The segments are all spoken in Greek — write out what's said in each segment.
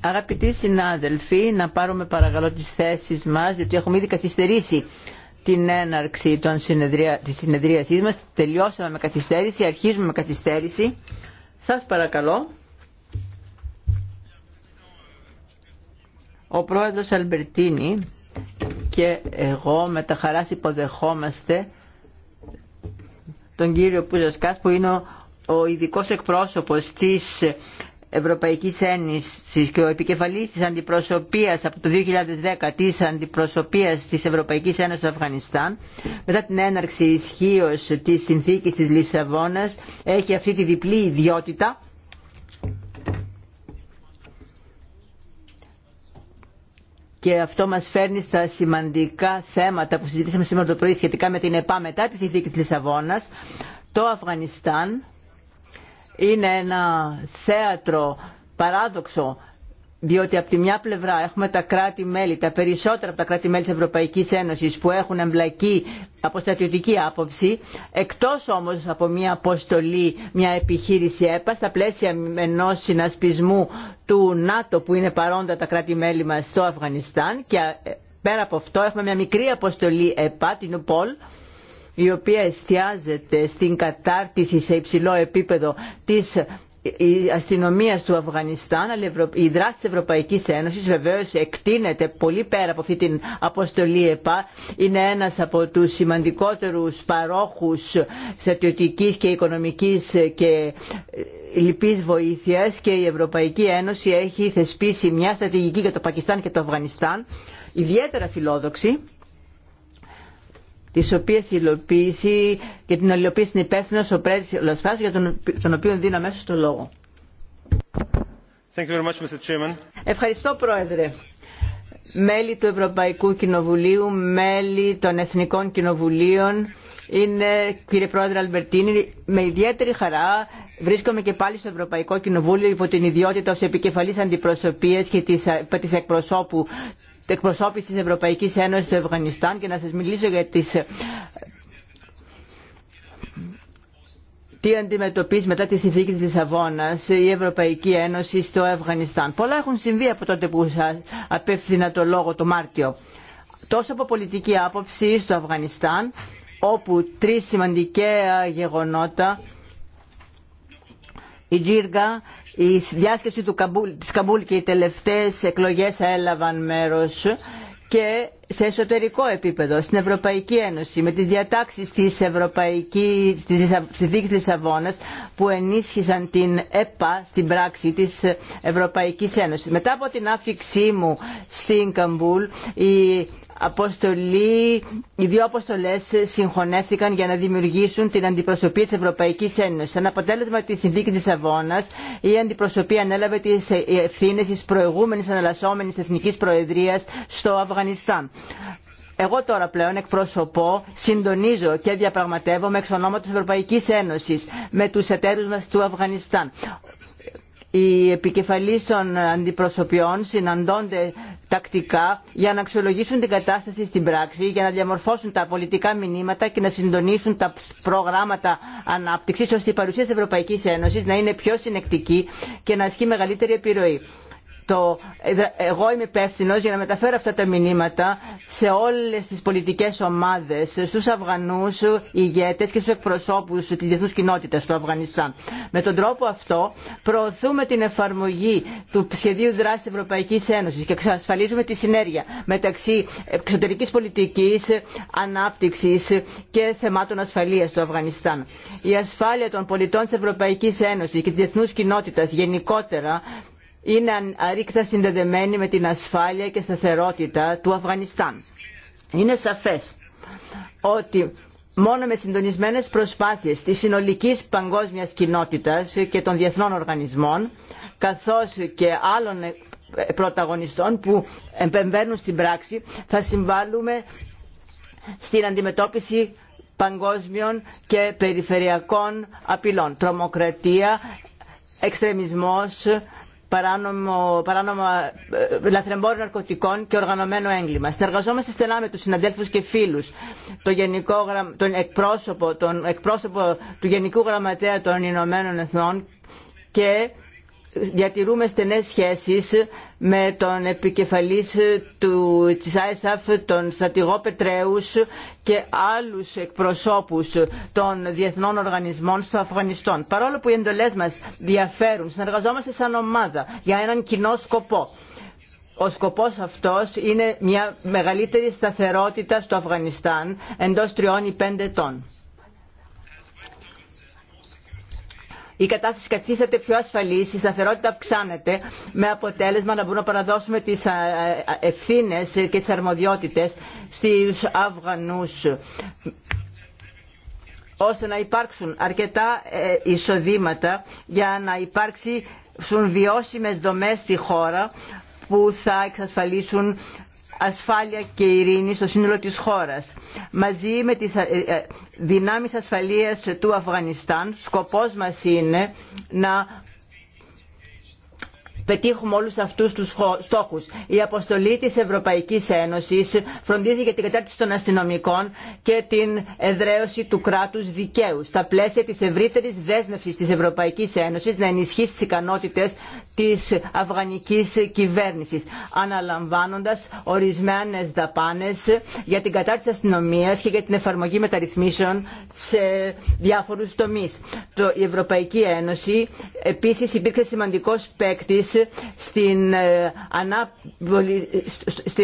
Αγαπητοί συνάδελφοι, να πάρουμε παρακαλώ τις θέσεις μας, διότι έχουμε ήδη καθυστερήσει την έναρξη των συνεδρία, της συνεδρίασής μας. Τελειώσαμε με καθυστέρηση, αρχίζουμε με καθυστέρηση. Σας παρακαλώ. Ο πρόεδρος Αλμπερτίνη και εγώ με τα χαρά υποδεχόμαστε τον κύριο Πουζασκάς που είναι ο ειδικός εκπρόσωπος της Ευρωπαϊκή Ένωση και ο επικεφαλής τη αντιπροσωπείας από το 2010 τη αντιπροσωπείας της Ευρωπαϊκής Ένωση στο Αφγανιστάν μετά την έναρξη ισχύω της συνθήκης της Λισαβόνα, έχει αυτή τη διπλή ιδιότητα και αυτό μας φέρνει στα σημαντικά θέματα που συζητήσαμε σήμερα το πρωί σχετικά με την ΕΠΑ μετά τη συνθήκη της Λισαβόνας το Αφγανιστάν είναι ένα θέατρο παράδοξο διότι από τη μια πλευρά έχουμε τα κράτη-μέλη, τα περισσότερα από τα κράτη-μέλη της Ευρωπαϊκής Ένωσης που έχουν εμπλακεί από στρατιωτική άποψη, εκτός όμως από μια αποστολή, μια επιχείρηση ΕΠΑ, στα πλαίσια ενός συνασπισμού του ΝΑΤΟ που είναι παρόντα τα κράτη-μέλη μας στο Αφγανιστάν και ε, πέρα από αυτό έχουμε μια μικρή αποστολή ΕΠΑ, την ΟΠΟΛ, η οποία εστιάζεται στην κατάρτιση σε υψηλό επίπεδο της η αστυνομία του Αφγανιστάν, αλλά η δράση της Ευρωπαϊκής Ένωσης βεβαίως εκτείνεται πολύ πέρα από αυτή την αποστολή ΕΠΑ. Είναι ένας από τους σημαντικότερους παρόχους στρατιωτικής και οικονομικής και λοιπή βοήθειας και η Ευρωπαϊκή Ένωση έχει θεσπίσει μια στρατηγική για το Πακιστάν και το Αφγανιστάν, ιδιαίτερα φιλόδοξη, τι οποίε υλοποίηση και την υλοποίηση είναι υπεύθυνο ο πρέσβη Λασφάς για τον, τον οποίο δίνω αμέσω το λόγο. Thank you very much, Mr. Chairman. Ευχαριστώ Πρόεδρε. Μέλη του Ευρωπαϊκού Κοινοβουλίου, μέλη των Εθνικών Κοινοβουλίων, είναι κύριε Πρόεδρε Αλμπερτίνη, με ιδιαίτερη χαρά βρίσκομαι και πάλι στο Ευρωπαϊκό Κοινοβούλιο υπό την ιδιότητα ως επικεφαλής αντιπροσωπείας και της, εκπροσώπου εκπροσώπηση της Ευρωπαϊκής Ένωσης του Αφγανιστάν και να σας μιλήσω για τις ε, τι αντιμετωπίζει μετά τη συνθήκη της Λισαβόνα η Ευρωπαϊκή Ένωση στο Αφγανιστάν. Πολλά έχουν συμβεί από τότε που σα απέφθηνα το λόγο το Μάρτιο. Τόσο από πολιτική άποψη στο Αφγανιστάν, όπου τρεις σημαντικά γεγονότα, η Τζίργα, η διάσκεψη του Καμπούλ, της Καμπούλ και οι τελευταίες εκλογές έλαβαν μέρος και σε εσωτερικό επίπεδο, στην Ευρωπαϊκή Ένωση, με τις διατάξεις της Ευρωπαϊκής, της Συνθήκης Λισαβόνας που ενίσχυσαν την ΕΠΑ στην πράξη της Ευρωπαϊκής Ένωσης. Μετά από την άφηξή μου στην Καμπούλ, η αποστολή, οι δύο αποστολέ συγχωνεύτηκαν για να δημιουργήσουν την αντιπροσωπή τη Ευρωπαϊκή Ένωση. Σαν αποτέλεσμα τη συνθήκη τη Αβώνα, η αντιπροσωπή ανέλαβε τι ευθύνε τη προηγούμενη αναλασσόμενη εθνική προεδρία στο Αφγανιστάν. Εγώ τώρα πλέον εκπροσωπώ, συντονίζω και διαπραγματεύομαι εξ ονόματος Ευρωπαϊκής Ένωσης με τους εταίρους μας του Αφγανιστάν οι επικεφαλείς των αντιπροσωπιών συναντώνται τακτικά για να αξιολογήσουν την κατάσταση στην πράξη, για να διαμορφώσουν τα πολιτικά μηνύματα και να συντονίσουν τα προγράμματα ανάπτυξης ώστε η παρουσία της Ευρωπαϊκής Ένωσης να είναι πιο συνεκτική και να ασκεί μεγαλύτερη επιρροή το, ε, εγώ είμαι υπεύθυνο για να μεταφέρω αυτά τα μηνύματα σε όλες τις πολιτικές ομάδες, στους Αφγανούς ηγέτες και στους εκπροσώπους τη διεθνού κοινότητα του Αφγανιστάν. Με τον τρόπο αυτό προωθούμε την εφαρμογή του σχεδίου δράσης Ευρωπαϊκή Ένωση και εξασφαλίζουμε τη συνέργεια μεταξύ εξωτερική πολιτική ανάπτυξη και θεμάτων ασφαλείας του Αφγανιστάν. Η ασφάλεια των πολιτών τη Ευρωπαϊκή Ένωση και τη διεθνού κοινότητα γενικότερα είναι αρρήκτα συνδεδεμένη με την ασφάλεια και σταθερότητα του Αφγανιστάν. Είναι σαφές ότι μόνο με συντονισμένες προσπάθειες της συνολικής παγκόσμιας κοινότητας και των διεθνών οργανισμών, καθώς και άλλων πρωταγωνιστών που εμπεμβαίνουν στην πράξη, θα συμβάλλουμε στην αντιμετώπιση παγκόσμιων και περιφερειακών απειλών. Τρομοκρατία, εξτρεμισμός, παράνομο, παράνομο ε, λαθρεμπόριο ναρκωτικών και οργανωμένο έγκλημα. Συνεργαζόμαστε στενά με τους συναδέλφους και φίλους, το τον, εκπρόσωπο, τον εκπρόσωπο του Γενικού Γραμματέα των Ηνωμένων Εθνών και διατηρούμε στενές σχέσεις με τον επικεφαλής του, της ISAF, τον στρατηγό Πετρέους και άλλους εκπροσώπους των διεθνών οργανισμών στο Αφγανιστάν. Παρόλο που οι εντολές μας διαφέρουν, συνεργαζόμαστε σαν ομάδα για έναν κοινό σκοπό. Ο σκοπός αυτός είναι μια μεγαλύτερη σταθερότητα στο Αφγανιστάν εντός τριών ή πέντε ετών. η κατάσταση καθίσταται πιο ασφαλής, η σταθερότητα αυξάνεται με αποτέλεσμα να μπορούμε να παραδώσουμε τις ευθύνε και τις αρμοδιότητες στους Αφγανού. ώστε να υπάρξουν αρκετά ε, εισοδήματα για να υπάρξουν βιώσιμες δομές στη χώρα που θα εξασφαλίσουν ασφάλεια και ειρήνη στο σύνολο της χώρας. Μαζί με τις ε, ε, δυνάμεις ασφαλείας του Αφγανιστάν σκοπός μας είναι να πετύχουμε όλους αυτούς τους στόχους. Η αποστολή της Ευρωπαϊκής Ένωσης φροντίζει για την κατάρτιση των αστυνομικών και την εδραίωση του κράτους δικαίου στα πλαίσια της ευρύτερης δέσμευσης της Ευρωπαϊκής Ένωσης να ενισχύσει τις ικανότητες της αφγανικής κυβέρνησης αναλαμβάνοντας ορισμένες δαπάνες για την κατάρτιση αστυνομίας και για την εφαρμογή μεταρρυθμίσεων σε διάφορους τομείς. Η Ευρωπαϊκή Ένωση επίσης υπήρξε σημαντικός ε,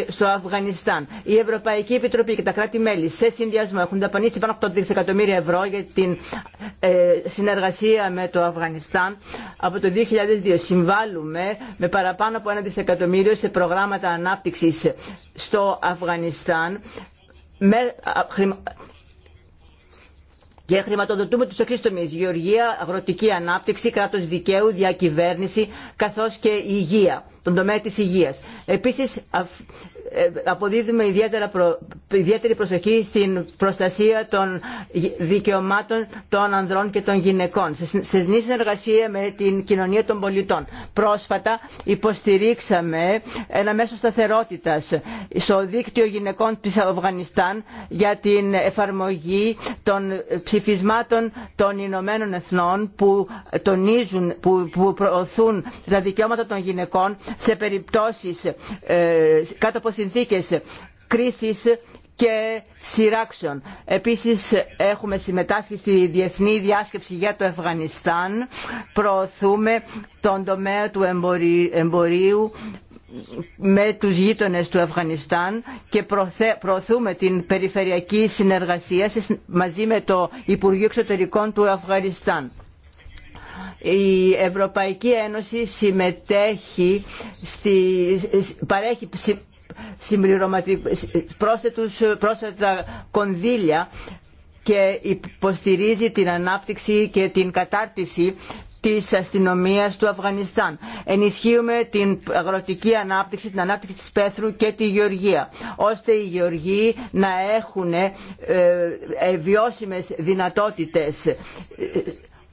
στο Αφγανιστάν. Η Ευρωπαϊκή Επιτροπή και τα κράτη-μέλη σε συνδυασμό έχουν δαπανίσει πάνω από το δισεκατομμύρια ευρώ για την ε, συνεργασία με το Αφγανιστάν. Από το 2002 συμβάλλουμε με παραπάνω από ένα δισεκατομμύριο σε προγράμματα ανάπτυξης στο Αφγανιστάν και χρηματοδοτούμε του εξή τομεί. Γεωργία, αγροτική ανάπτυξη, κράτο δικαίου, διακυβέρνηση, καθώ και υγεία, τον τομέα τη υγεία. Επίση, ε, αποδίδουμε ιδιαίτερη προσοχή στην προστασία των δικαιωμάτων των ανδρών και των γυναικών σε συνεργασία με την κοινωνία των πολιτών. Πρόσφατα υποστηρίξαμε ένα μέσο σταθερότητας στο δίκτυο γυναικών της Αφγανιστάν για την εφαρμογή των ψηφισμάτων των Ηνωμένων Εθνών που τονίζουν, που προωθούν τα δικαιώματα των γυναικών σε περιπτώσεις ε, κάτω από συνθήκες κρίσης και σειράξεων. Επίσης έχουμε συμμετάσχει στη Διεθνή Διάσκεψη για το Αφγανιστάν. Προωθούμε τον τομέα του εμπορίου με τους γείτονες του Αφγανιστάν και προωθούμε την περιφερειακή συνεργασία μαζί με το Υπουργείο Εξωτερικών του Αφγανιστάν. Η Ευρωπαϊκή Ένωση συμμετέχει στη, παρέχει πρόσθετα κονδύλια και υποστηρίζει την ανάπτυξη και την κατάρτιση της αστυνομίας του Αφγανιστάν. Ενισχύουμε την αγροτική ανάπτυξη, την ανάπτυξη της πέθρου και τη γεωργία, ώστε οι γεωργοί να έχουν ε, ε, βιώσιμες δυνατότητες. Ε,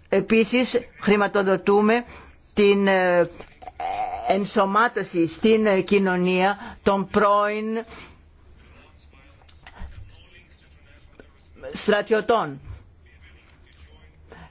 επίσης, χρηματοδοτούμε την ενσωμάτωση στην ε, κοινωνία των πρώην στρατιωτών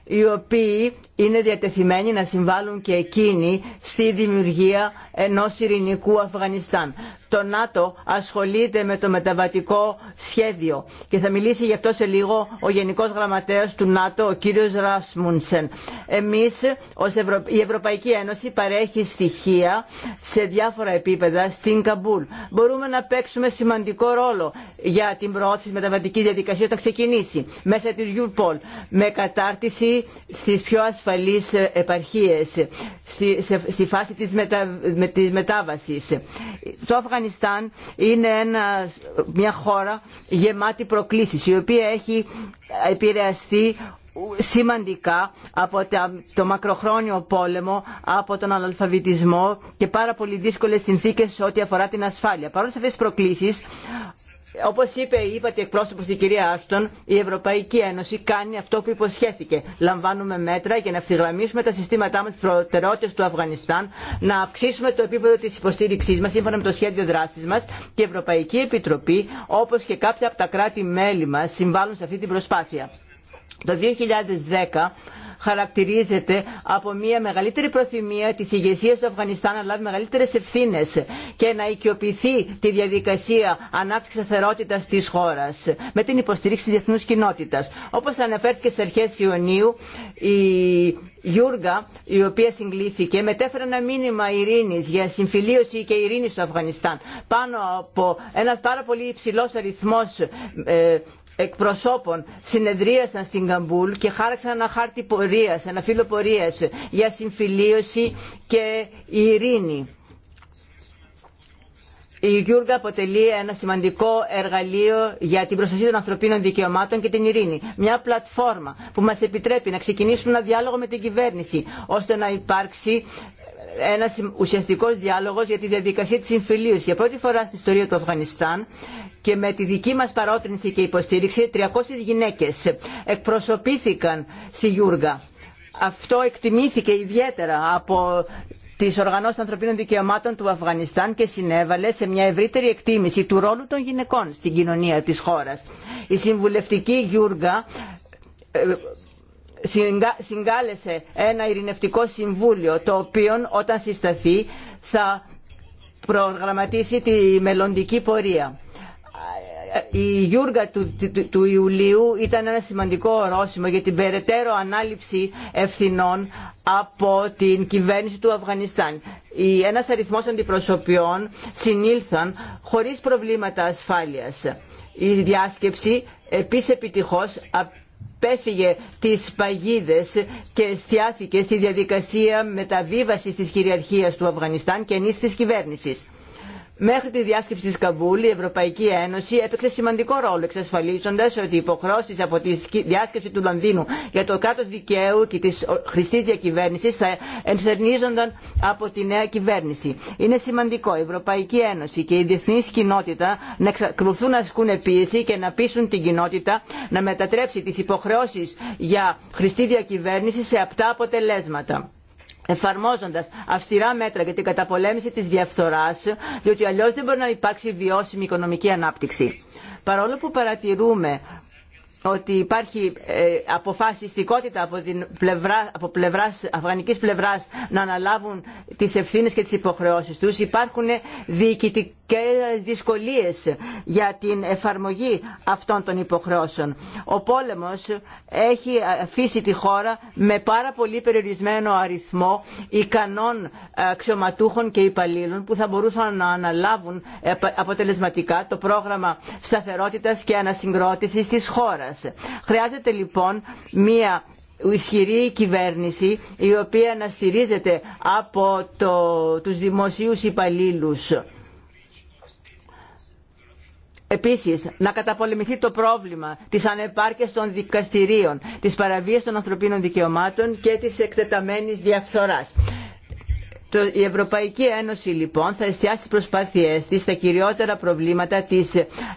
οι οποίοι είναι διατεθειμένοι να συμβάλλουν και εκείνοι στη δημιουργία ενός ειρηνικού Αφγανιστάν. Το ΝΑΤΟ ασχολείται με το μεταβατικό σχέδιο και θα μιλήσει γι' αυτό σε λίγο ο Γενικός Γραμματέας του ΝΑΤΟ, ο κύριος Ρασμούνσεν. Εμείς, ως η Ευρωπαϊκή Ένωση παρέχει στοιχεία σε διάφορα επίπεδα στην Καμπούλ. Μπορούμε να παίξουμε σημαντικό ρόλο για την προώθηση μεταβατικής διαδικασίας όταν ξεκινήσει μέσα της Europol με κατάρτιση στις πιο ασφαλείς επαρχίες στη φάση της, μετα... μετάβασης. Το Αφγανιστάν είναι μια χώρα γεμάτη προκλήσεις η οποία έχει επηρεαστεί σημαντικά από το μακροχρόνιο πόλεμο, από τον αναλφαβητισμό και πάρα πολύ δύσκολες συνθήκες ό,τι αφορά την ασφάλεια. Παρόλες αυτές τις προκλήσεις, όπως είπε, είπατε εκπρόσωπος η κυρία Άστον, η Ευρωπαϊκή Ένωση κάνει αυτό που υποσχέθηκε. Λαμβάνουμε μέτρα για να ευθυγραμμίσουμε τα συστήματά μας προτεραιότητες του Αφγανιστάν, να αυξήσουμε το επίπεδο της υποστήριξής μας σύμφωνα με το σχέδιο δράσης μας και η Ευρωπαϊκή Επιτροπή όπως και κάποια από τα κράτη-μέλη μας συμβάλλουν σε αυτή την προσπάθεια. Το 2010 χαρακτηρίζεται από μια μεγαλύτερη προθυμία τη ηγεσία του Αφγανιστάν να λάβει μεγαλύτερες ευθύνε και να οικειοποιηθεί τη διαδικασία ανάπτυξης αθερότητας της χώρας με την υποστήριξη τη διεθνού κοινότητα. Όπως αναφέρθηκε στι αρχές Ιουνίου, η Γιούργα, η οποία συγκλήθηκε, μετέφερε ένα μήνυμα Ειρηνη για συμφιλίωση και ειρήνη στο Αφγανιστάν. Πάνω από ένα πάρα πολύ υψηλό αριθμό ε, εκπροσώπων συνεδρίασαν στην Καμπούλ και χάραξαν ένα χάρτη πορεία, ένα φύλλο πορεία για συμφιλίωση και ειρήνη. Η Γιούργα αποτελεί ένα σημαντικό εργαλείο για την προστασία των ανθρωπίνων δικαιωμάτων και την ειρήνη. Μια πλατφόρμα που μας επιτρέπει να ξεκινήσουμε ένα διάλογο με την κυβέρνηση, ώστε να υπάρξει ένας ουσιαστικός διάλογος για τη διαδικασία της συμφιλίωσης. Για πρώτη φορά στην ιστορία του Αφγανιστάν και με τη δική μας παρότρινση και υποστήριξη 300 γυναίκες εκπροσωπήθηκαν στη Γιούργα. Αυτό εκτιμήθηκε ιδιαίτερα από τις οργανώσεις ανθρωπίνων δικαιωμάτων του Αφγανιστάν και συνέβαλε σε μια ευρύτερη εκτίμηση του ρόλου των γυναικών στην κοινωνία της χώρας. Η συμβουλευτική Γιούργα ε, συγκάλεσε ένα ειρηνευτικό συμβούλιο το οποίο όταν συσταθεί θα προγραμματίσει τη μελλοντική πορεία. Η γιούργα του, του, Ιουλίου ήταν ένα σημαντικό ορόσημο για την περαιτέρω ανάληψη ευθυνών από την κυβέρνηση του Αφγανιστάν. Ένας αριθμός αντιπροσωπιών συνήλθαν χωρίς προβλήματα ασφάλειας. Η διάσκεψη επίσης επιτυχώς πέφυγε τις παγίδες και εστιάθηκε στη διαδικασία μεταβίβασης της κυριαρχίας του Αφγανιστάν και ενίσχυσης της κυβέρνησης. Μέχρι τη διάσκεψη της Καμπούλη η Ευρωπαϊκή Ένωση έπαιξε σημαντικό ρόλο εξασφαλίζοντας ότι οι υποχρώσεις από τη διάσκεψη του Λονδίνου για το κράτος δικαίου και της χρηστής διακυβέρνησης θα ενσερνίζονταν από τη νέα κυβέρνηση. Είναι σημαντικό η Ευρωπαϊκή Ένωση και η διεθνή κοινότητα να εξακολουθούν να ασκούν πίεση και να πείσουν την κοινότητα να μετατρέψει τις υποχρεώσεις για χρηστή διακυβέρνηση σε απτά αποτελέσματα εφαρμόζοντας αυστηρά μέτρα για την καταπολέμηση της διαφθοράς, διότι αλλιώς δεν μπορεί να υπάρξει βιώσιμη οικονομική ανάπτυξη. Παρόλο που παρατηρούμε ότι υπάρχει ε, αποφασιστικότητα από, την πλευρά, από πλευράς, αφγανικής πλευράς να αναλάβουν τις ευθύνες και τις υποχρεώσεις τους. Υπάρχουν διοικητικοί και δυσκολίες για την εφαρμογή αυτών των υποχρεώσεων. Ο πόλεμος έχει αφήσει τη χώρα με πάρα πολύ περιορισμένο αριθμό ικανών ε, αξιωματούχων και υπαλλήλων που θα μπορούσαν να αναλάβουν ε, αποτελεσματικά το πρόγραμμα σταθερότητας και ανασυγκρότησης της χώρας. Χρειάζεται λοιπόν μία ισχυρή κυβέρνηση η οποία να στηρίζεται από τους δημοσίους υπαλλήλους Επίσης, να καταπολεμηθεί το πρόβλημα της ανεπάρκειας των δικαστηρίων, της παραβίας των ανθρωπίνων δικαιωμάτων και της εκτεταμένης διαφθοράς. Η Ευρωπαϊκή Ένωση λοιπόν θα εστιάσει τις προσπάθειές της στα κυριότερα προβλήματα της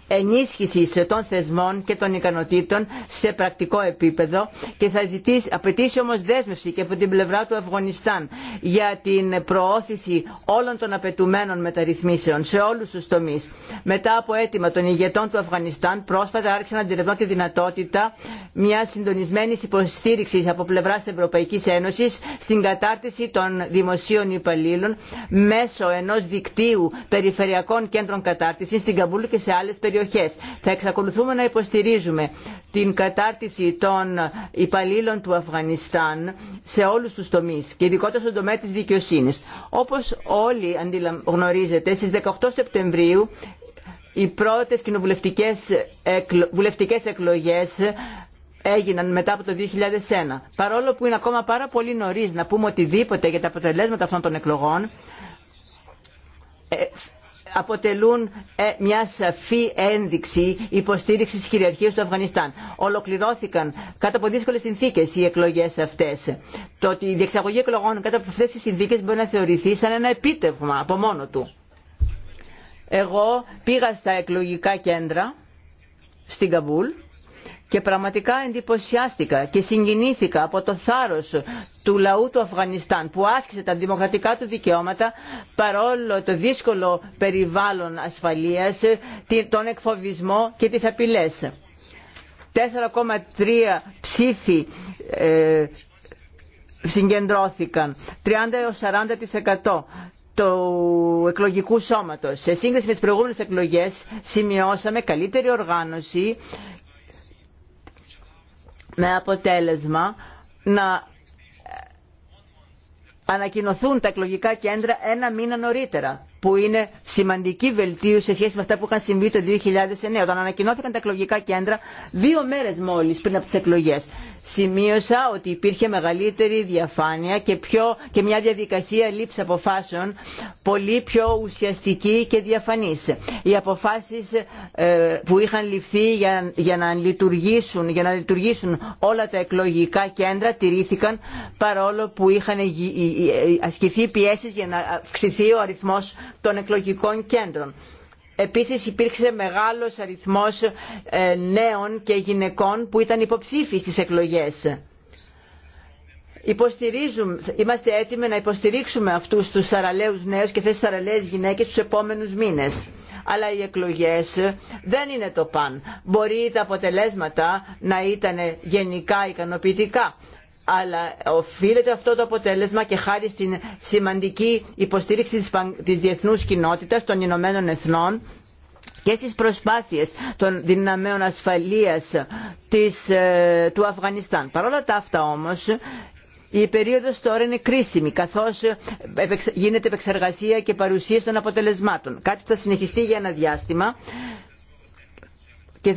ενίσχυσης των θεσμών και των ικανοτήτων σε πρακτικό επίπεδο και θα ζητήσει, απαιτήσει όμως δέσμευση και από την πλευρά του Αφγανιστάν για την προώθηση όλων των απαιτουμένων μεταρρυθμίσεων σε όλους τους τομείς. Μετά από αίτημα των ηγετών του Αφγανιστάν πρόσφατα άρχισε να αντιλευνώ τη δυνατότητα μια συντονισμένη υποστήριξη από πλευρά Ευρωπαϊκή Ένωση στην κατάρτιση των δημοσίων υπαλλήλων μέσω ενός δικτύου περιφερειακών κέντρων κατάρτισης στην Καμπούλ και σε άλλες περιοχές. Θα εξακολουθούμε να υποστηρίζουμε την κατάρτιση των υπαλλήλων του Αφγανιστάν σε όλους τους τομείς και ειδικότερα στον τομέα της δικαιοσύνης. Όπως όλοι γνωρίζετε, στις 18 Σεπτεμβρίου οι πρώτες κοινοβουλευτικές βουλευτικές εκλογές έγιναν μετά από το 2001. Παρόλο που είναι ακόμα πάρα πολύ νωρί να πούμε οτιδήποτε για τα αποτελέσματα αυτών των εκλογών, ε, αποτελούν ε, μια σαφή ένδειξη υποστήριξη τη κυριαρχία του Αφγανιστάν. Ολοκληρώθηκαν κάτω από δύσκολε συνθήκε οι εκλογέ αυτέ. Το ότι η διεξαγωγή εκλογών κάτω από αυτέ τι συνθήκε μπορεί να θεωρηθεί σαν ένα επίτευγμα από μόνο του. Εγώ πήγα στα εκλογικά κέντρα στην Καμπούλ και πραγματικά εντυπωσιάστηκα και συγκινήθηκα από το θάρρος του λαού του Αφγανιστάν που άσκησε τα δημοκρατικά του δικαιώματα παρόλο το δύσκολο περιβάλλον ασφαλείας, τον εκφοβισμό και τις απειλές. 4,3 ψήφοι ε, συγκεντρώθηκαν, 30 40% του εκλογικού σώματος. Σε σύγκριση με τις προηγούμενες εκλογές σημειώσαμε καλύτερη οργάνωση με αποτέλεσμα να ανακοινωθούν τα εκλογικά κέντρα ένα μήνα νωρίτερα που είναι σημαντική βελτίωση σε σχέση με αυτά που είχαν συμβεί το 2009 όταν ανακοινώθηκαν τα εκλογικά κέντρα δύο μέρες μόλις πριν από τις εκλογές σημείωσα ότι υπήρχε μεγαλύτερη διαφάνεια και, πιο, και μια διαδικασία λήψη αποφάσεων πολύ πιο ουσιαστική και διαφανής. Οι αποφάσεις ε, που είχαν ληφθεί για, να λειτουργήσουν, για να λειτουργήσουν όλα τα εκλογικά κέντρα τηρήθηκαν παρόλο που είχαν ε, ε, ασκηθεί πιέσεις για να αυξηθεί ο αριθμός των εκλογικών κέντρων. Επίσης υπήρξε μεγάλος αριθμός ε, νέων και γυναικών που ήταν υποψήφοι στις εκλογές. Υποστηρίζουμε, είμαστε έτοιμοι να υποστηρίξουμε αυτούς τους θαραλέους νέους και τις θαραλέες γυναίκες τους επόμενους μήνες. Αλλά οι εκλογές δεν είναι το παν. Μπορεί τα αποτελέσματα να ήταν γενικά ικανοποιητικά αλλά οφείλεται αυτό το αποτέλεσμα και χάρη στην σημαντική υποστήριξη της διεθνούς κοινότητας των Ηνωμένων Εθνών και στις προσπάθειες των δυναμέων ασφαλείας ε, του Αφγανιστάν. Παρ' όλα τα αυτά όμως η περίοδος τώρα είναι κρίσιμη καθώς γίνεται επεξεργασία και παρουσίαση των αποτελεσμάτων. Κάτι που θα συνεχιστεί για ένα διάστημα και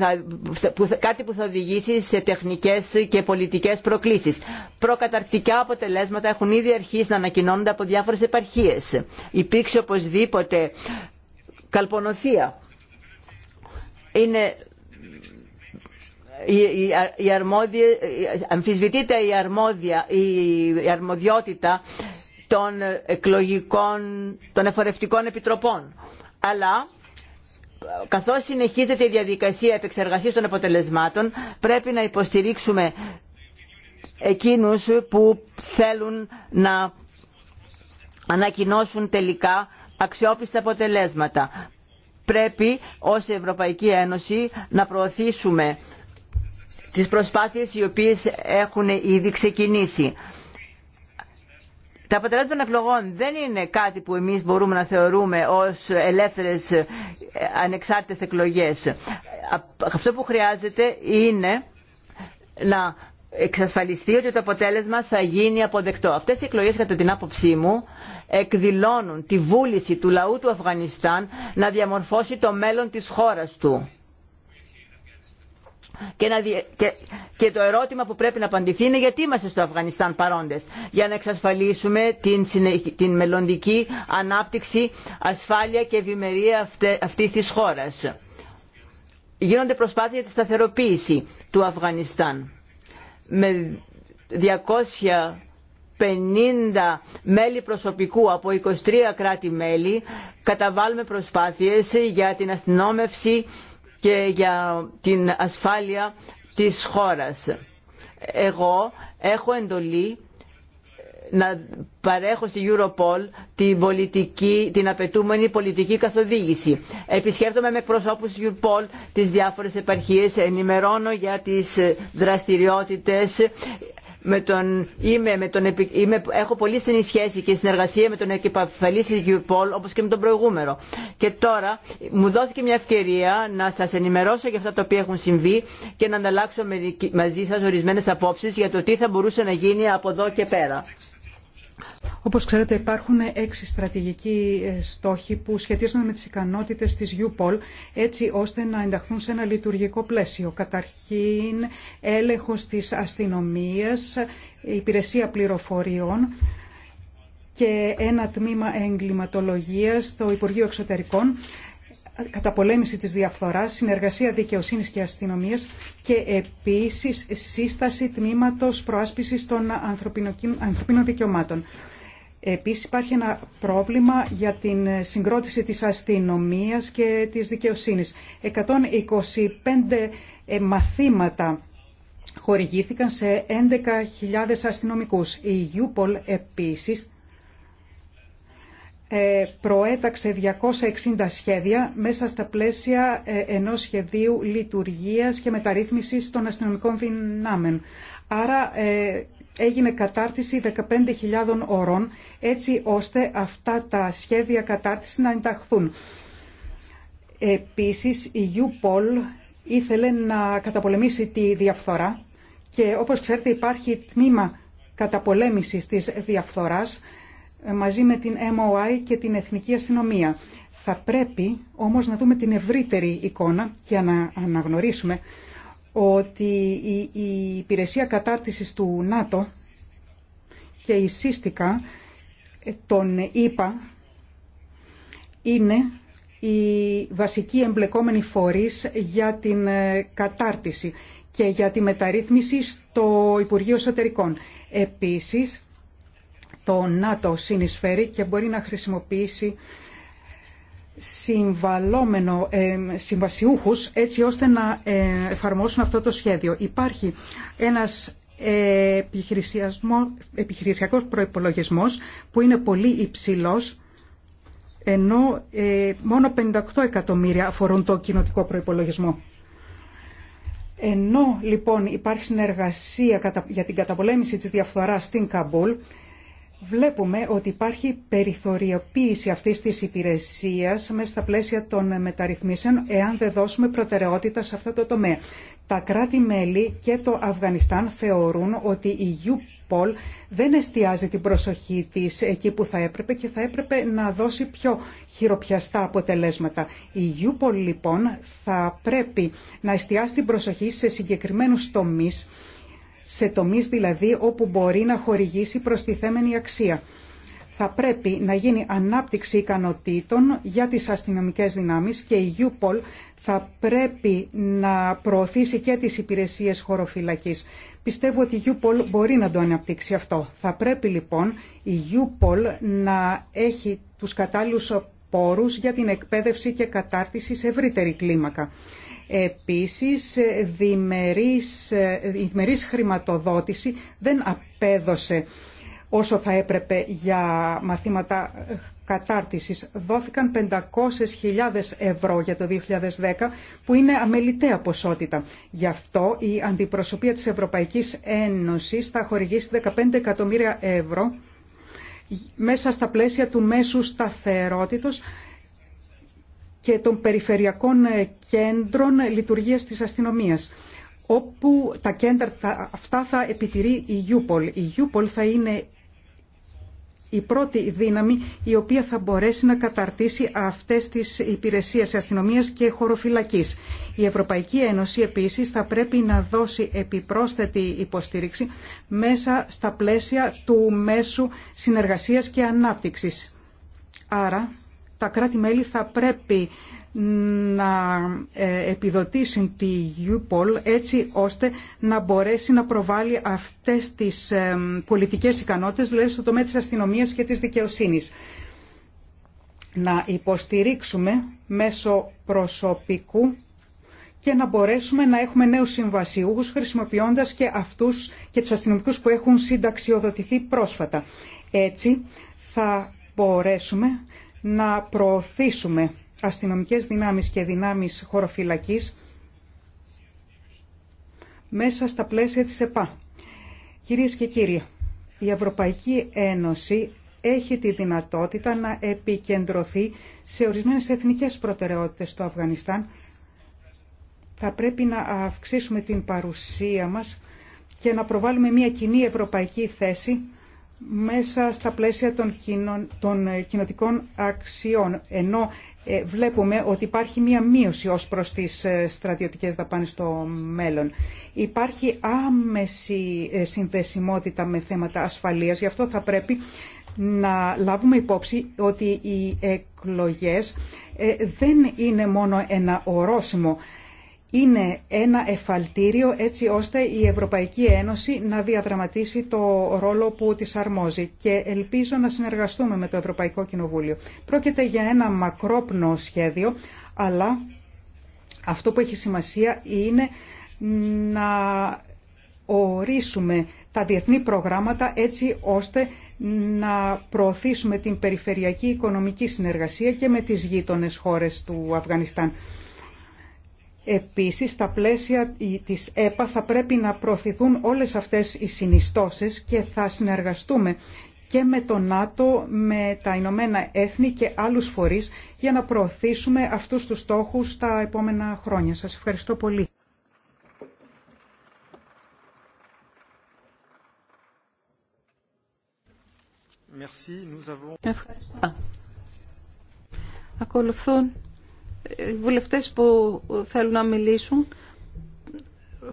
κάτι που θα οδηγήσει σε τεχνικές και πολιτικές προκλήσεις. Προκαταρκτικά αποτελέσματα έχουν ήδη αρχίσει να ανακοινώνονται από διάφορες επαρχίες. Υπήρξε οπωσδήποτε καλπονοθεία. Είναι η αρμόδια, αμφισβητείται η, αρμόδια, η αρμοδιότητα των εκλογικών, των εφορευτικών επιτροπών. Αλλά καθώς συνεχίζεται η διαδικασία επεξεργασίας των αποτελεσμάτων πρέπει να υποστηρίξουμε εκείνους που θέλουν να ανακοινώσουν τελικά αξιόπιστα αποτελέσματα. Πρέπει ως Ευρωπαϊκή Ένωση να προωθήσουμε τις προσπάθειες οι οποίες έχουν ήδη ξεκινήσει τα αποτελέσματα των εκλογών δεν είναι κάτι που εμείς μπορούμε να θεωρούμε ως ελεύθερες ε, ανεξάρτητες εκλογές. Αυτό που χρειάζεται είναι να εξασφαλιστεί ότι το αποτέλεσμα θα γίνει αποδεκτό. Αυτές οι εκλογές κατά την άποψή μου εκδηλώνουν τη βούληση του λαού του Αφγανιστάν να διαμορφώσει το μέλλον της χώρας του και, το ερώτημα που πρέπει να απαντηθεί είναι γιατί είμαστε στο Αφγανιστάν παρόντες για να εξασφαλίσουμε την, την μελλοντική ανάπτυξη, ασφάλεια και ευημερία αυτή, αυτής της χώρας. Γίνονται προσπάθειες για τη σταθεροποίηση του Αφγανιστάν με 250 μέλη προσωπικού από 23 κράτη-μέλη καταβάλουμε προσπάθειες για την αστυνόμευση και για την ασφάλεια της χώρας. Εγώ έχω εντολή να παρέχω στη Europol την, πολιτική, την απαιτούμενη πολιτική καθοδήγηση. Επισκέπτομαι με εκπροσώπους της Europol τις διάφορες επαρχίες, ενημερώνω για τις δραστηριότητες με τον, είμαι, με τον, έχω πολύ στενή σχέση και συνεργασία με τον επικεφαλή τη Γιουπόλ όπω και με τον προηγούμενο. Και τώρα μου δόθηκε μια ευκαιρία να σα ενημερώσω για αυτά τα οποία έχουν συμβεί και να ανταλλάξω μαζί σα ορισμένε απόψει για το τι θα μπορούσε να γίνει από εδώ και πέρα. Όπως ξέρετε υπάρχουν έξι στρατηγικοί ε, στόχοι που σχετίζονται με τις ικανότητες της UPOL έτσι ώστε να ενταχθούν σε ένα λειτουργικό πλαίσιο. Καταρχήν έλεγχος της αστυνομίας, υπηρεσία πληροφοριών και ένα τμήμα εγκληματολογίας στο Υπουργείο Εξωτερικών καταπολέμηση της διαφθοράς, συνεργασία δικαιοσύνης και αστυνομίας και επίσης σύσταση τμήματος προάσπισης των ανθρωπίνων δικαιωμάτων. Επίσης υπάρχει ένα πρόβλημα για την συγκρότηση της αστυνομίας και της δικαιοσύνης. 125 ε, μαθήματα χορηγήθηκαν σε 11.000 αστυνομικούς. Η Ιούπολ επίσης ε, προέταξε 260 σχέδια μέσα στα πλαίσια ε, ενός σχεδίου λειτουργίας και μεταρρύθμισης των αστυνομικών δυνάμεων. Άρα έγινε κατάρτιση 15.000 ωρών έτσι ώστε αυτά τα σχέδια κατάρτιση να ενταχθούν. Επίσης η UPOL ήθελε να καταπολεμήσει τη διαφθορά και όπως ξέρετε υπάρχει τμήμα καταπολέμησης της διαφθοράς ε, μαζί με την MOI και την Εθνική Αστυνομία. Θα πρέπει όμως να δούμε την ευρύτερη εικόνα και να αναγνωρίσουμε ότι η υπηρεσία κατάρτισης του ΝΑΤΟ και η σύστικα ε, των ΙΠΑ είναι η βασική εμπλεκόμενη φορείς για την ε, κατάρτιση και για τη μεταρρύθμιση στο Υπουργείο Εσωτερικών. Επίσης, το ΝΑΤΟ συνεισφέρει και μπορεί να χρησιμοποιήσει συμβαλόμενο ε, συμβασιούχους έτσι ώστε να ε, εφαρμόσουν αυτό το σχέδιο. Υπάρχει ένας ε, επιχειρησιακός προϋπολογισμός που είναι πολύ υψηλός ενώ μόνο 58 εκατομμύρια αφορούν το κοινοτικό προϋπολογισμό. Ενώ λοιπόν υπάρχει συνεργασία για την καταπολέμηση της διαφθοράς στην Καμπούλ, Βλέπουμε ότι υπάρχει περιθωριοποίηση αυτή της υπηρεσίας μέσα στα πλαίσια των μεταρρυθμίσεων εάν δεν δώσουμε προτεραιότητα σε αυτό το τομέα. Τα κράτη-μέλη και το Αφγανιστάν θεωρούν ότι η UPOL δεν εστιάζει την προσοχή της εκεί που θα έπρεπε και θα έπρεπε να δώσει πιο χειροπιαστά αποτελέσματα. Η UPOL λοιπόν θα πρέπει να εστιάσει την προσοχή σε συγκεκριμένους τομείς σε τομείς δηλαδή όπου μπορεί να χορηγήσει προστιθέμενη αξία. Θα πρέπει να γίνει ανάπτυξη ικανοτήτων για τις αστυνομικές δυνάμεις και η UPOL θα πρέπει να προωθήσει και τις υπηρεσίες χωροφυλακής. Πιστεύω ότι η UPOL μπορεί να το αναπτύξει αυτό. Θα πρέπει λοιπόν η UPOL να έχει τους κατάλληλους πόρους για την εκπαίδευση και κατάρτιση σε ευρύτερη κλίμακα. Επίσης, η διμερής χρηματοδότηση δεν απέδωσε όσο θα έπρεπε για μαθήματα κατάρτισης. Δόθηκαν 500.000 ευρώ για το 2010 που είναι αμεληταία ποσότητα. Γι' αυτό η αντιπροσωπεία της Ευρωπαϊκής Ένωσης θα χορηγήσει 15 εκατομμύρια ευρώ μέσα στα πλαίσια του μέσου σταθερότητος και των περιφερειακών ε, κέντρων λειτουργίας της αστυνομίας όπου τα κέντρα αυτά θα επιτηρεί η Γιούπολ. Η Ιούπολ θα είναι η πρώτη δύναμη η οποία θα μπορέσει να καταρτήσει αυτές τις υπηρεσίες αστυνομίας και χωροφυλακής. Η Ευρωπαϊκή Ένωση επίσης θα πρέπει να δώσει επιπρόσθετη υποστήριξη μέσα στα πλαίσια του μέσου συνεργασίας και ανάπτυξης. Άρα τα κράτη-μέλη θα πρέπει να ε, επιδοτήσουν τη UPOL έτσι ώστε να μπορέσει να προβάλλει αυτές τις ε, πολιτικές ικανότητες, δηλαδή στο τομέα της αστυνομίας και της δικαιοσύνης. Να υποστηρίξουμε μέσω προσωπικού και να μπορέσουμε να έχουμε νέους συμβασιούχους χρησιμοποιώντας και αυτούς και τους αστυνομικούς που έχουν συνταξιοδοτηθεί πρόσφατα. Έτσι θα μπορέσουμε να προωθήσουμε αστυνομικές δυνάμεις και δυνάμεις χωροφυλακής μέσα στα πλαίσια της ΕΠΑ. Κυρίες και κύριοι, η Ευρωπαϊκή Ένωση έχει τη δυνατότητα να επικεντρωθεί σε ορισμένες εθνικές προτεραιότητες στο Αφγανιστάν. Θα πρέπει να αυξήσουμε την παρουσία μας και να προβάλλουμε μια κοινή ευρωπαϊκή θέση μέσα στα πλαίσια των, κοινων, των ε, κοινοτικών αξιών, ενώ ε, βλέπουμε ότι υπάρχει μία μείωση ως προς τις ε, στρατιωτικές δαπάνες στο μέλλον. Υπάρχει άμεση συνδεσιμότητα με θέματα ασφαλείας, γι' αυτό θα πρέπει να λάβουμε υπόψη ότι οι εκλογές δεν είναι μόνο ένα ορόσημο είναι ένα εφαλτήριο έτσι ώστε η Ευρωπαϊκή Ένωση να διαδραματίσει το ρόλο που της αρμόζει και ελπίζω να συνεργαστούμε με το Ευρωπαϊκό Κοινοβούλιο. Πρόκειται για ένα μακρόπνο σχέδιο, αλλά αυτό που έχει σημασία είναι να ορίσουμε τα διεθνή προγράμματα έτσι ώστε να προωθήσουμε την περιφερειακή οικονομική συνεργασία και με τις γείτονες χώρες του Αφγανιστάν. Επίσης, στα πλαίσια της ΕΠΑ θα πρέπει να προωθηθούν όλες αυτές οι συνιστώσεις και θα συνεργαστούμε και με το ΝΑΤΟ, με τα Ηνωμένα Έθνη και άλλους φορείς για να προωθήσουμε αυτούς τους στόχους τα επόμενα χρόνια. Σας ευχαριστώ πολύ. Ευχαριστώ. Ακολουθούν οι βουλευτές που θέλουν να μιλήσουν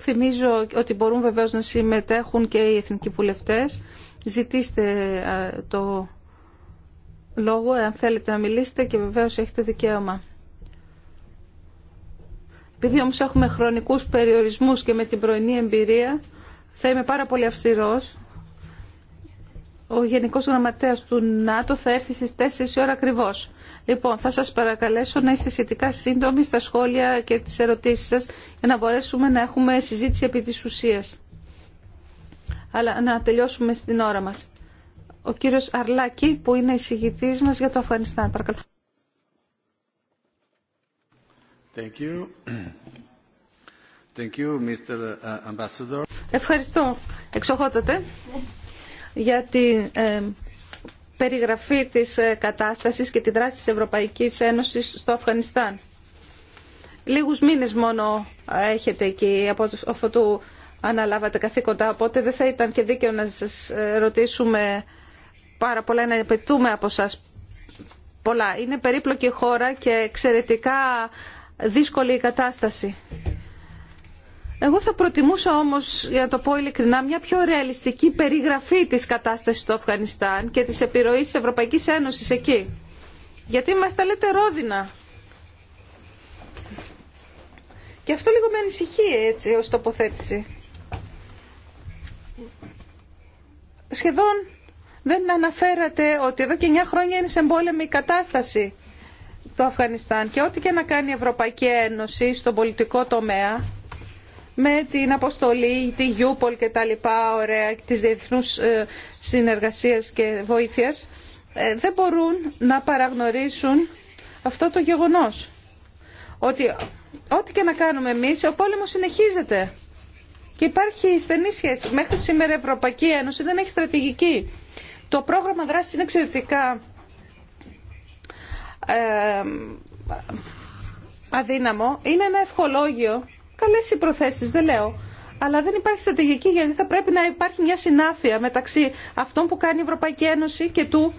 θυμίζω ότι μπορούν βεβαίως να συμμετέχουν και οι εθνικοί βουλευτές ζητήστε το λόγο εάν θέλετε να μιλήσετε και βεβαίως έχετε δικαίωμα επειδή όμως έχουμε χρονικούς περιορισμούς και με την πρωινή εμπειρία θα είμαι πάρα πολύ αυστηρός ο Γενικός Γραμματέας του ΝΑΤΟ θα έρθει στις 4 ώρα ακριβώς Λοιπόν, θα σας παρακαλέσω να είστε σχετικά σύντομοι στα σχόλια και τις ερωτήσεις σας για να μπορέσουμε να έχουμε συζήτηση επί της ουσίας. Αλλά να τελειώσουμε στην ώρα μας. Ο κύριος Αρλάκη που είναι εισηγητής μας για το Αφγανιστάν. Παρακαλώ. Thank you. Thank you, Mr. Uh, Ευχαριστώ εξοχότατε για την ε, περιγραφή της ε, κατάστασης και τη δράση της Ευρωπαϊκής Ένωσης στο Αφγανιστάν. Λίγους μήνες μόνο έχετε εκεί από αφού αναλάβατε καθήκοντα, οπότε δεν θα ήταν και δίκαιο να σας ε, ρωτήσουμε πάρα πολλά, να απαιτούμε από σας πολλά. Είναι περίπλοκη χώρα και εξαιρετικά δύσκολη η κατάσταση. Εγώ θα προτιμούσα όμως, για να το πω ειλικρινά, μια πιο ρεαλιστική περιγραφή της κατάσταση στο Αφγανιστάν και της επιρροή τη Ευρωπαϊκής Ένωσης εκεί. Γιατί μας τα λέτε ρόδινα. Και αυτό λίγο με ανησυχεί έτσι ως τοποθέτηση. Σχεδόν δεν αναφέρατε ότι εδώ και 9 χρόνια είναι σε εμπόλεμη κατάσταση το Αφγανιστάν και ό,τι και να κάνει η Ευρωπαϊκή Ένωση στον πολιτικό τομέα με την αποστολή, τη Γιούπολ και τα λοιπά, ωραία, της διεθνούς ε, συνεργασίας και βοήθειας, ε, δεν μπορούν να παραγνωρίσουν αυτό το γεγονός. Ότι ό,τι και να κάνουμε εμείς, ο πόλεμος συνεχίζεται. Και υπάρχει στενή σχέση. Μέχρι σήμερα η Ευρωπαϊκή Ένωση δεν έχει στρατηγική. Το πρόγραμμα δράσης είναι εξαιρετικά ε, αδύναμο. Είναι ένα ευχολόγιο καλές οι προθέσεις, δεν λέω. Αλλά δεν υπάρχει στρατηγική γιατί θα πρέπει να υπάρχει μια συνάφεια μεταξύ αυτών που κάνει η Ευρωπαϊκή Ένωση και του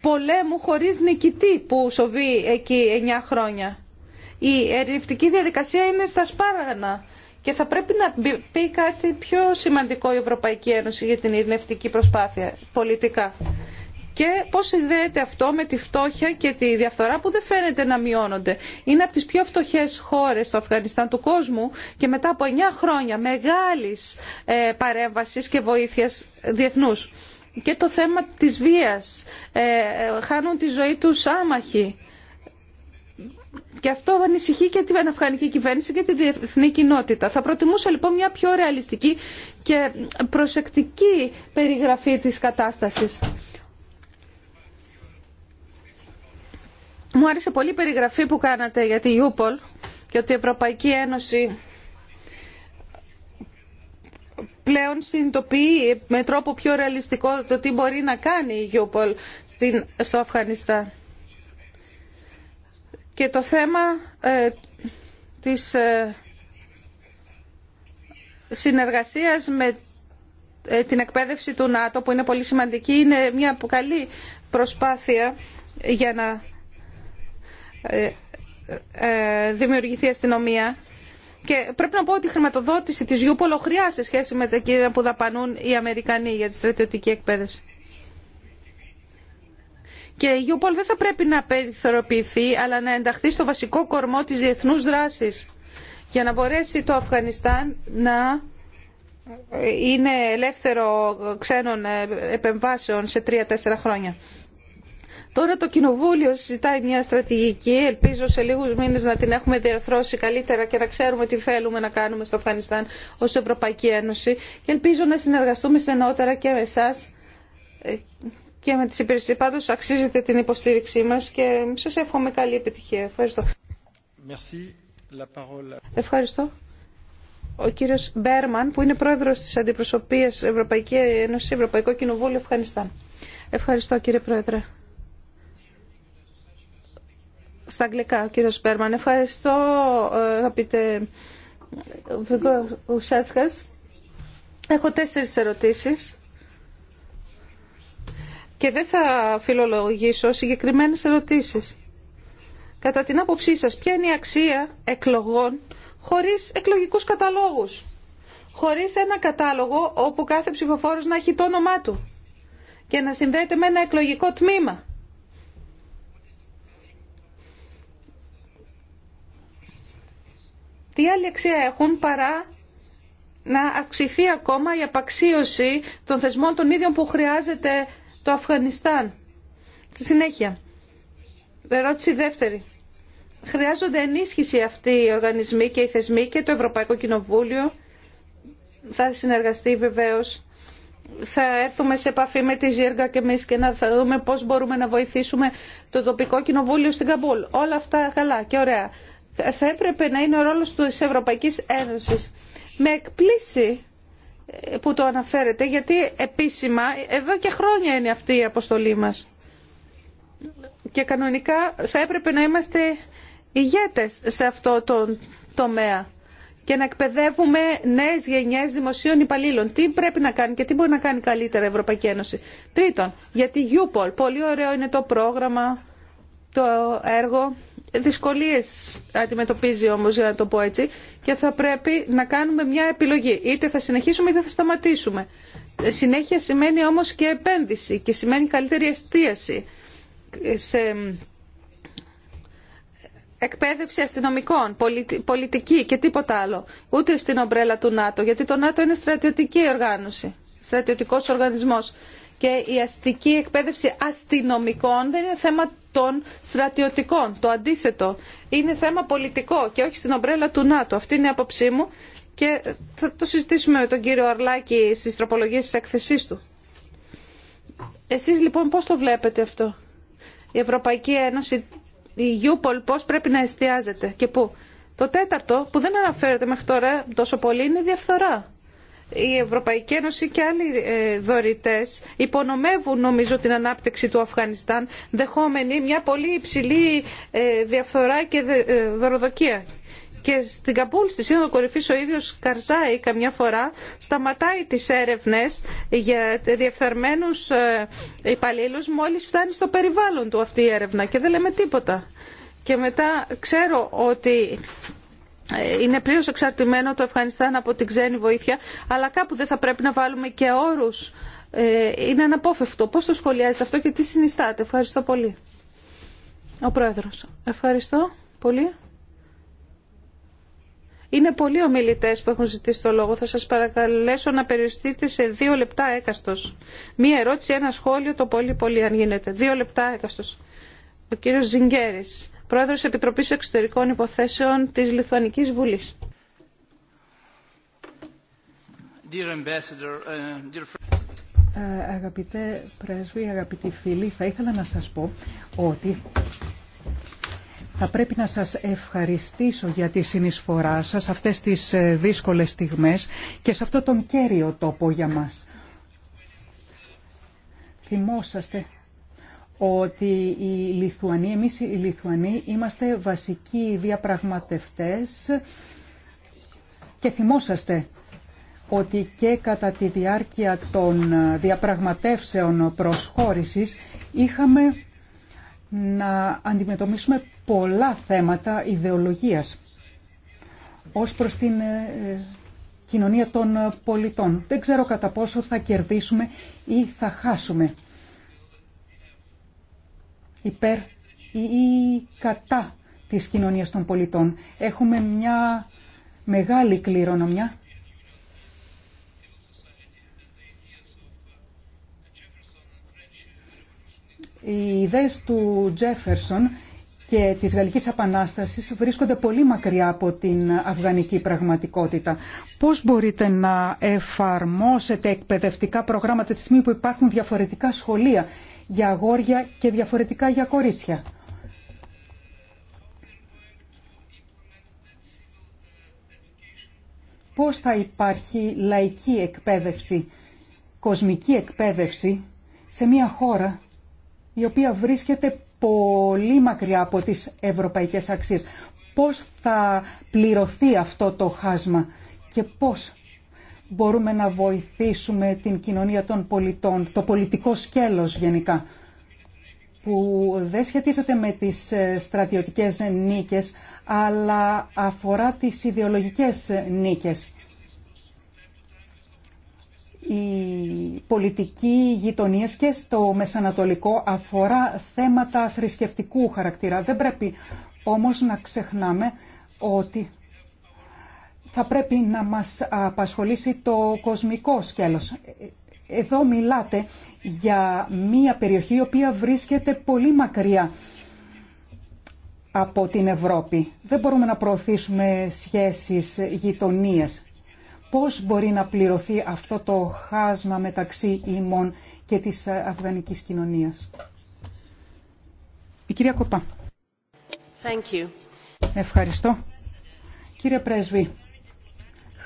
πολέμου χωρίς νικητή που σοβεί εκεί 9 χρόνια. Η ερευνητική διαδικασία είναι στα σπάρανα και θα πρέπει να πει κάτι πιο σημαντικό η Ευρωπαϊκή Ένωση για την ειρηνευτική προσπάθεια πολιτικά και πώς συνδέεται αυτό με τη φτώχεια και τη διαφθορά που δεν φαίνεται να μειώνονται. Είναι από τις πιο φτωχές χώρες στο Αφγανιστάν του κόσμου και μετά από 9 χρόνια μεγάλης ε, παρέμβασης και βοήθειας διεθνούς. Και το θέμα της βίας. Ε, χάνουν τη ζωή τους άμαχοι. Και αυτό ανησυχεί και την αφγανική κυβέρνηση και τη διεθνή κοινότητα. Θα προτιμούσα λοιπόν μια πιο ρεαλιστική και προσεκτική περιγραφή της κατάστασης. Μου άρεσε πολύ η περιγραφή που κάνατε για τη Ιούπολ και ότι η Ευρωπαϊκή Ένωση πλέον συνειδητοποιεί με τρόπο πιο ρεαλιστικό το τι μπορεί να κάνει η Ιούπολ στο Αφγανιστάν. Και το θέμα ε, της ε, συνεργασίας με ε, την εκπαίδευση του ΝΑΤΟ που είναι πολύ σημαντική είναι μια καλή προσπάθεια για να ε, ε, δημιουργηθεί αστυνομία. Και πρέπει να πω ότι η χρηματοδότηση της Γιούπολο χρειάζεται σε σχέση με τα κύρια που δαπανούν οι Αμερικανοί για τη στρατιωτική εκπαίδευση. Και η Γιούπολ δεν θα πρέπει να περιθωροποιηθεί αλλά να ενταχθεί στο βασικό κορμό της διεθνούς δράσης για να μπορέσει το Αφγανιστάν να είναι ελεύθερο ξένων ε, επεμβάσεων σε τρία-τέσσερα χρόνια. Τώρα το Κοινοβούλιο συζητάει μια στρατηγική, ελπίζω σε λίγου μήνε να την έχουμε διαρθρώσει καλύτερα και να ξέρουμε τι θέλουμε να κάνουμε στο Αφγανιστάν ω Ευρωπαϊκή Ένωση και ελπίζω να συνεργαστούμε στενότερα και με εσά ε, και με τι υπηρεσίε. Πάντω αξίζεται την υποστήριξή μα και σα εύχομαι καλή επιτυχία. Ευχαριστώ. Merci. La parole... Ευχαριστώ. Ο κύριος Μπέρμαν που είναι πρόεδρος της Αντιπροσωπείας Ευρωπαϊκή Ένωση, Ευρωπαϊκό Κοινοβούλιο Αφγανιστάν. Ευχαριστώ κύριε Πρόεδρε. Στα αγγλικά, κύριο Σπέρμαν. Ευχαριστώ, ε, αγαπητέ Ουσέσκα. Έχω τέσσερις ερωτήσεις και δεν θα φιλολογήσω συγκεκριμένε ερωτήσεις. Κατά την άποψή σα, ποια είναι η αξία εκλογών χωρίς εκλογικούς καταλόγους, χωρίς ένα κατάλογο όπου κάθε ψηφοφόρο να έχει το όνομά του και να συνδέεται με ένα εκλογικό τμήμα. τι άλλη αξία έχουν παρά να αυξηθεί ακόμα η απαξίωση των θεσμών των ίδιων που χρειάζεται το Αφγανιστάν. Στη συνέχεια, ερώτηση δεύτερη. Χρειάζονται ενίσχυση αυτοί οι οργανισμοί και οι θεσμοί και το Ευρωπαϊκό Κοινοβούλιο θα συνεργαστεί βεβαίως. Θα έρθουμε σε επαφή με τη Ζήργα και εμείς και να θα δούμε πώς μπορούμε να βοηθήσουμε το τοπικό κοινοβούλιο στην Καμπούλ. Όλα αυτά καλά και ωραία θα έπρεπε να είναι ο ρόλος της Ευρωπαϊκής Ένωσης. Με εκπλήσει ε, που το αναφέρετε, γιατί επίσημα εδώ και χρόνια είναι αυτή η αποστολή μας. Και κανονικά θα έπρεπε να είμαστε ηγέτες σε αυτό το τομέα και να εκπαιδεύουμε νέες γενιές δημοσίων υπαλλήλων. Τι πρέπει να κάνει και τι μπορεί να κάνει καλύτερα η Ευρωπαϊκή Ένωση. Τρίτον, Τρίτον, τη UPOL. Πολύ ωραίο είναι το πρόγραμμα, το έργο δυσκολίες αντιμετωπίζει όμως, για να το πω έτσι, και θα πρέπει να κάνουμε μια επιλογή. Είτε θα συνεχίσουμε είτε θα σταματήσουμε. Συνέχεια σημαίνει όμως και επένδυση και σημαίνει καλύτερη εστίαση σε εκπαίδευση αστυνομικών, πολιτική και τίποτα άλλο. Ούτε στην ομπρέλα του ΝΑΤΟ, γιατί το ΝΑΤΟ είναι στρατιωτική οργάνωση, στρατιωτικός οργανισμός και η αστική εκπαίδευση αστυνομικών δεν είναι θέμα των στρατιωτικών. Το αντίθετο. Είναι θέμα πολιτικό και όχι στην ομπρέλα του ΝΑΤΟ. Αυτή είναι η άποψή μου και θα το συζητήσουμε με τον κύριο Αρλάκη στις τροπολογίες της έκθεσής του. Εσείς λοιπόν πώς το βλέπετε αυτό. Η Ευρωπαϊκή Ένωση, η Ιούπολ πώς πρέπει να εστιάζεται και πού. Το τέταρτο που δεν αναφέρεται μέχρι τώρα τόσο πολύ είναι η διαφθορά η Ευρωπαϊκή Ένωση και άλλοι ε, δωρητές υπονομεύουν νομίζω την ανάπτυξη του Αφγανιστάν δεχόμενη μια πολύ υψηλή ε, διαφθορά και ε, δωροδοκία. Και στην Καμπούλ, στη Σύνοδο Κορυφής, ο ίδιος Καρζάη καμιά φορά σταματάει τις έρευνες για διεφθαρμένους υπαλλήλους μόλις φτάνει στο περιβάλλον του αυτή η έρευνα και δεν λέμε τίποτα. Και μετά ξέρω ότι ε, είναι πλήρως εξαρτημένο το Αφγανιστάν από την ξένη βοήθεια, αλλά κάπου δεν θα πρέπει να βάλουμε και όρους. Ε, είναι αναπόφευκτο. Πώς το σχολιάζετε αυτό και τι συνιστάτε. Ευχαριστώ πολύ. Ο Πρόεδρος. Ευχαριστώ πολύ. Είναι πολλοί ομιλητέ που έχουν ζητήσει το λόγο. Θα σα παρακαλέσω να περιοριστείτε σε δύο λεπτά έκαστο. Μία ερώτηση, ένα σχόλιο, το πολύ πολύ αν γίνεται. Δύο λεπτά έκαστο. Ο κύριο Ζιγκέρη πρόεδρος Επιτροπής Εξωτερικών Υποθέσεων της Λιθουανικής Βουλής. Uh, ε, αγαπητέ πρέσβη, αγαπητοί φίλοι, θα ήθελα να σας πω ότι θα πρέπει να σας ευχαριστήσω για τη συνεισφορά σας αυτές τις ε, δύσκολες στιγμές και σε αυτό τον κέριο τόπο για μας. Θυμόσαστε ότι οι Λιθουανοί, εμείς οι Λιθουανοί είμαστε βασικοί διαπραγματευτές και θυμόσαστε ότι και κατά τη διάρκεια των διαπραγματεύσεων προσχώρησης είχαμε να αντιμετωπίσουμε πολλά θέματα ιδεολογίας ως προς την ε, κοινωνία των πολιτών. Δεν ξέρω κατά πόσο θα κερδίσουμε ή θα χάσουμε υπέρ ή κατά της κοινωνίας των πολιτών. Έχουμε μια μεγάλη κληρονομιά. Οι ιδέες του Τζέφερσον και της Γαλλικής Επανάστασης βρίσκονται πολύ μακριά από την αφγανική πραγματικότητα. Πώς μπορείτε να εφαρμόσετε εκπαιδευτικά προγράμματα τη στιγμή που υπάρχουν διαφορετικά σχολεία για αγόρια και διαφορετικά για κορίτσια. Πώς θα υπάρχει λαϊκή εκπαίδευση, κοσμική εκπαίδευση σε μια χώρα η οποία βρίσκεται πολύ μακριά από τις ευρωπαϊκές αξίες. Πώς θα πληρωθεί αυτό το χάσμα και πώς μπορούμε να βοηθήσουμε την κοινωνία των πολιτών, το πολιτικό σκέλος γενικά, που δεν σχετίζεται με τις ε, στρατιωτικές νίκες, αλλά αφορά τις ιδεολογικές νίκες. Η πολιτική γειτονία και στο Μεσανατολικό αφορά θέματα θρησκευτικού χαρακτήρα. Δεν πρέπει όμως να ξεχνάμε ότι θα πρέπει να μας απασχολήσει το κοσμικό σκέλος. Εδώ μιλάτε για μία περιοχή η οποία βρίσκεται πολύ μακριά από την Ευρώπη. Δεν μπορούμε να προωθήσουμε σχέσεις γειτονίας. Πώς μπορεί να πληρωθεί αυτό το χάσμα μεταξύ ημών και της αφγανικής κοινωνίας. Η κυρία Κοπά. Thank you. Ευχαριστώ. Κύριε Πρέσβη,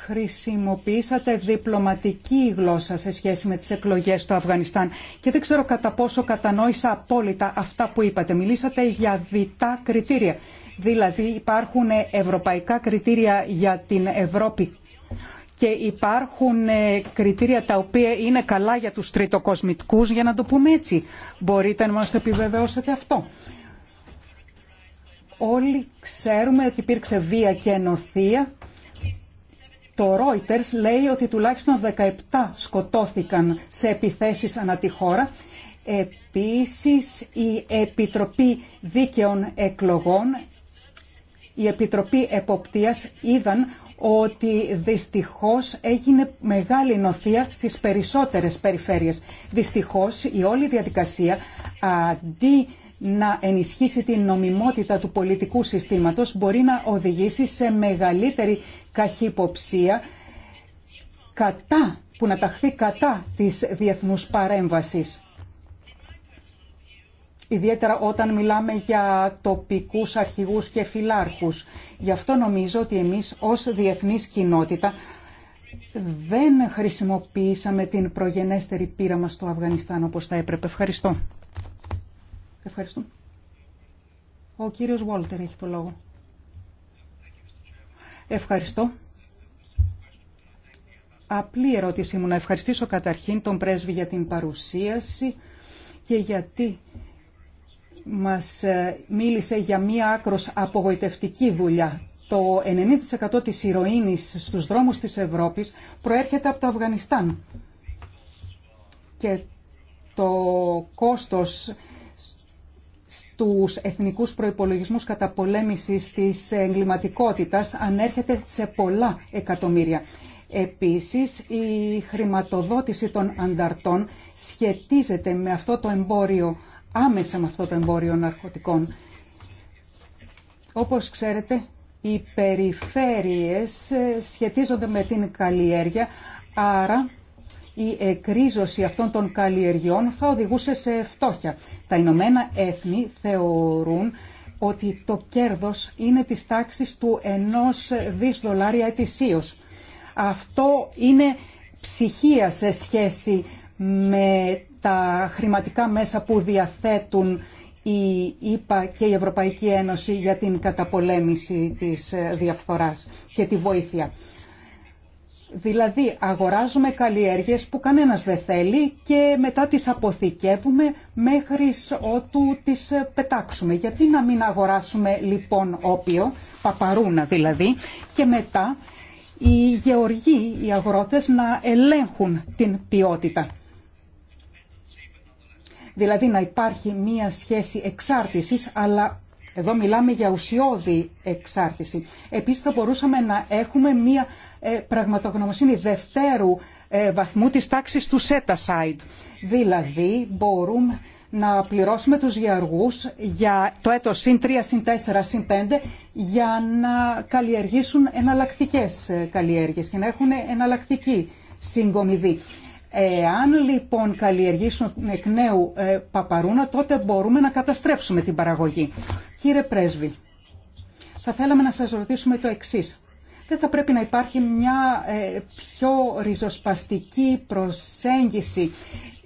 χρησιμοποιήσατε διπλωματική γλώσσα σε σχέση με τις εκλογές στο Αφγανιστάν και δεν ξέρω κατά πόσο κατανόησα απόλυτα αυτά που είπατε. Μιλήσατε για διτά κριτήρια. Δηλαδή υπάρχουν ευρωπαϊκά κριτήρια για την Ευρώπη και υπάρχουν ε, κριτήρια τα οποία είναι καλά για τους τριτοκοσμητικούς, για να το πούμε έτσι. Μπορείτε να μας το επιβεβαιώσετε αυτό. Όλοι ξέρουμε ότι υπήρξε βία και ενωθεία το Reuters λέει ότι τουλάχιστον 17 σκοτώθηκαν σε επιθέσεις ανά τη χώρα. Επίσης, η Επιτροπή Δίκαιων Εκλογών, η Επιτροπή Εποπτείας είδαν ότι δυστυχώς έγινε μεγάλη νοθεία στις περισσότερες περιφέρειες. Δυστυχώς η όλη διαδικασία αντί να ενισχύσει την νομιμότητα του πολιτικού συστήματος μπορεί να οδηγήσει σε μεγαλύτερη καχυποψία κατά, που να ταχθεί κατά της διεθνούς παρέμβασης. Ιδιαίτερα όταν μιλάμε για τοπικούς αρχηγούς και φυλάρχους. Γι' αυτό νομίζω ότι εμείς ως διεθνής κοινότητα δεν χρησιμοποιήσαμε την προγενέστερη πείρα μας στο Αφγανιστάν όπως θα έπρεπε. Ευχαριστώ. Ευχαριστώ. Ο κύριος Βόλτερ έχει το λόγο. Ευχαριστώ. Απλή ερώτησή μου να ευχαριστήσω καταρχήν τον πρέσβη για την παρουσίαση και γιατί μας ε, μίλησε για μία άκρος απογοητευτική δουλειά. Το 90% της ηρωίνης στους δρόμους της Ευρώπης προέρχεται από το Αφγανιστάν. Και το κόστος τους εθνικούς προϋπολογισμούς πολέμησης της εγκληματικότητας ανέρχεται σε πολλά εκατομμύρια. Επίσης, η χρηματοδότηση των ανταρτών σχετίζεται με αυτό το εμπόριο, άμεσα με αυτό το εμπόριο ναρκωτικών. Όπως ξέρετε, οι περιφέρειες ε, σχετίζονται με την καλλιέργεια, άρα η εκρίζωση αυτών των καλλιεργειών θα οδηγούσε σε φτώχεια. Τα Ηνωμένα Έθνη θεωρούν ότι το κέρδος είναι της τάξης του ενός δις δολάρια ετησίως. Αυτό είναι ψυχία σε σχέση με τα χρηματικά μέσα που διαθέτουν η ΕΠΑ και η Ευρωπαϊκή Ένωση για την καταπολέμηση της διαφθοράς και τη βοήθεια. Δηλαδή αγοράζουμε καλλιέργειες που κανένας δεν θέλει και μετά τις αποθηκεύουμε μέχρι ότου τις πετάξουμε. Γιατί να μην αγοράσουμε λοιπόν όπιο, παπαρούνα δηλαδή, και μετά οι γεωργοί, οι αγρότες να ελέγχουν την ποιότητα. Δηλαδή να υπάρχει μία σχέση εξάρτησης, αλλά εδώ μιλάμε για ουσιώδη εξάρτηση. Επίσης θα μπορούσαμε να έχουμε μία ε, πραγματογνωμοσύνη δευτέρου ε, βαθμού της τάξης του set aside. Δηλαδή μπορούμε να πληρώσουμε τους γεωργούς για το έτος συν 3, συν 4, συν 5 για να καλλιεργήσουν εναλλακτικέ ε, καλλιέργειες και να έχουν εναλλακτική συγκομιδή. Αν λοιπόν καλλιεργήσουν εκ νέου παπαρούνα, τότε μπορούμε να καταστρέψουμε την παραγωγή. Κύριε Πρέσβη, θα θέλαμε να σας ρωτήσουμε το εξής δεν θα πρέπει να υπάρχει μια ε, πιο ριζοσπαστική προσέγγιση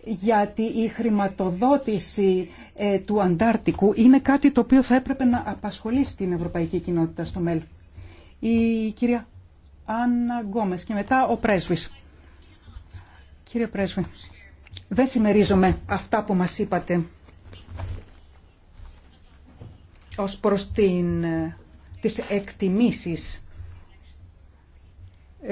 γιατί η χρηματοδότηση ε, του Αντάρτικου είναι κάτι το οποίο θα έπρεπε να απασχολεί στην ευρωπαϊκή κοινότητα στο μέλλον. Η κυρία Άννα Γκόμες και μετά ο πρέσβης. Κύριε πρέσβη, δεν συμμερίζομαι αυτά που μας είπατε ως προς την, ε, τις εκτιμήσεις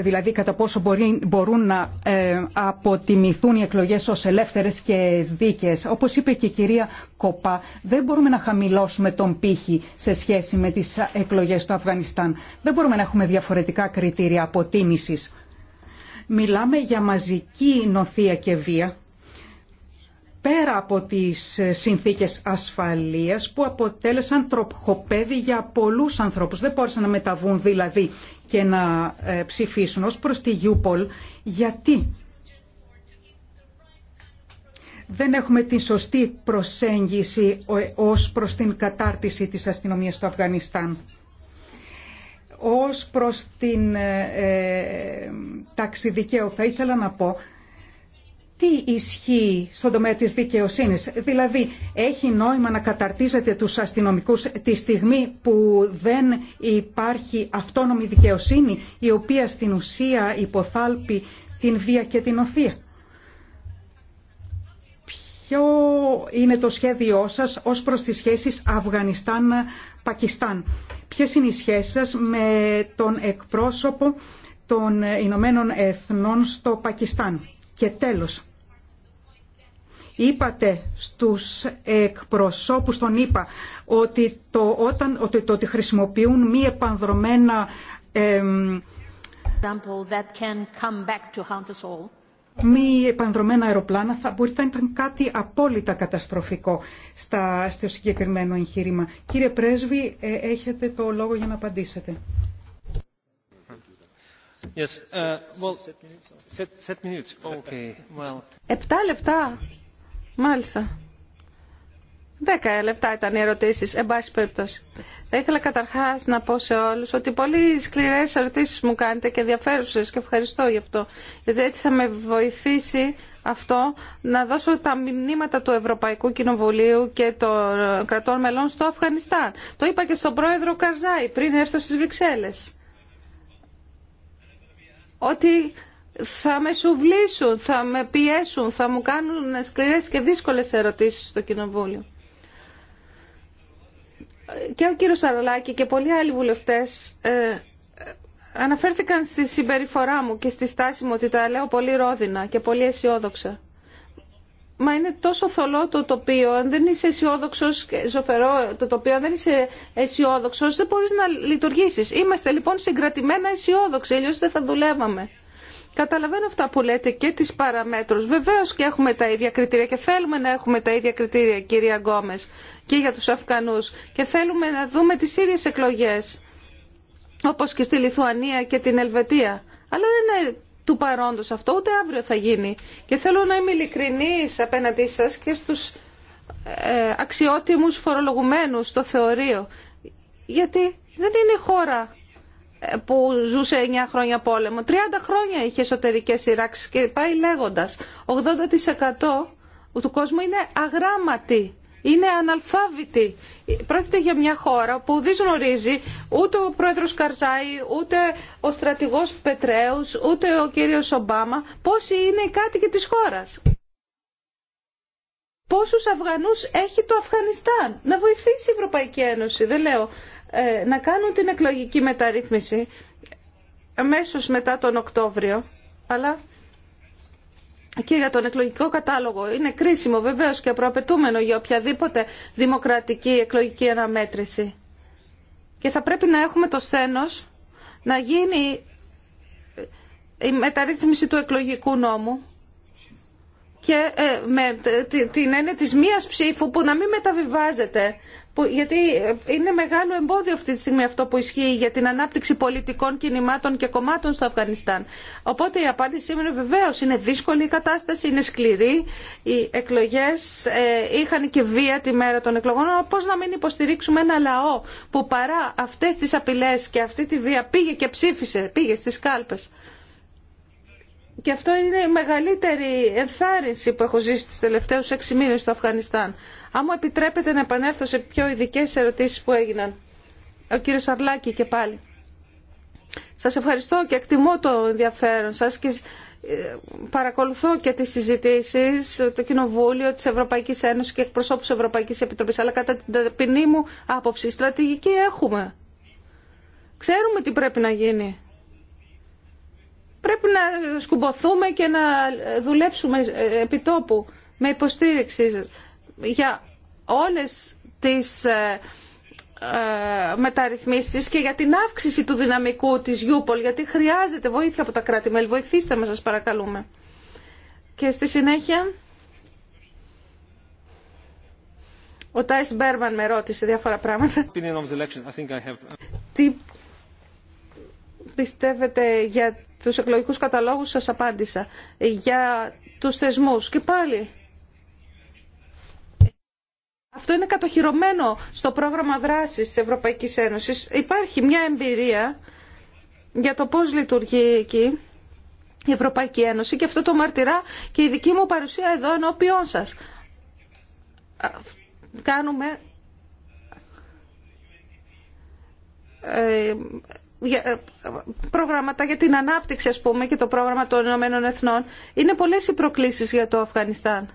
δηλαδή κατά πόσο μπορούν να ε, αποτιμηθούν οι εκλογές ως ελεύθερες και δίκαιες. Όπως είπε και η κυρία Κοπά, δεν μπορούμε να χαμηλώσουμε τον πύχη σε σχέση με τις εκλογές του Αφγανιστάν. Δεν μπορούμε να έχουμε διαφορετικά κριτήρια αποτίμησης. Μιλάμε για μαζική νοθεία και βία πέρα από τις ε, συνθήκες ασφαλείας που αποτέλεσαν τροχοπέδι για πολλούς ανθρώπους. Δεν μπόρεσαν να μεταβούν δηλαδή και να ε, ψηφίσουν ως προς τη Γιούπολ. Γιατί δεν έχουμε την σωστή προσέγγιση ε, ως προς την κατάρτιση της αστυνομίας του Αφγανιστάν ως προς την ε, τάξη δικαίου θα ήθελα να πω τι ισχύει στον τομέα της δικαιοσύνης. Δηλαδή, έχει νόημα να καταρτίζετε τους αστυνομικούς τη στιγμή που δεν υπάρχει αυτόνομη δικαιοσύνη, η οποία στην ουσία υποθάλπει την βία και την οθεία. Ποιο είναι το σχέδιό σας ως προς τις σχέσεις Αφγανιστάν-Πακιστάν. Ποιες είναι οι σχέσεις σας με τον εκπρόσωπο των Ηνωμένων Εθνών στο Πακιστάν και τέλος, είπατε στους εκπροσώπους τον είπα, ότι το, όταν, ότι, το χρησιμοποιούν μη επανδρομένα εμ, μη επανδρομένα αεροπλάνα θα μπορεί να ήταν κάτι απόλυτα καταστροφικό στα, στο συγκεκριμένο εγχείρημα. Κύριε Πρέσβη, ε, έχετε το λόγο για να απαντήσετε. Yes, uh, Επτά λεπτά. Μάλιστα. Δέκα λεπτά ήταν οι ερωτήσεις, εν πάση περιπτώσει. Θα ήθελα καταρχάς να πω σε όλους ότι πολύ σκληρές ερωτήσεις μου κάνετε και ενδιαφέρουσες και ευχαριστώ γι' αυτό. Γιατί έτσι θα με βοηθήσει αυτό να δώσω τα μηνύματα του Ευρωπαϊκού Κοινοβουλίου και των κρατών μελών στο Αφγανιστάν. Το είπα και στον πρόεδρο Καρζάη πριν έρθω στις Βρυξέλλες. Ότι θα με σουβλήσουν, θα με πιέσουν, θα μου κάνουν σκληρές και δύσκολες ερωτήσεις στο Κοινοβούλιο. Και ο κύριος Σαρολάκη και πολλοί άλλοι βουλευτές ε, αναφέρθηκαν στη συμπεριφορά μου και στη στάση μου ότι τα λέω πολύ ρόδινα και πολύ αισιόδοξα. Μα είναι τόσο θολό το τοπίο, αν δεν είσαι αισιόδοξο, ζωφερό το τοπίο, αν δεν είσαι αισιόδοξο, δεν μπορεί να λειτουργήσει. Είμαστε λοιπόν συγκρατημένα αισιόδοξοι, αλλιώ δεν θα δουλεύαμε. Καταλαβαίνω αυτά που λέτε και τις παραμέτρους. Βεβαίως και έχουμε τα ίδια κριτήρια και θέλουμε να έχουμε τα ίδια κριτήρια, κυρία Γκόμες, και για τους Αφγανούς. Και θέλουμε να δούμε τις ίδιες εκλογές, όπως και στη Λιθουανία και την Ελβετία. Αλλά δεν είναι του παρόντος αυτό, ούτε αύριο θα γίνει. Και θέλω να είμαι ειλικρινής απέναντί σας και στους ε, αξιότιμους φορολογουμένους στο θεωρείο. Γιατί δεν είναι χώρα που ζούσε 9 χρόνια πόλεμο. 30 χρόνια είχε εσωτερικές σειράξεις και πάει λέγοντας. 80% του κόσμου είναι αγράμματοι, είναι αναλφάβητοι. Πρόκειται για μια χώρα που δεν γνωρίζει ούτε ο πρόεδρος Καρζάη, ούτε ο στρατηγός Πετρέους, ούτε ο κύριος Ομπάμα πόσοι είναι οι κάτοικοι της χώρας. Πόσους Αφγανούς έχει το Αφγανιστάν. Να βοηθήσει η Ευρωπαϊκή Ένωση, δεν λέω ε, να κάνουν την εκλογική μεταρρύθμιση αμέσως μετά τον Οκτώβριο, αλλά και για τον εκλογικό κατάλογο. Είναι κρίσιμο βεβαίως και προαπαιτούμενο για οποιαδήποτε δημοκρατική εκλογική αναμέτρηση. Και θα πρέπει να έχουμε το σθένος να γίνει η μεταρρύθμιση του εκλογικού νόμου και ε, με την έννοια της μίας ψήφου που να μην μεταβιβάζεται που, γιατί ε, είναι μεγάλο εμπόδιο αυτή τη στιγμή αυτό που ισχύει για την ανάπτυξη πολιτικών κινημάτων και κομμάτων στο Αφγανιστάν. Οπότε η απάντησή είναι βεβαίω είναι δύσκολη η κατάσταση, είναι σκληρή. Οι εκλογέ ε, είχαν και βία τη μέρα των εκλογών. Πώ να μην υποστηρίξουμε ένα λαό που παρά αυτέ τι απειλέ και αυτή τη βία πήγε και ψήφισε, πήγε στι κάλπε. Και αυτό είναι η μεγαλύτερη ενθάρρυνση που έχω ζήσει τις τελευταίους έξι μήνες στο Αφγανιστάν. Αν μου επιτρέπετε να επανέλθω σε πιο ειδικέ ερωτήσεις που έγιναν. Ο κύριος Αρλάκη και πάλι. Σας ευχαριστώ και εκτιμώ το ενδιαφέρον σα και ε, παρακολουθώ και τις συζητήσεις, το Κοινοβούλιο της Ευρωπαϊκής Ένωσης και εκπροσώπους της Ευρωπαϊκής Επιτροπής, αλλά κατά την ταπεινή μου άποψη, στρατηγική έχουμε. Ξέρουμε τι πρέπει να γίνει. Πρέπει να σκουμποθούμε και να δουλέψουμε ε, επιτόπου με υποστήριξή σας για όλες τις ε, ε, μεταρρυθμίσεις και για την αύξηση του δυναμικού της Γιούπολ γιατί χρειάζεται βοήθεια από τα κράτη-μέλη. Βοηθήστε μας σας παρακαλούμε. Και στη συνέχεια ο Τάις Μπέρμαν με ρώτησε διάφορα πράγματα. Τι πιστεύετε για τους εκλογικούς καταλόγους σας απάντησα. Για τους θεσμούς και πάλι αυτό είναι κατοχυρωμένο στο πρόγραμμα δράσης της Ευρωπαϊκής Ένωσης. Υπάρχει μια εμπειρία για το πώς λειτουργεί εκεί η Ευρωπαϊκή Ένωση και αυτό το μαρτυρά και η δική μου παρουσία εδώ ενώπιόν σας. Κάνουμε ε, ε, προγράμματα για την ανάπτυξη ας πούμε και το πρόγραμμα των Ηνωμένων Εθνών. Είναι πολλές οι προκλήσεις για το Αφγανιστάν.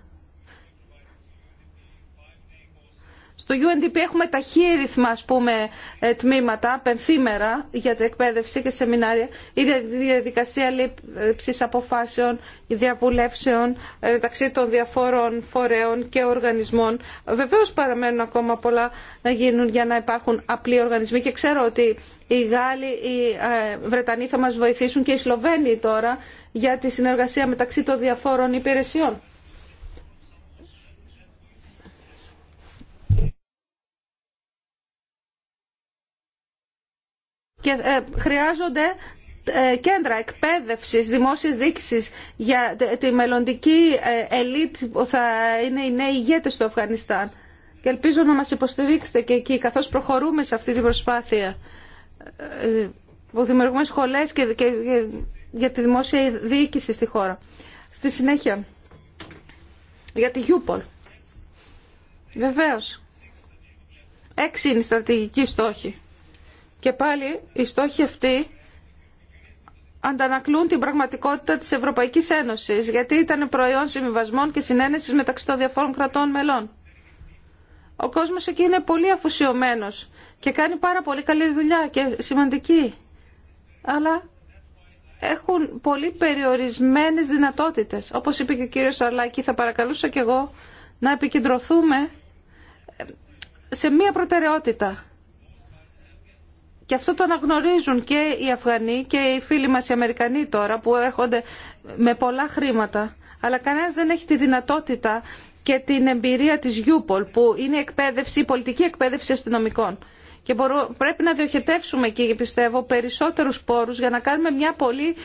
Στο UNDP έχουμε ταχύρυθμα ας πούμε, ε, τμήματα, πενθήμερα για την εκπαίδευση και σεμινάρια, η διαδικασία λήψη αποφάσεων, η διαβουλεύσεων ε, μεταξύ των διαφόρων φορέων και οργανισμών. Ε, Βεβαίω παραμένουν ακόμα πολλά να γίνουν για να υπάρχουν απλοί οργανισμοί και ξέρω ότι οι Γάλλοι, οι Βρετανοί θα μας βοηθήσουν και οι Σλοβαίνοι τώρα για τη συνεργασία μεταξύ των διαφόρων υπηρεσιών. και ε, χρειάζονται ε, κέντρα εκπαίδευσης, δημόσια δίκησης για τη μελλοντική ε, ελίτ που θα είναι οι νέοι ηγέτες του Αφγανιστάν. Και ελπίζω να μας υποστηρίξετε και εκεί καθώς προχωρούμε σε αυτή την προσπάθεια που δημιουργούμε σχολές και, για τη δημόσια διοίκηση στη χώρα. Στη συνέχεια, για τη Γιούπολ. Βεβαίως. Έξι είναι οι στρατηγικοί στόχοι και πάλι οι στόχοι αυτοί αντανακλούν την πραγματικότητα της Ευρωπαϊκής Ένωσης, γιατί ήταν προϊόν συμβιβασμών και συνένεσης μεταξύ των διαφόρων κρατών μελών. Ο κόσμος εκεί είναι πολύ αφουσιωμένος και κάνει πάρα πολύ καλή δουλειά και σημαντική. Αλλά έχουν πολύ περιορισμένες δυνατότητες. Όπως είπε και ο κύριος Σαρλάκη, θα παρακαλούσα και εγώ να επικεντρωθούμε σε μία προτεραιότητα. Και αυτό το αναγνωρίζουν και οι Αφγανοί και οι φίλοι μας οι Αμερικανοί τώρα που έρχονται με πολλά χρήματα. Αλλά κανένας δεν έχει τη δυνατότητα και την εμπειρία της Γιούπολ που είναι η εκπαίδευση, η πολιτική εκπαίδευση αστυνομικών. Και πρέπει να διοχετεύσουμε εκεί, πιστεύω, περισσότερους πόρους για να κάνουμε μια πολύ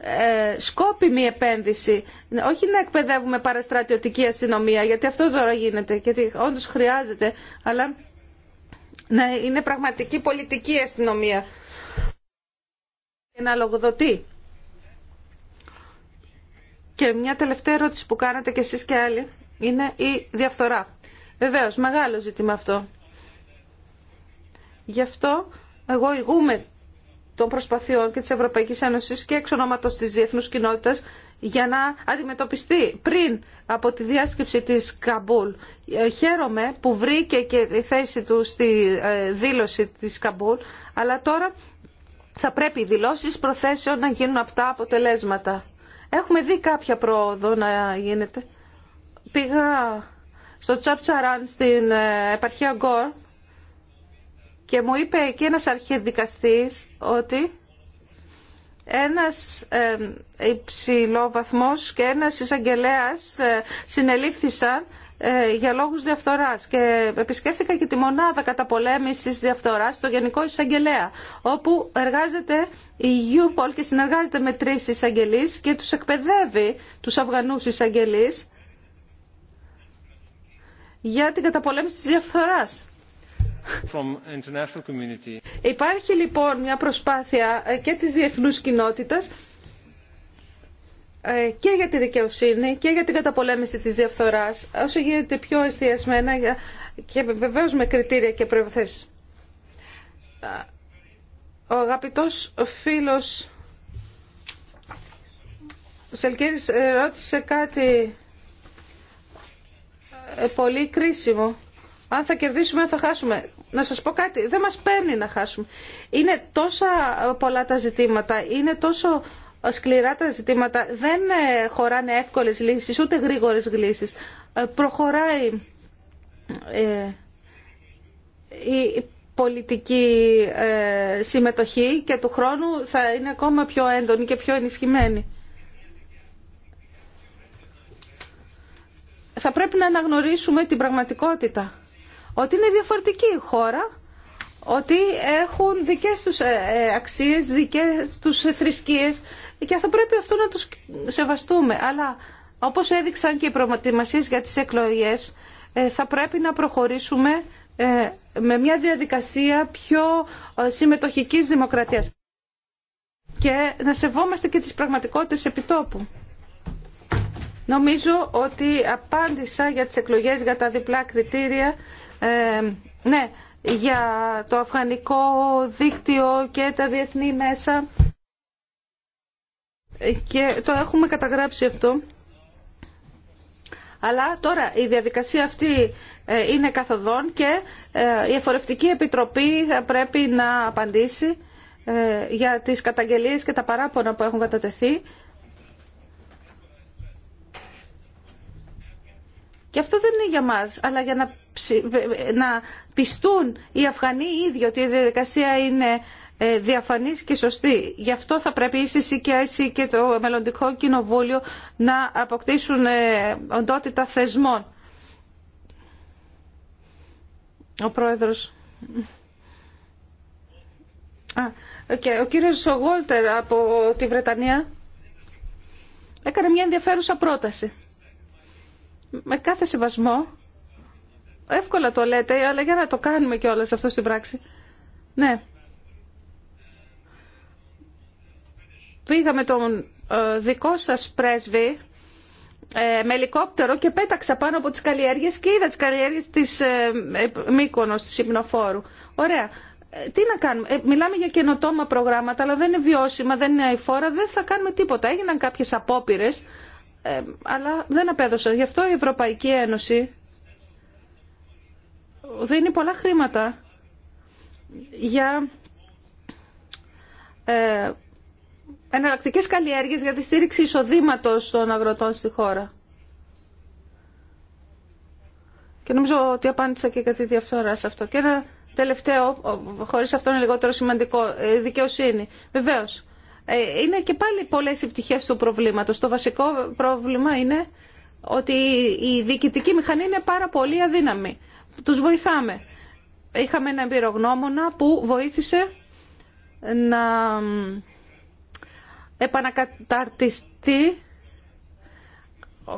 ε, σκόπιμη επένδυση. Όχι να εκπαιδεύουμε παραστρατιωτική αστυνομία, γιατί αυτό τώρα γίνεται, γιατί όντως χρειάζεται, αλλά ναι, είναι πραγματική πολιτική αστυνομία και να λογοδοτεί. Και μια τελευταία ερώτηση που κάνατε κι εσείς και άλλοι είναι η διαφθορά. Βεβαίως, μεγάλο ζήτημα αυτό. Γι' αυτό εγώ ηγούμε των προσπαθειών και της Ευρωπαϊκής Ένωσης και εξ ονόματος της διεθνούς κοινότητας για να αντιμετωπιστεί πριν από τη διάσκεψη της Καμπούλ. Ε, χαίρομαι που βρήκε και τη θέση του στη ε, δήλωση της Καμπούλ, αλλά τώρα θα πρέπει οι δηλώσεις προθέσεων να γίνουν αυτά αποτελέσματα. Έχουμε δει κάποια πρόοδο να γίνεται. Πήγα στο Τσαπτσαράν στην ε, επαρχία Γκόρ και μου είπε και ένας αρχιεδικαστής ότι ένας ε, βαθμός και ένας εισαγγελέα ε, συνελήφθησαν ε, για λόγους διαφθοράς και επισκέφθηκα και τη μονάδα καταπολέμησης διαφθοράς στο Γενικό Εισαγγελέα όπου εργάζεται η UPOL και συνεργάζεται με τρεις εισαγγελείς και τους εκπαιδεύει τους Αφγανούς εισαγγελείς για την καταπολέμηση της διαφθοράς. Υπάρχει λοιπόν μια προσπάθεια ε, και της διεθνούς κοινότητας ε, και για τη δικαιοσύνη και για την καταπολέμηση της διαφθοράς όσο γίνεται πιο εστιασμένα και βεβαίως με κριτήρια και προϋποθέσεις. Ε, ο αγαπητός φίλος Σελκύρης ρώτησε κάτι πολύ κρίσιμο αν θα κερδίσουμε, αν θα χάσουμε. Να σας πω κάτι, δεν μας παίρνει να χάσουμε. Είναι τόσα πολλά τα ζητήματα, είναι τόσο σκληρά τα ζητήματα, δεν ε, χωράνε εύκολες λύσεις, ούτε γρήγορες λύσεις. Ε, προχωράει ε, η πολιτική συμμετοχή και του χρόνου θα είναι ακόμα πιο έντονη και πιο ενισχυμένη. Θα πρέπει να αναγνωρίσουμε την πραγματικότητα ότι είναι διαφορετική η χώρα, ότι έχουν δικές τους ε, ε, αξίες, δικές τους θρησκείες και θα πρέπει αυτό να τους σεβαστούμε. Αλλά όπως έδειξαν και οι προετοιμασίες για τις εκλογές, ε, θα πρέπει να προχωρήσουμε με μια διαδικασία πιο συμμετοχικής δημοκρατίας και να σεβόμαστε και τις πραγματικότητες επιτόπου. Νομίζω ότι απάντησα για τις εκλογές, για τα διπλά κριτήρια ε, ναι, για το αφγανικό δίκτυο και τα διεθνή μέσα. Και το έχουμε καταγράψει αυτό. Αλλά τώρα η διαδικασία αυτή ε, είναι καθοδόν και ε, η Εφορευτική Επιτροπή θα πρέπει να απαντήσει ε, για τις καταγγελίες και τα παράπονα που έχουν κατατεθεί Και αυτό δεν είναι για μα, αλλά για να, πιστούν οι Αφγανοί οι ίδιοι ότι η διαδικασία είναι ε, διαφανής και σωστή. Γι' αυτό θα πρέπει και εσύ και το Μελλοντικό Κοινοβούλιο να αποκτήσουν ε, οντότητα θεσμών. Ο Πρόεδρος... Α, ο κύριος Σογόλτερ από τη Βρετανία έκανε μια ενδιαφέρουσα πρόταση με κάθε σεβασμό, εύκολα το λέτε, αλλά για να το κάνουμε και όλα αυτό στην πράξη. Ναι. Πήγαμε τον ε, δικό σας πρέσβη ε, με ελικόπτερο και πέταξα πάνω από τις καλλιέργειες και είδα τις καλλιέργειες της ε, ε Μύκονος, της Υπνοφόρου. Ωραία. τι να κάνουμε. μιλάμε για καινοτόμα προγράμματα, αλλά δεν είναι βιώσιμα, δεν είναι αηφόρα, δεν θα κάνουμε τίποτα. Έγιναν κάποιες απόπειρες, ε, αλλά δεν απέδωσε. Γι' αυτό η Ευρωπαϊκή Ένωση δίνει πολλά χρήματα για ε, εναλλακτικές καλλιέργειες για τη στήριξη εισοδήματος των αγροτών στη χώρα. Και νομίζω ότι απάντησα και κάτι διαφθορά σε αυτό. Και ένα τελευταίο, χωρίς αυτό είναι λιγότερο σημαντικό, ε, δικαιοσύνη. Βεβαίως, ε, είναι και πάλι πολλές οι του προβλήματος. Το βασικό πρόβλημα είναι ότι η διοικητική μηχανή είναι πάρα πολύ αδύναμη. Τους βοηθάμε. Είχαμε ένα εμπειρογνώμονα που βοήθησε να επανακαταρτιστεί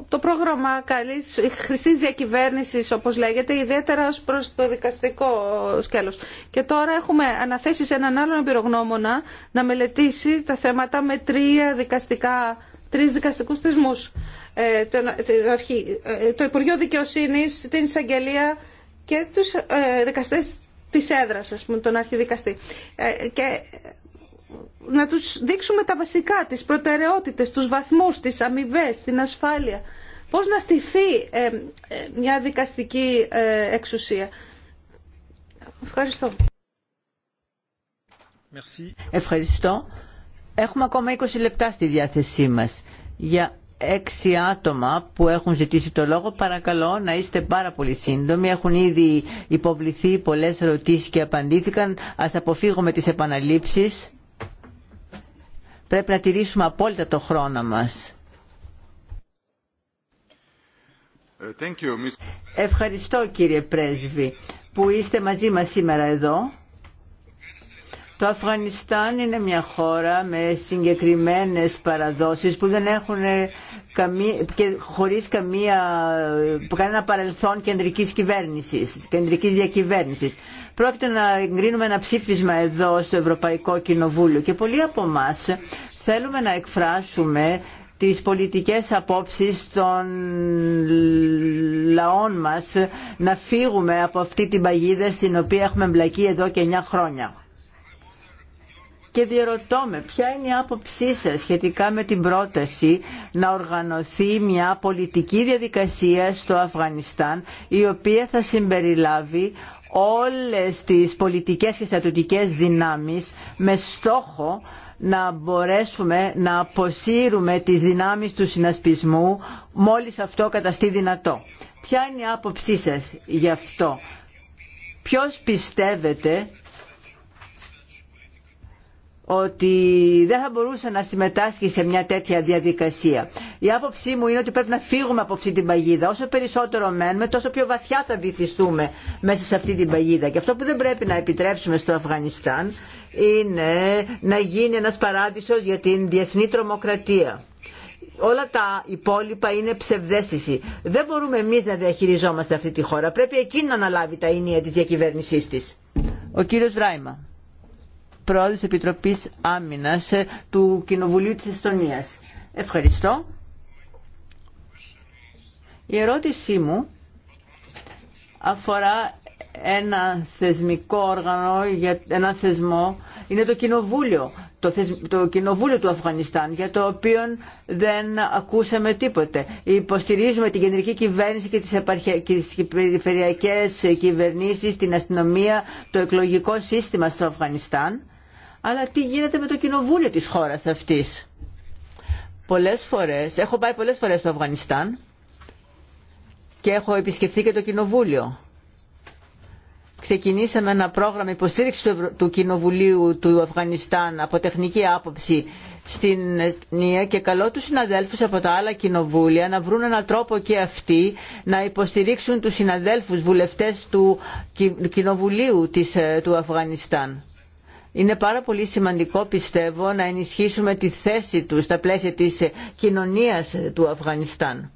το πρόγραμμα καλής χρηστής διακυβέρνησης όπως λέγεται ιδιαίτερα ως προς το δικαστικό σκέλος. Και τώρα έχουμε αναθέσει σε έναν άλλον εμπειρογνώμονα να μελετήσει τα θέματα με τρία δικαστικά, τρεις δικαστικούς θεσμούς. Ε, το, ε, το Υπουργείο Δικαιοσύνης, την Εισαγγελία και τους ε, δικαστές της έδρας, ας πούμε, τον αρχιδικαστή. Ε, και να τους δείξουμε τα βασικά, τις προτεραιότητες, τους βαθμούς, τις αμοιβέ, την ασφάλεια. Πώς να στηθεί ε, ε, μια δικαστική ε, εξουσία. Ευχαριστώ. Ευχαριστώ. Έχουμε ακόμα 20 λεπτά στη διάθεσή μας. Για έξι άτομα που έχουν ζητήσει το λόγο, παρακαλώ να είστε πάρα πολύ σύντομοι. Έχουν ήδη υποβληθεί πολλές ερωτήσεις και απαντήθηκαν. Ας αποφύγουμε τις επαναλήψεις. Πρέπει να τηρήσουμε απόλυτα το χρόνο μας. Ευχαριστώ κύριε Πρέσβη που είστε μαζί μας σήμερα εδώ το Αφγανιστάν είναι μια χώρα με συγκεκριμένες παραδόσεις που δεν έχουν ε, καμία, και καμία, κανένα παρελθόν κεντρικής κυβέρνησης, κεντρικής διακυβέρνησης. Πρόκειται να εγκρίνουμε ένα ψήφισμα εδώ στο Ευρωπαϊκό Κοινοβούλιο και πολλοί από εμά θέλουμε να εκφράσουμε τις πολιτικές απόψεις των λαών μας να φύγουμε από αυτή την παγίδα στην οποία έχουμε μπλακεί εδώ και 9 χρόνια και διερωτώ με ποια είναι η άποψή σας σχετικά με την πρόταση να οργανωθεί μια πολιτική διαδικασία στο Αφγανιστάν η οποία θα συμπεριλάβει όλες τις πολιτικές και στρατιωτικές δυνάμεις με στόχο να μπορέσουμε να αποσύρουμε τις δυνάμεις του συνασπισμού μόλις αυτό καταστεί δυνατό. Ποια είναι η άποψή σας γι' αυτό. Ποιος πιστεύετε ότι δεν θα μπορούσε να συμμετάσχει σε μια τέτοια διαδικασία. Η άποψή μου είναι ότι πρέπει να φύγουμε από αυτή την παγίδα. Όσο περισσότερο μένουμε, τόσο πιο βαθιά θα βυθιστούμε μέσα σε αυτή την παγίδα. Και αυτό που δεν πρέπει να επιτρέψουμε στο Αφγανιστάν είναι να γίνει ένας παράδεισος για την διεθνή τρομοκρατία όλα τα υπόλοιπα είναι ψευδέστηση. Δεν μπορούμε εμείς να διαχειριζόμαστε αυτή τη χώρα. Πρέπει εκείνη να αναλάβει τα ίνια τη διακυβέρνησή τη. Ο κύριο Ράιμα πρόεδρος Επιτροπής Άμυνας ε, του Κοινοβουλίου της Εστονίας. Ευχαριστώ. Η ερώτησή μου αφορά ένα θεσμικό όργανο, για ένα θεσμό, είναι το κοινοβούλιο, το, κοινοβούλιο του Αφγανιστάν, για το οποίο δεν ακούσαμε τίποτε. Υποστηρίζουμε την κεντρική κυβέρνηση και τις, επαρχε, και τις περιφερειακές κυβερνήσεις, την αστυνομία, το εκλογικό σύστημα στο Αφγανιστάν αλλά τι γίνεται με το κοινοβούλιο της χώρας αυτής. Πολλές φορές, έχω πάει πολλές φορές στο Αφγανιστάν και έχω επισκεφθεί και το κοινοβούλιο. Ξεκινήσαμε ένα πρόγραμμα υποστήριξης του Κοινοβουλίου του Αφγανιστάν από τεχνική άποψη στην Εθνία και καλώ τους συναδέλφους από τα άλλα κοινοβούλια να βρουν έναν τρόπο και αυτοί να υποστηρίξουν τους συναδέλφους βουλευτές του Κοινοβουλίου της, ε, του Αφγανιστάν. Είναι πάρα πολύ σημαντικό πιστεύω να ενισχύσουμε τη θέση του στα πλαίσια της κοινωνίας του Αφγανιστάν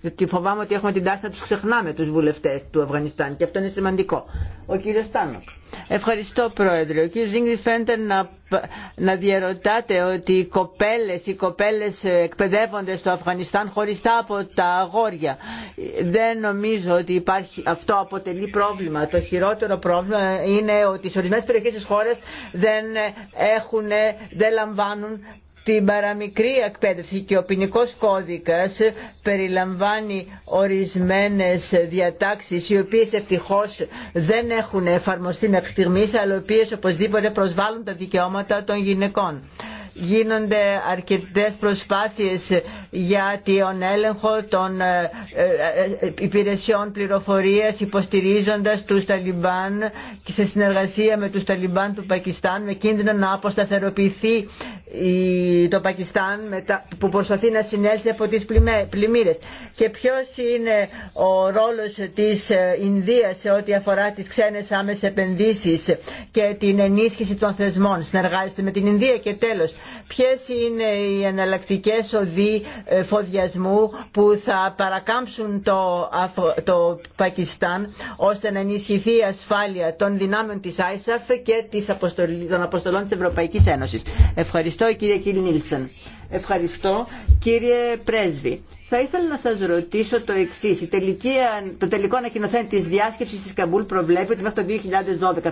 γιατί φοβάμαι ότι έχουμε την τάση να τους ξεχνάμε του βουλευτέ του Αφγανιστάν και αυτό είναι σημαντικό. Ο κύριος Τάνοκ. Ευχαριστώ πρόεδρε. Ο κύριο Ζήγκρι φαίνεται να, να διαρωτάτε ότι οι κοπέλες, οι κοπέλες εκπαιδεύονται στο Αφγανιστάν χωριστά από τα αγόρια. Δεν νομίζω ότι υπάρχει, αυτό αποτελεί πρόβλημα. Το χειρότερο πρόβλημα είναι ότι σε ορισμένε περιοχέ τη χώρα δεν, έχουν, δεν λαμβάνουν την παραμικρή εκπαίδευση και ο ποινικό κώδικας περιλαμβάνει ορισμένες διατάξεις οι οποίες ευτυχώς δεν έχουν εφαρμοστεί μέχρι στιγμής αλλά οι οποίες οπωσδήποτε προσβάλλουν τα δικαιώματα των γυναικών. Γίνονται αρκετές προσπάθειες για τον έλεγχο των ε, ε, υπηρεσιών πληροφορίας υποστηρίζοντας τους Ταλιμπάν και σε συνεργασία με τους Ταλιμπάν του Πακιστάν με κίνδυνο να αποσταθεροποιηθεί το Πακιστάν που προσπαθεί να συνέλθει από τις πλημμύρες και ποιος είναι ο ρόλος της ε, Ινδίας σε ό,τι αφορά τις ξένες άμεσες επενδύσεις και την ενίσχυση των θεσμών συνεργάζεται με την Ινδία και τέλος ποιες είναι οι εναλλακτικέ οδοί ε, φοδιασμού που θα παρακάμψουν το, το Πακιστάν ώστε να ενισχυθεί η ασφάλεια των δυνάμεων της ISAF και των αποστολών της Ευρωπαϊκής Ένωσης. Ευχαριστώ. Ευχαριστώ κύριε Κιλ Νίλσεν. Ευχαριστώ κύριε Πρέσβη. Θα ήθελα να σας ρωτήσω το εξής. το τελικό ανακοινωθέν της διάσκεψης της Καμπούλ προβλέπει ότι μέχρι το 2012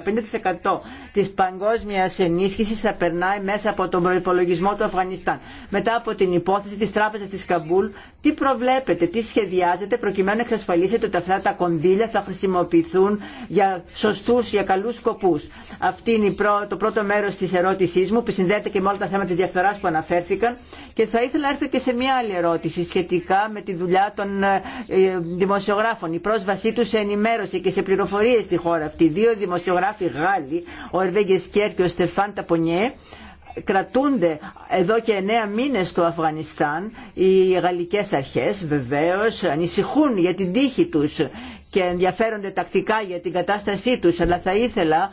5% της παγκόσμιας ενίσχυσης θα περνάει μέσα από τον προπολογισμό του Αφγανιστάν. Μετά από την υπόθεση της Τράπεζας της Καμπούλ, τι προβλέπετε, τι σχεδιάζετε προκειμένου να εξασφαλίσετε ότι αυτά τα κονδύλια θα χρησιμοποιηθούν για σωστούς, για καλούς σκοπούς. Αυτή είναι το πρώτο μέρος της ερώτησή μου που συνδέεται και με όλα τα θέματα τη διαφθοράς που αναφέρθηκαν και θα ήθελα να έρθω και σε μια άλλη ερώτηση σχετικά με τη δουλειά των ε, δημοσιογράφων. Η πρόσβασή του σε ενημέρωση και σε πληροφορίε στη χώρα αυτή. Δύο δημοσιογράφοι Γάλλοι, ο Ερβέγγε Κέρ και ο Στεφάν Ταπονιέ, κρατούνται εδώ και εννέα μήνες στο Αφγανιστάν. Οι γαλλικές αρχές βεβαίως ανησυχούν για την τύχη τους και ενδιαφέρονται τακτικά για την κατάστασή τους, αλλά θα ήθελα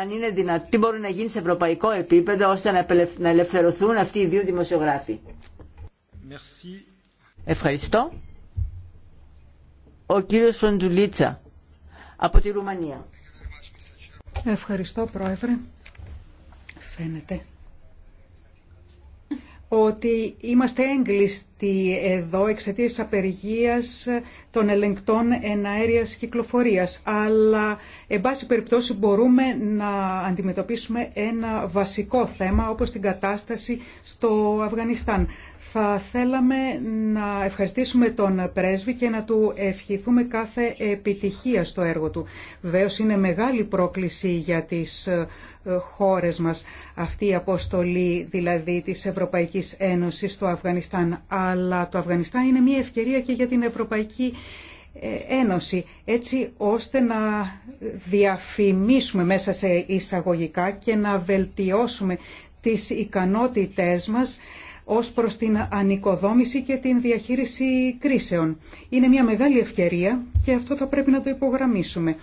αν είναι δυνατό, τι μπορεί να γίνει σε ευρωπαϊκό επίπεδο ώστε να ελευθερωθούν αυτοί οι δύο δημοσιογράφοι. Merci. Ευχαριστώ. Ο κύριος Φροντζουλίτσα από τη Ρουμανία. Ευχαριστώ Πρόεδρε. Φαίνεται ότι είμαστε έγκλειστοι εδώ εξαιτία τη απεργία των ελεγκτών εναέριας κυκλοφορία. Αλλά, εν πάση περιπτώσει, μπορούμε να αντιμετωπίσουμε ένα βασικό θέμα, όπως την κατάσταση στο Αφγανιστάν. Θα θέλαμε να ευχαριστήσουμε τον πρέσβη και να του ευχηθούμε κάθε επιτυχία στο έργο του. Βεβαίω είναι μεγάλη πρόκληση για τις χώρες μας. Αυτή η αποστολή δηλαδή της Ευρωπαϊκής Ένωσης στο Αφγανιστάν. Αλλά το Αφγανιστάν είναι μια ευκαιρία και για την Ευρωπαϊκή ε, Ένωση έτσι ώστε να διαφημίσουμε μέσα σε εισαγωγικά και να βελτιώσουμε τις ικανότητές μας ως προς την ανοικοδόμηση και την διαχείριση κρίσεων. Είναι μια μεγάλη ευκαιρία και αυτό θα πρέπει να το υπογραμμίσουμε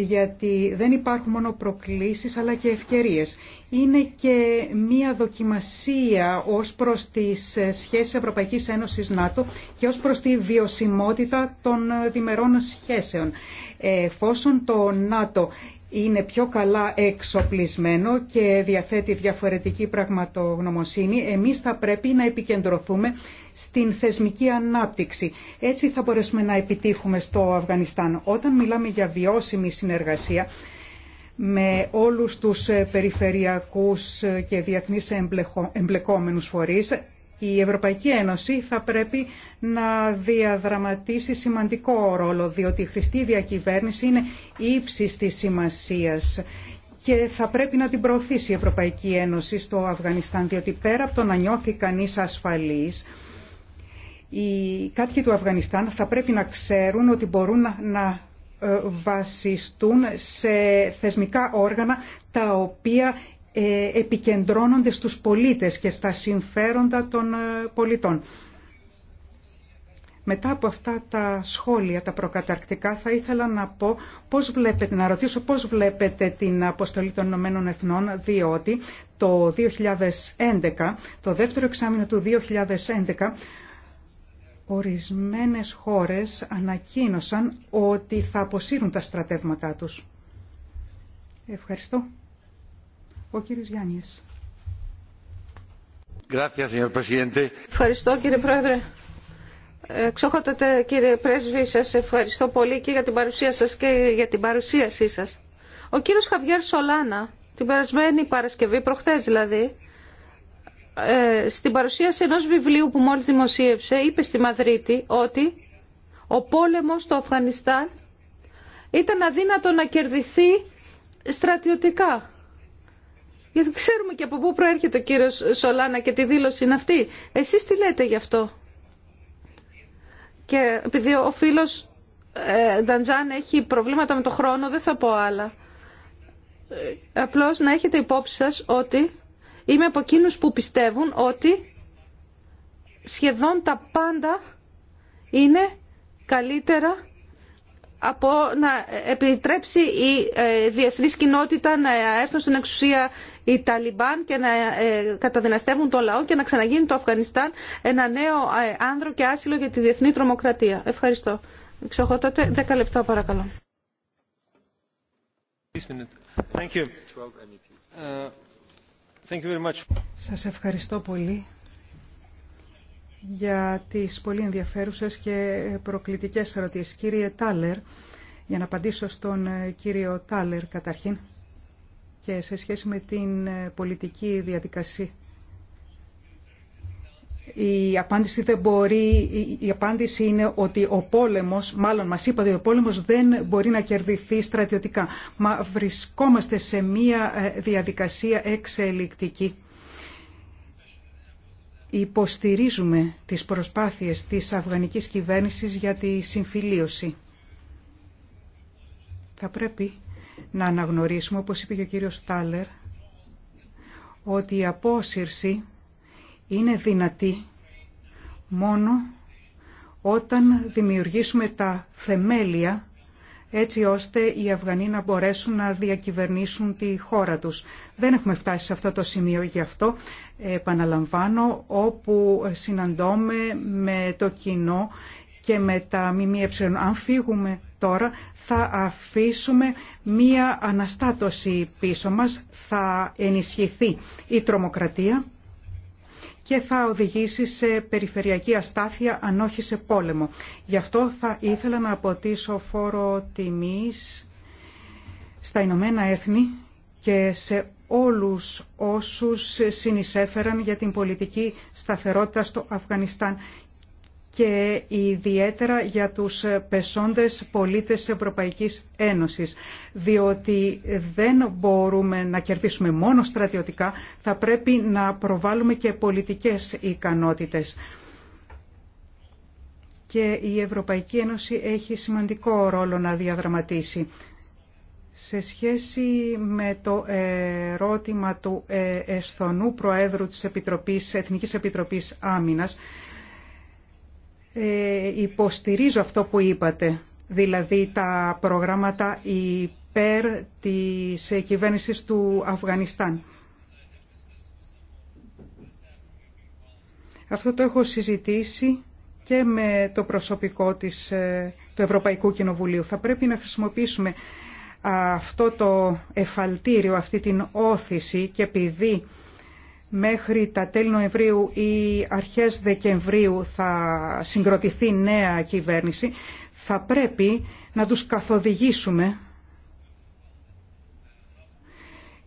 γιατί δεν υπάρχουν μόνο προκλήσεις αλλά και ευκαιρίες. Είναι και μία δοκιμασία ως προς τις σχέσεις Ευρωπαϊκής Ένωσης ΝΑΤΟ και ως προς τη βιωσιμότητα των διμερών σχέσεων. Ε, εφόσον το ΝΑΤΟ είναι πιο καλά εξοπλισμένο και διαθέτει διαφορετική πραγματογνωμοσύνη, εμείς θα πρέπει να επικεντρωθούμε στην θεσμική ανάπτυξη. Έτσι θα μπορέσουμε να επιτύχουμε στο Αφγανιστάν. Όταν μιλάμε για βιώσιμη συνεργασία, με όλους τους περιφερειακούς και διεθνείς εμπλεκόμενους φορείς η Ευρωπαϊκή Ένωση θα πρέπει να διαδραματίσει σημαντικό ρόλο, διότι η χρηστή διακυβέρνηση είναι ύψη τη σημασίας και θα πρέπει να την προωθήσει η Ευρωπαϊκή Ένωση στο Αφγανιστάν, διότι πέρα από το να νιώθει κανείς ασφαλής, οι κάτοικοι του Αφγανιστάν θα πρέπει να ξέρουν ότι μπορούν να ε, βασιστούν σε θεσμικά όργανα τα οποία ε, επικεντρώνονται στους πολίτες και στα συμφέροντα των ε, πολιτών. Μετά από αυτά τα σχόλια, τα προκαταρκτικά, θα ήθελα να, πω πώς βλέπετε, να ρωτήσω πώς βλέπετε την αποστολή των Ηνωμένων Εθνών, διότι το 2011, το δεύτερο εξάμεινο του 2011, ορισμένες χώρες ανακοίνωσαν ότι θα αποσύρουν τα στρατεύματά τους. Ευχαριστώ. Ο κύριος Γιάννης. Ευχαριστώ κύριε Πρόεδρε. Εξοχότατε κύριε Πρέσβη, σας ευχαριστώ πολύ και για την παρουσία σας και για την παρουσίασή σας. Ο κύριος Χαβιέρ Σολάνα, την περασμένη Παρασκευή, προχθές δηλαδή, ε, στην παρουσίαση ενός βιβλίου που μόλις δημοσίευσε, είπε στη Μαδρίτη ότι ο πόλεμος στο Αφγανιστάν ήταν αδύνατο να κερδιθεί στρατιωτικά. Γιατί ξέρουμε και από πού προέρχεται ο κύριος Σολάνα και τη δήλωση είναι αυτή. Εσείς τι λέτε γι' αυτό. Και επειδή ο φίλος ε, Νταντζάν έχει προβλήματα με το χρόνο, δεν θα πω άλλα. Ε, απλώς να έχετε υπόψη σας ότι είμαι από εκείνου που πιστεύουν ότι σχεδόν τα πάντα είναι καλύτερα από να επιτρέψει η ε, διεθνής κοινότητα να έρθουν στην εξουσία οι Ταλιμπάν και να ε, καταδυναστεύουν το λαό και να ξαναγίνει το Αφγανιστάν ένα νέο ε, άνδρο και άσυλο για τη διεθνή τρομοκρατία. Ευχαριστώ. Ξεχώτατε. 10 λεπτά παρακαλώ. Uh, Σας ευχαριστώ πολύ για τις πολύ ενδιαφέρουσες και προκλητικές ερωτήσεις. Κύριε Τάλερ, για να απαντήσω στον ε, κύριο Τάλερ καταρχήν και σε σχέση με την ε, πολιτική διαδικασία. Η απάντηση, δεν μπορεί, η απάντηση είναι ότι ο πόλεμος, μάλλον μας είπατε, ο πόλεμος δεν μπορεί να κερδιθεί στρατιωτικά. Μα βρισκόμαστε σε μία ε, διαδικασία εξελικτική Υποστηρίζουμε τις προσπάθειες της αφγανικής κυβέρνησης για τη συμφιλίωση. Θα πρέπει να αναγνωρίσουμε, όπως είπε και ο κύριος Τάλερ, ότι η απόσυρση είναι δυνατή μόνο όταν δημιουργήσουμε τα θεμέλια έτσι ώστε οι Αφγανοί να μπορέσουν να διακυβερνήσουν τη χώρα τους. Δεν έχουμε φτάσει σε αυτό το σημείο γι' αυτό, επαναλαμβάνω, όπου συναντώμε με το κοινό και με τα ΜΜΕ. Αν φύγουμε τώρα θα αφήσουμε μία αναστάτωση πίσω μας, θα ενισχυθεί η τρομοκρατία και θα οδηγήσει σε περιφερειακή αστάθεια αν όχι σε πόλεμο. Γι' αυτό θα ήθελα να αποτίσω φόρο τιμής στα Ηνωμένα Έθνη και σε όλους όσους συνεισέφεραν για την πολιτική σταθερότητα στο Αφγανιστάν και ιδιαίτερα για τους πεσόντες πολίτες της Ευρωπαϊκής Ένωσης, διότι δεν μπορούμε να κερδίσουμε μόνο στρατιωτικά, θα πρέπει να προβάλλουμε και πολιτικές ικανότητες. Και η Ευρωπαϊκή Ένωση έχει σημαντικό ρόλο να διαδραματίσει. Σε σχέση με το ερώτημα του ε, Εσθονού Προέδρου της Επιτροπής, Εθνικής Επιτροπής Άμυνας, ε, υποστηρίζω αυτό που είπατε, δηλαδή τα προγράμματα υπέρ της κυβέρνησης του Αφγανιστάν. Αυτό το έχω συζητήσει και με το προσωπικό της, ε, του Ευρωπαϊκού Κοινοβουλίου. Θα πρέπει να χρησιμοποιήσουμε αυτό το εφαλτήριο, αυτή την όθηση και επειδή Μέχρι τα τέλη Νοεμβρίου ή αρχές Δεκεμβρίου θα συγκροτηθεί νέα κυβέρνηση. Θα πρέπει να τους καθοδηγήσουμε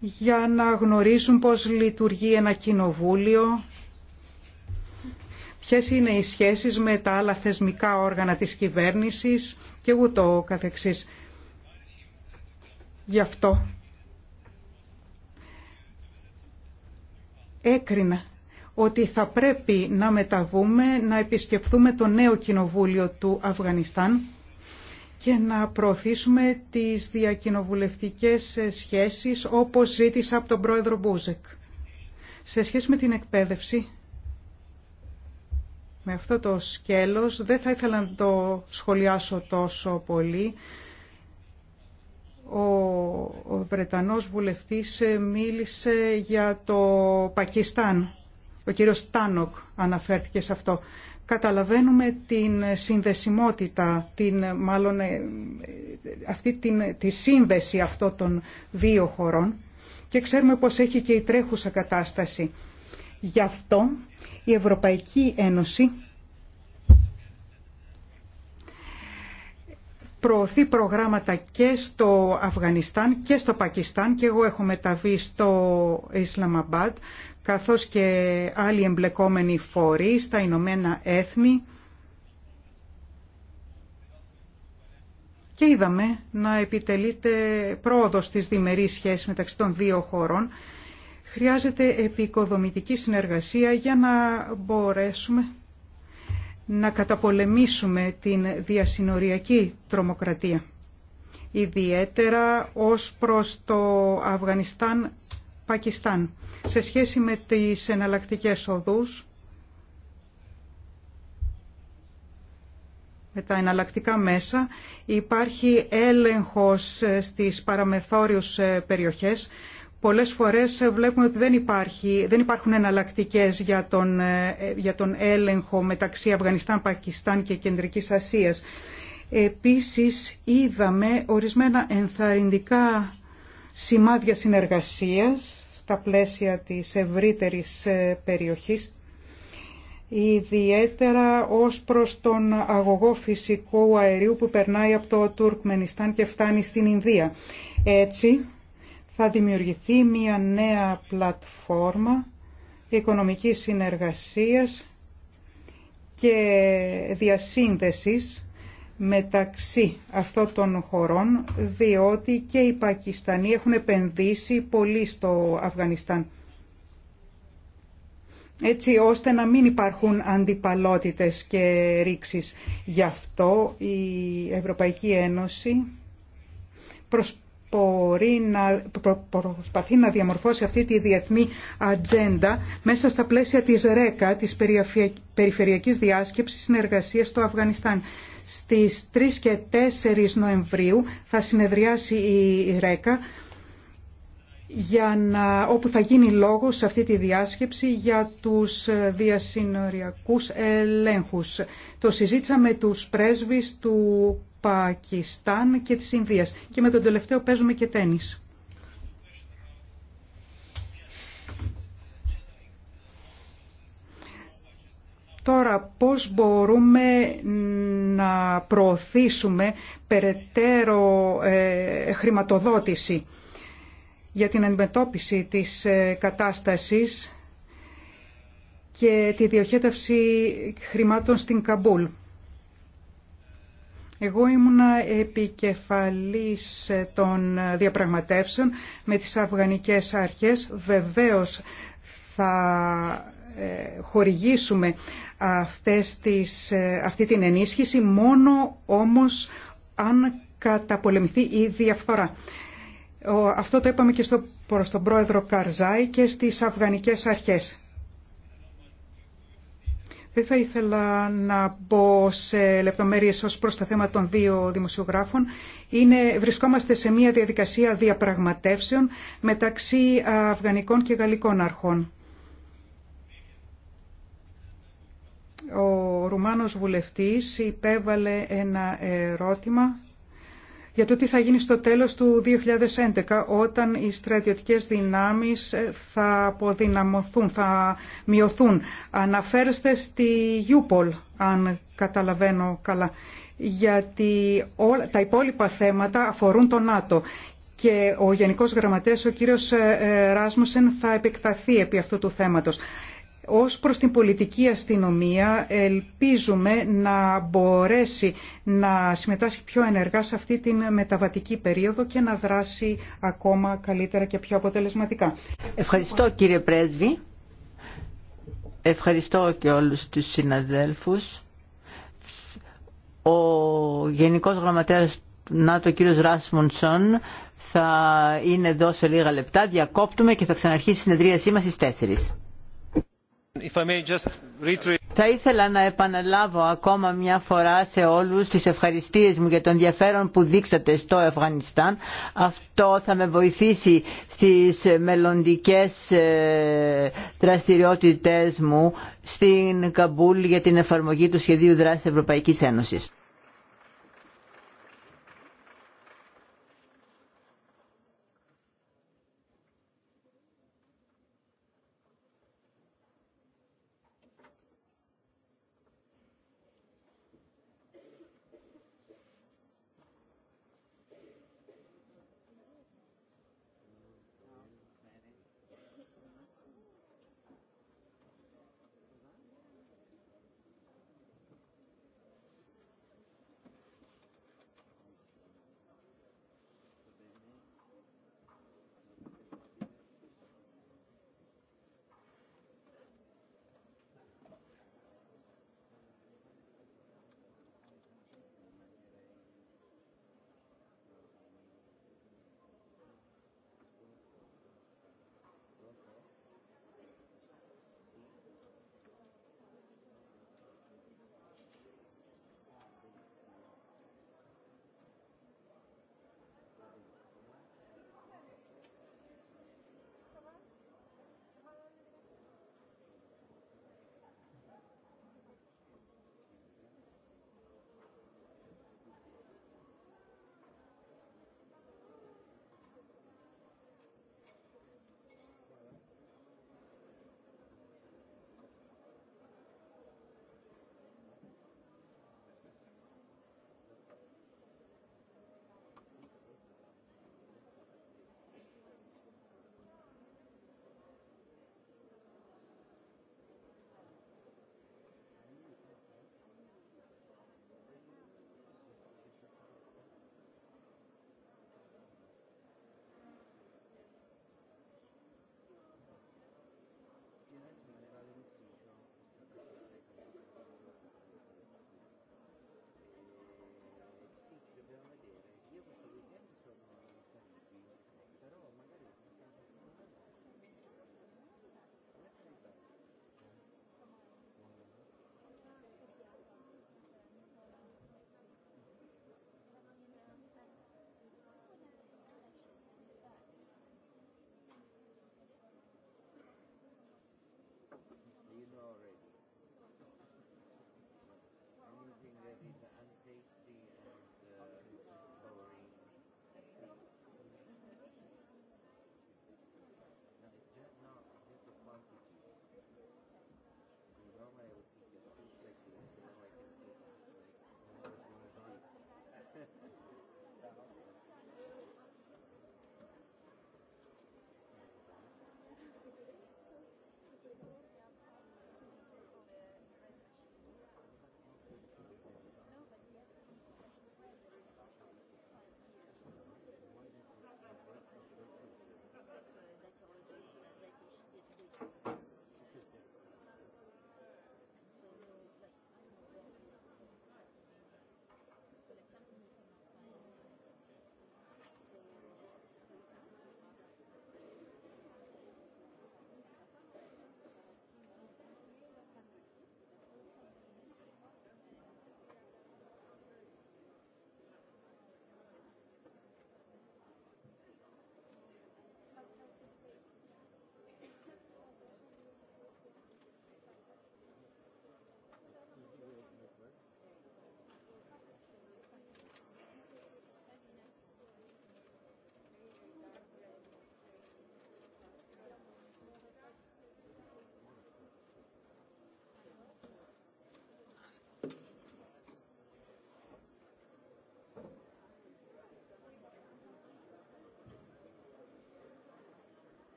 για να γνωρίσουν πώς λειτουργεί ένα κοινοβούλιο, ποιες είναι οι σχέσεις με τα άλλα θεσμικά όργανα της κυβέρνησης και ούτω καθεξής. Γι' αυτό έκρινα ότι θα πρέπει να μεταβούμε, να επισκεφθούμε το νέο κοινοβούλιο του Αφγανιστάν και να προωθήσουμε τις διακοινοβουλευτικές σχέσεις όπως ζήτησα από τον πρόεδρο Μπούζεκ. Σε σχέση με την εκπαίδευση, με αυτό το σκέλος δεν θα ήθελα να το σχολιάσω τόσο πολύ ο Βρετανός βουλευτής ε, μίλησε για το Πακιστάν. Ο κύριος Τάνοκ αναφέρθηκε σε αυτό. Καταλαβαίνουμε την συνδεσιμότητα, την, μάλλον ε, αυτή την, τη σύνδεση αυτών των δύο χωρών και ξέρουμε πως έχει και η τρέχουσα κατάσταση. Γι' αυτό η Ευρωπαϊκή Ένωση προωθεί προγράμματα και στο Αφγανιστάν και στο Πακιστάν και εγώ έχω μεταβεί στο Ισλαμαμπάτ καθώς και άλλοι εμπλεκόμενοι φορείς τα Ηνωμένα Έθνη και είδαμε να επιτελείται πρόοδος της διμερής σχέσης μεταξύ των δύο χωρών. Χρειάζεται επικοδομητική συνεργασία για να μπορέσουμε να καταπολεμήσουμε την διασυνοριακή τρομοκρατία. Ιδιαίτερα ως προς το Αφγανιστάν-Πακιστάν. Σε σχέση με τις εναλλακτικέ οδούς, με τα εναλλακτικά μέσα, υπάρχει έλεγχος στις παραμεθόριους περιοχές Πολλές φορές βλέπουμε ότι δεν, υπάρχει, δεν υπάρχουν εναλλακτικέ για τον, ε, για τον έλεγχο μεταξύ Αφγανιστάν, Πακιστάν και Κεντρικής Ασίας. Επίσης είδαμε ορισμένα ενθαρρυντικά σημάδια συνεργασίας στα πλαίσια της ευρύτερης ε, περιοχής, ιδιαίτερα ως προς τον αγωγό φυσικού αερίου που περνάει από το Τουρκμενιστάν και φτάνει στην Ινδία. Έτσι, θα δημιουργηθεί μια νέα πλατφόρμα οικονομικής συνεργασίας και διασύνδεσης μεταξύ αυτών των χωρών, διότι και οι Πακιστανοί έχουν επενδύσει πολύ στο Αφγανιστάν. Έτσι ώστε να μην υπάρχουν αντιπαλότητες και ρήξεις. Γι' αυτό η Ευρωπαϊκή Ένωση προσπαθεί μπορεί να προσπαθεί να διαμορφώσει αυτή τη διεθνή ατζέντα μέσα στα πλαίσια της ΡΕΚΑ, της Περιφερειακής Διάσκεψης Συνεργασίας στο Αφγανιστάν. Στις 3 και 4 Νοεμβρίου θα συνεδριάσει η ΡΕΚΑ για να, όπου θα γίνει λόγος σε αυτή τη διάσκεψη για τους διασυνοριακούς ελέγχους. Το συζήτησα με τους πρέσβεις του Πακιστάν και της Ινδίας. Και με τον τελευταίο παίζουμε και τένις. Τώρα, πώς μπορούμε να προωθήσουμε περαιτέρω ε, χρηματοδότηση για την αντιμετώπιση της ε, κατάστασης και τη διοχέτευση χρημάτων στην Καμπούλ. Εγώ ήμουνα επικεφαλής των διαπραγματεύσεων με τις αφγανικές αρχές. Βεβαίως θα ε, χορηγήσουμε αυτές τις, ε, αυτή την ενίσχυση μόνο όμως αν καταπολεμηθεί η διαφθορά. Αυτό το είπαμε και στο, προς τον πρόεδρο Καρζάη και στις αφγανικές αρχές. Δεν θα ήθελα να πω σε λεπτομέρειες ως προς τα θέματα των δύο δημοσιογράφων. Είναι, βρισκόμαστε σε μια διαδικασία διαπραγματεύσεων μεταξύ αφγανικών και γαλλικών αρχών. Ο Ρουμάνος βουλευτής υπέβαλε ένα ερώτημα για το τι θα γίνει στο τέλος του 2011 όταν οι στρατιωτικές δυνάμεις ε, θα αποδυναμωθούν, θα μειωθούν. Αναφέρεστε στη Γιούπολ, αν καταλαβαίνω καλά, γιατί όλα, τα υπόλοιπα θέματα αφορούν τον ΝΑΤΟ και ο Γενικός Γραμματέας, ο κύριος ε, ε, Ράσμουσεν, θα επεκταθεί επί αυτού του θέματος. Ως προς την πολιτική αστυνομία ελπίζουμε να μπορέσει να συμμετάσχει πιο ενεργά σε αυτή την μεταβατική περίοδο και να δράσει ακόμα καλύτερα και πιο αποτελεσματικά. Ευχαριστώ κύριε Πρέσβη. Ευχαριστώ και όλους τους συναδέλφους. Ο Γενικός Γραμματέας ΝΑΤΟ κύριος Ράσμονσον θα είναι εδώ σε λίγα λεπτά. Διακόπτουμε και θα ξαναρχίσει η συνεδρίασή μας στις 4. Θα ήθελα να επαναλάβω ακόμα μια φορά σε όλους τις ευχαριστίες μου για τον ενδιαφέρον που δείξατε στο Αφγανιστάν. Αυτό θα με βοηθήσει στις μελλοντικές ε, δραστηριότητες μου στην Καμπούλ για την εφαρμογή του Σχεδίου Δράσης Ευρωπαϊκής Ένωσης.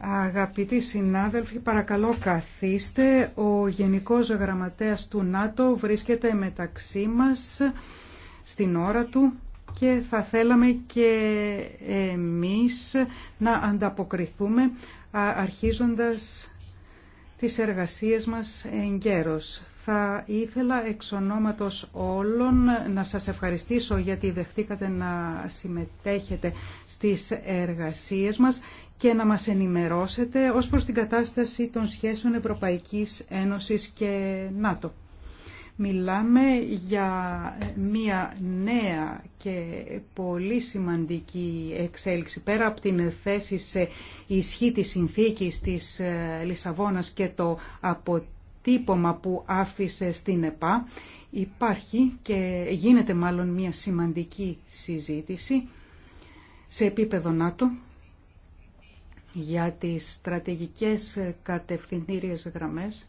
Αγαπητοί συνάδελφοι, παρακαλώ καθίστε. Ο Γενικός Γραμματέας του ΝΑΤΟ βρίσκεται μεταξύ μας στην ώρα του και θα θέλαμε και εμείς να ανταποκριθούμε αρχίζοντας τις εργασίες μας εγκαίρως. Θα ήθελα εξ ονόματος όλων να σας ευχαριστήσω γιατί δεχτήκατε να συμμετέχετε στις εργασίες μας και να μας ενημερώσετε ως προς την κατάσταση των σχέσεων Ευρωπαϊκής Ένωσης και ΝΑΤΟ. Μιλάμε για μία νέα και πολύ σημαντική εξέλιξη. Πέρα από την θέση σε ισχύ της συνθήκης της ε, Λισαβόνας και το αποτέλεσμα αποτύπωμα που άφησε στην ΕΠΑ υπάρχει και γίνεται μάλλον μια σημαντική συζήτηση σε επίπεδο ΝΑΤΟ για τις στρατηγικές κατευθυντήριες γραμμές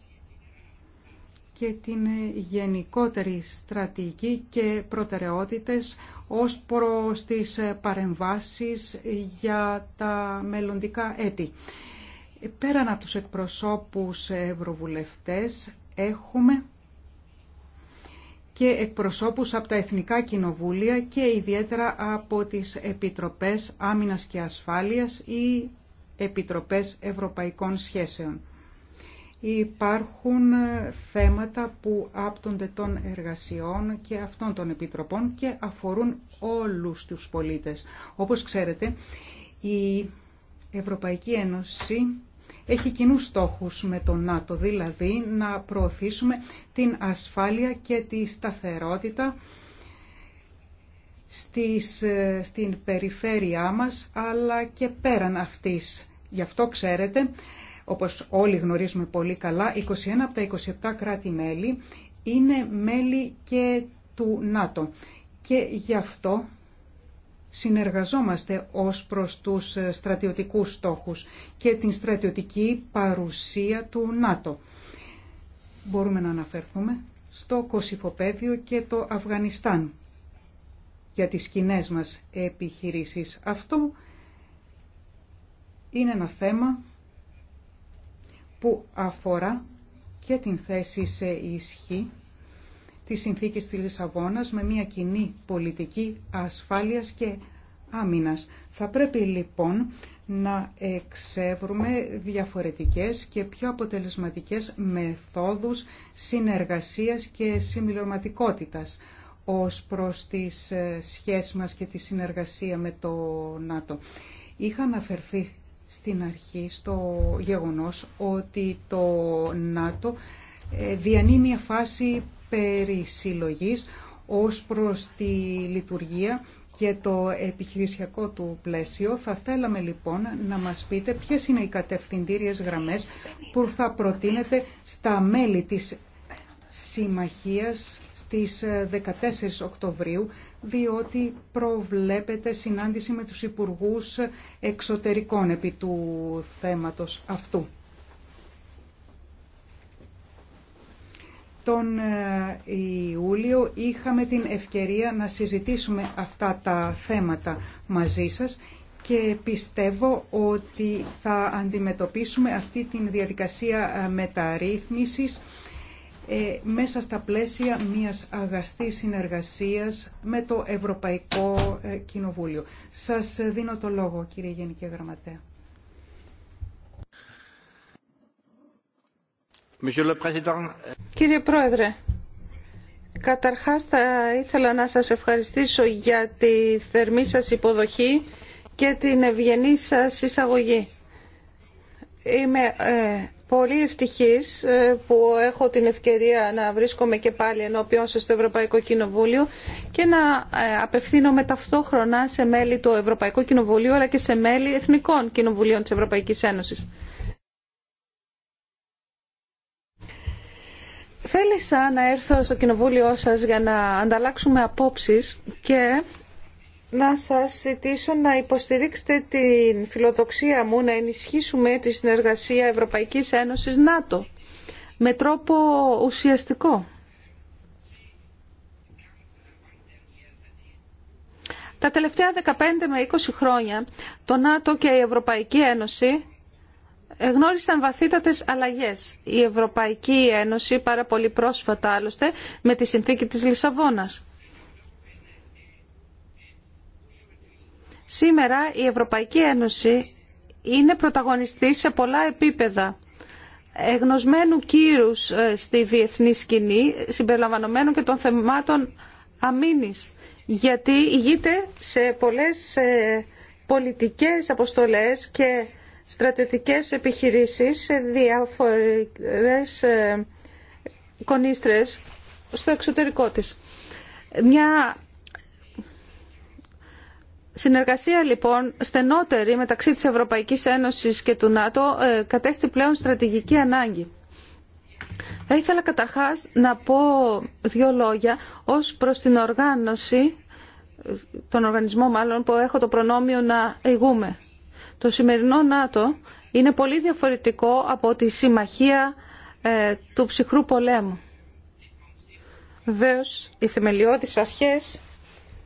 και την γενικότερη στρατηγική και προτεραιότητες ως προς τις παρεμβάσεις για τα μελλοντικά έτη. Πέραν από τους εκπροσώπους ευρωβουλευτές έχουμε και εκπροσώπους από τα Εθνικά Κοινοβούλια και ιδιαίτερα από τις Επιτροπές Άμυνας και Ασφάλειας ή Επιτροπές Ευρωπαϊκών Σχέσεων. Υπάρχουν ε, θέματα που άπτονται των εργασιών και αυτών των επιτροπών και αφορούν όλους τους πολίτες. Όπως ξέρετε, η Ευρωπαϊκή Ένωση έχει κοινούς στόχους με το ΝΑΤΟ, δηλαδή να προωθήσουμε την ασφάλεια και τη σταθερότητα στις, ε, στην περιφέρειά μας, αλλά και πέραν αυτής. Γι' αυτό ξέρετε, όπως όλοι γνωρίζουμε πολύ καλά, 21 από τα 27 κράτη-μέλη είναι μέλη και του ΝΑΤΟ. Και γι' αυτό συνεργαζόμαστε ως προς τους ε, στρατιωτικούς στόχους και την στρατιωτική παρουσία του ΝΑΤΟ. Μπορούμε να αναφερθούμε στο Κωσυφοπέδιο και το Αφγανιστάν για τις κοινέ μας επιχειρήσεις. Αυτό είναι ένα θέμα που αφορά και την θέση σε ισχύ Τη συνθήκη της Λισαβόνας με μια κοινή πολιτική ασφάλειας και άμυνας. Θα πρέπει λοιπόν να εξεύρουμε διαφορετικές και πιο αποτελεσματικές μεθόδους συνεργασίας και συμμιλωματικότητας ως προς τις ε, σχέσεις μας και τη συνεργασία με το ΝΑΤΟ. Είχα αναφερθεί στην αρχή στο γεγονός ότι το ΝΑΤΟ ε, διανύει μια φάση περί συλλογής ως προς τη λειτουργία και το επιχειρησιακό του πλαίσιο. Θα θέλαμε λοιπόν να μας πείτε ποιες είναι οι κατευθυντήριες γραμμές που θα προτείνετε στα μέλη της Συμμαχίας στις 14 Οκτωβρίου, διότι προβλέπεται συνάντηση με τους Υπουργούς Εξωτερικών επί του θέματος αυτού. τον ε, Ιούλιο είχαμε την ευκαιρία να συζητήσουμε αυτά τα θέματα μαζί σας και πιστεύω ότι θα αντιμετωπίσουμε αυτή την διαδικασία ε, μεταρρύθμισης ε, μέσα στα πλαίσια μιας αγαστής συνεργασίας με το Ευρωπαϊκό Κοινοβούλιο. Σας δίνω το λόγο κύριε Γενική Γραμματέα. Κύριε Πρόεδρε, καταρχάς θα ήθελα να σας ευχαριστήσω για τη θερμή σας υποδοχή και την ευγενή σας εισαγωγή. Είμαι ε, πολύ ευτυχής ε, που έχω την ευκαιρία να βρίσκομαι και πάλι ενώπιον σας στο Ευρωπαϊκό Κοινοβούλιο και να ε, απευθύνομαι ταυτόχρονα σε μέλη του Ευρωπαϊκού Κοινοβουλίου αλλά και σε μέλη εθνικών κοινοβουλίων της Ευρωπαϊκής Ένωσης. Θέλησα να έρθω στο κοινοβούλιο σας για να ανταλλάξουμε απόψεις και να σας ζητήσω να υποστηρίξετε την φιλοδοξία μου να ενισχύσουμε τη συνεργασία Ευρωπαϊκής Ένωσης ΝΑΤΟ με τρόπο ουσιαστικό. Τα τελευταία 15 με 20 χρόνια το ΝΑΤΟ και η Ευρωπαϊκή Ένωση γνώρισαν βαθύτατες αλλαγές. Η Ευρωπαϊκή Ένωση πάρα πολύ πρόσφατα άλλωστε με τη συνθήκη της Λισαβόνας. Σήμερα η Ευρωπαϊκή Ένωση είναι πρωταγωνιστή σε πολλά επίπεδα εγνωσμένου κύρους ε, στη διεθνή σκηνή, συμπεριλαμβανομένων και των θεμάτων αμήνης, γιατί ηγείται σε πολλές ε, πολιτικές αποστολές και στρατιωτικές επιχειρήσεις σε διάφορες ε, κονίστρες στο εξωτερικό της. Μια συνεργασία λοιπόν στενότερη μεταξύ της Ευρωπαϊκής Ένωσης και του ΝΑΤΟ ε, κατέστη πλέον στρατηγική ανάγκη. Θα ήθελα καταρχάς να πω δύο λόγια ως προς την οργάνωση, τον οργανισμό μάλλον που έχω το προνόμιο να ηγούμε. Το σημερινό ΝΑΤΟ είναι πολύ διαφορετικό από τη συμμαχία ε, του ψυχρού πολέμου. Βεβαίω, οι θεμελιώδεις αρχές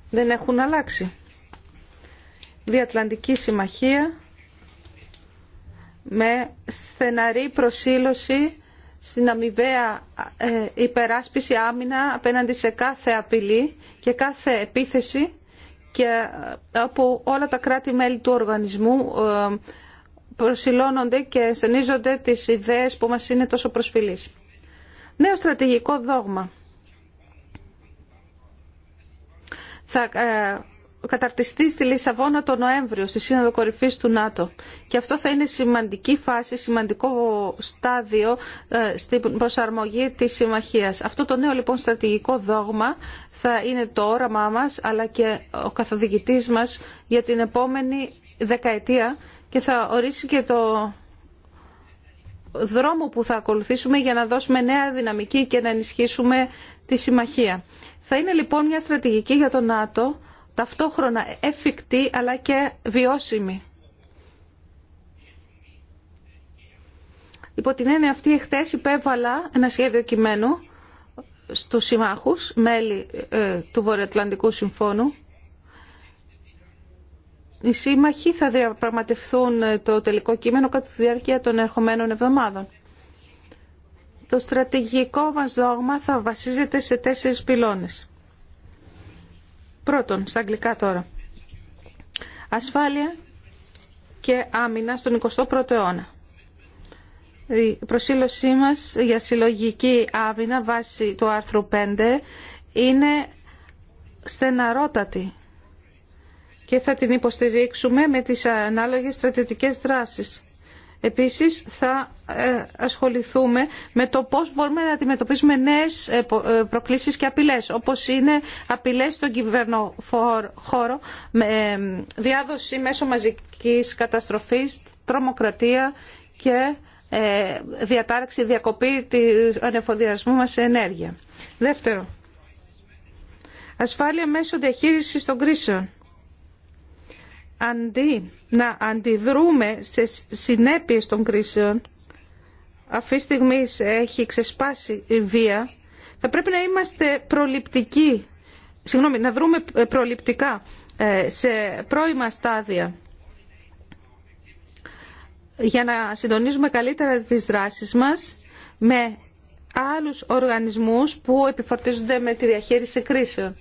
δεν έχουν αλλάξει. Διατλαντική συμμαχία με στεναρή προσήλωση στην αμοιβαία ε, υπεράσπιση άμυνα απέναντι σε κάθε απειλή και κάθε επίθεση και όπου όλα τα κράτη-μέλη του οργανισμού ε, προσιλώνονται και στενίζονται τις ιδέες που μας είναι τόσο προσφυλείς. Νέο στρατηγικό δόγμα. Θα ε, καταρτιστεί στη Λισαβόνα το Νοέμβριο, στη Σύνοδο Κορυφή του ΝΑΤΟ. Και αυτό θα είναι σημαντική φάση, σημαντικό στάδιο ε, στην προσαρμογή της συμμαχία. Αυτό το νέο λοιπόν στρατηγικό δόγμα θα είναι το όραμά μα, αλλά και ο καθοδηγητής μας για την επόμενη δεκαετία και θα ορίσει και το δρόμο που θα ακολουθήσουμε για να δώσουμε νέα δυναμική και να ενισχύσουμε τη συμμαχία. Θα είναι λοιπόν μια στρατηγική για το ΝΑΤΟ ταυτόχρονα εφικτή αλλά και βιώσιμη. Υπό την έννοια αυτή, χθες υπέβαλα ένα σχέδιο κειμένου στους συμμάχους, μέλη ε, του Βορειοατλαντικού Συμφώνου. Οι σύμμαχοι θα διαπραγματευθούν ε, το τελικό κείμενο κατά τη διάρκεια των ερχομένων εβδομάδων. Το στρατηγικό μας δόγμα θα βασίζεται σε τέσσερις πυλώνες. Πρώτον, στα αγγλικά τώρα. Ασφάλεια και άμυνα στον 21ο αιώνα. Η προσήλωσή μας για συλλογική άμυνα βάσει του άρθρου 5 είναι στεναρότατη και θα την υποστηρίξουμε με τις ανάλογες στρατιωτικές δράσεις. Επίσης θα ε, ασχοληθούμε με το πώς μπορούμε να αντιμετωπίσουμε νέες ε, ε, προκλήσεις και απειλές, όπως είναι απειλές στον κυβερνοχώρο, με διάδοση μέσω μαζικής καταστροφής, τρομοκρατία και διατάραξη διακοπή του ανεφοδιασμού μας σε ενέργεια. Δεύτερο, ασφάλεια μέσω διαχείρισης των κρίσεων αντί να αντιδρούμε σε συνέπειες των κρίσεων, αυτή τη στιγμή έχει ξεσπάσει η βία, θα πρέπει να είμαστε προληπτικοί, συγγνώμη, να δρούμε προληπτικά ε, σε πρώιμα στάδια για να συντονίζουμε καλύτερα τις δράσεις μας με άλλους οργανισμούς που επιφορτίζονται με τη διαχείριση κρίσεων.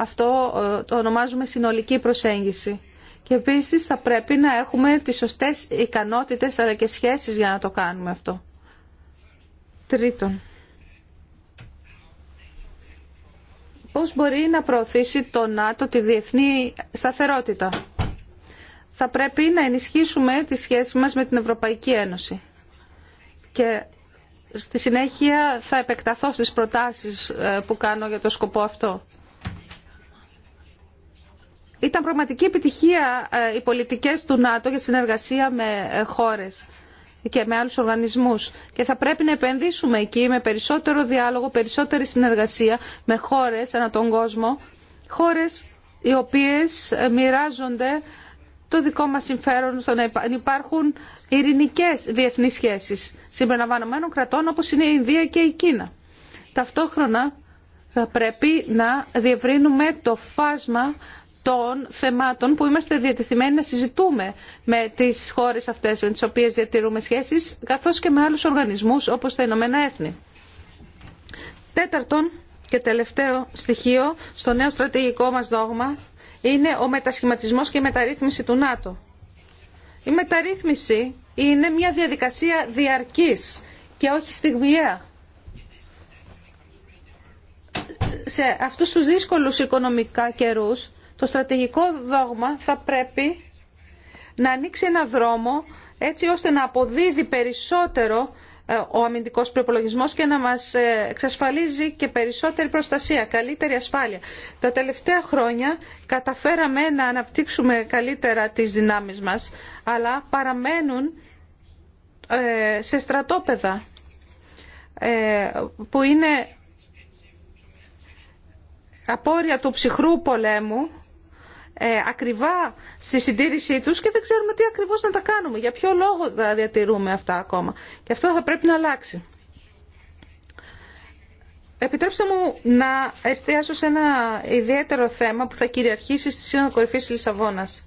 Αυτό ε, το ονομάζουμε συνολική προσέγγιση. Και επίσης θα πρέπει να έχουμε τις σωστές ικανότητες αλλά και σχέσεις για να το κάνουμε αυτό. Τρίτον, πώς μπορεί να προωθήσει το ΝΑΤΟ τη διεθνή σταθερότητα. Θα πρέπει να ενισχύσουμε τη σχέση μας με την Ευρωπαϊκή Ένωση. Και στη συνέχεια θα επεκταθώ στις προτάσεις ε, που κάνω για το σκοπό αυτό. Ήταν πραγματική επιτυχία ε, οι πολιτικές του ΝΑΤΟ για συνεργασία με ε, χώρες και με άλλους οργανισμούς και θα πρέπει να επενδύσουμε εκεί με περισσότερο διάλογο, περισσότερη συνεργασία με χώρες ανά τον κόσμο, χώρες οι οποίες ε, μοιράζονται το δικό μας συμφέρον στο να υπάρχουν ειρηνικές διεθνείς σχέσεις συμπεριλαμβανομένων κρατών όπως είναι η Ινδία και η Κίνα. Ταυτόχρονα θα πρέπει να διευρύνουμε το φάσμα των θεμάτων που είμαστε διατεθειμένοι να συζητούμε με τις χώρες αυτές με τις οποίες διατηρούμε σχέσεις, καθώς και με άλλους οργανισμούς όπως τα Ηνωμένα Έθνη. Τέταρτον και τελευταίο στοιχείο στο νέο στρατηγικό μας δόγμα είναι ο μετασχηματισμός και η μεταρρύθμιση του ΝΑΤΟ. Η μεταρρύθμιση είναι μια διαδικασία διαρκής και όχι στιγμιαία. Σε αυτούς τους δύσκολους οικονομικά καιρούς το στρατηγικό δόγμα θα πρέπει να ανοίξει ένα δρόμο έτσι ώστε να αποδίδει περισσότερο ε, ο αμυντικός προπολογισμό και να μας ε, εξασφαλίζει και περισσότερη προστασία, καλύτερη ασφάλεια. Τα τελευταία χρόνια καταφέραμε να αναπτύξουμε καλύτερα τις δυνάμεις μας, αλλά παραμένουν ε, σε στρατόπεδα που είναι απόρρια του ψυχρού πολέμου ε, ακριβά στη συντήρησή του και δεν ξέρουμε τι ακριβώς να τα κάνουμε. Για ποιο λόγο θα διατηρούμε αυτά ακόμα. Και αυτό θα πρέπει να αλλάξει. Επιτρέψτε μου να εστιάσω σε ένα ιδιαίτερο θέμα που θα κυριαρχήσει στη Σύνοδο Κορυφής της Λισαβόνας.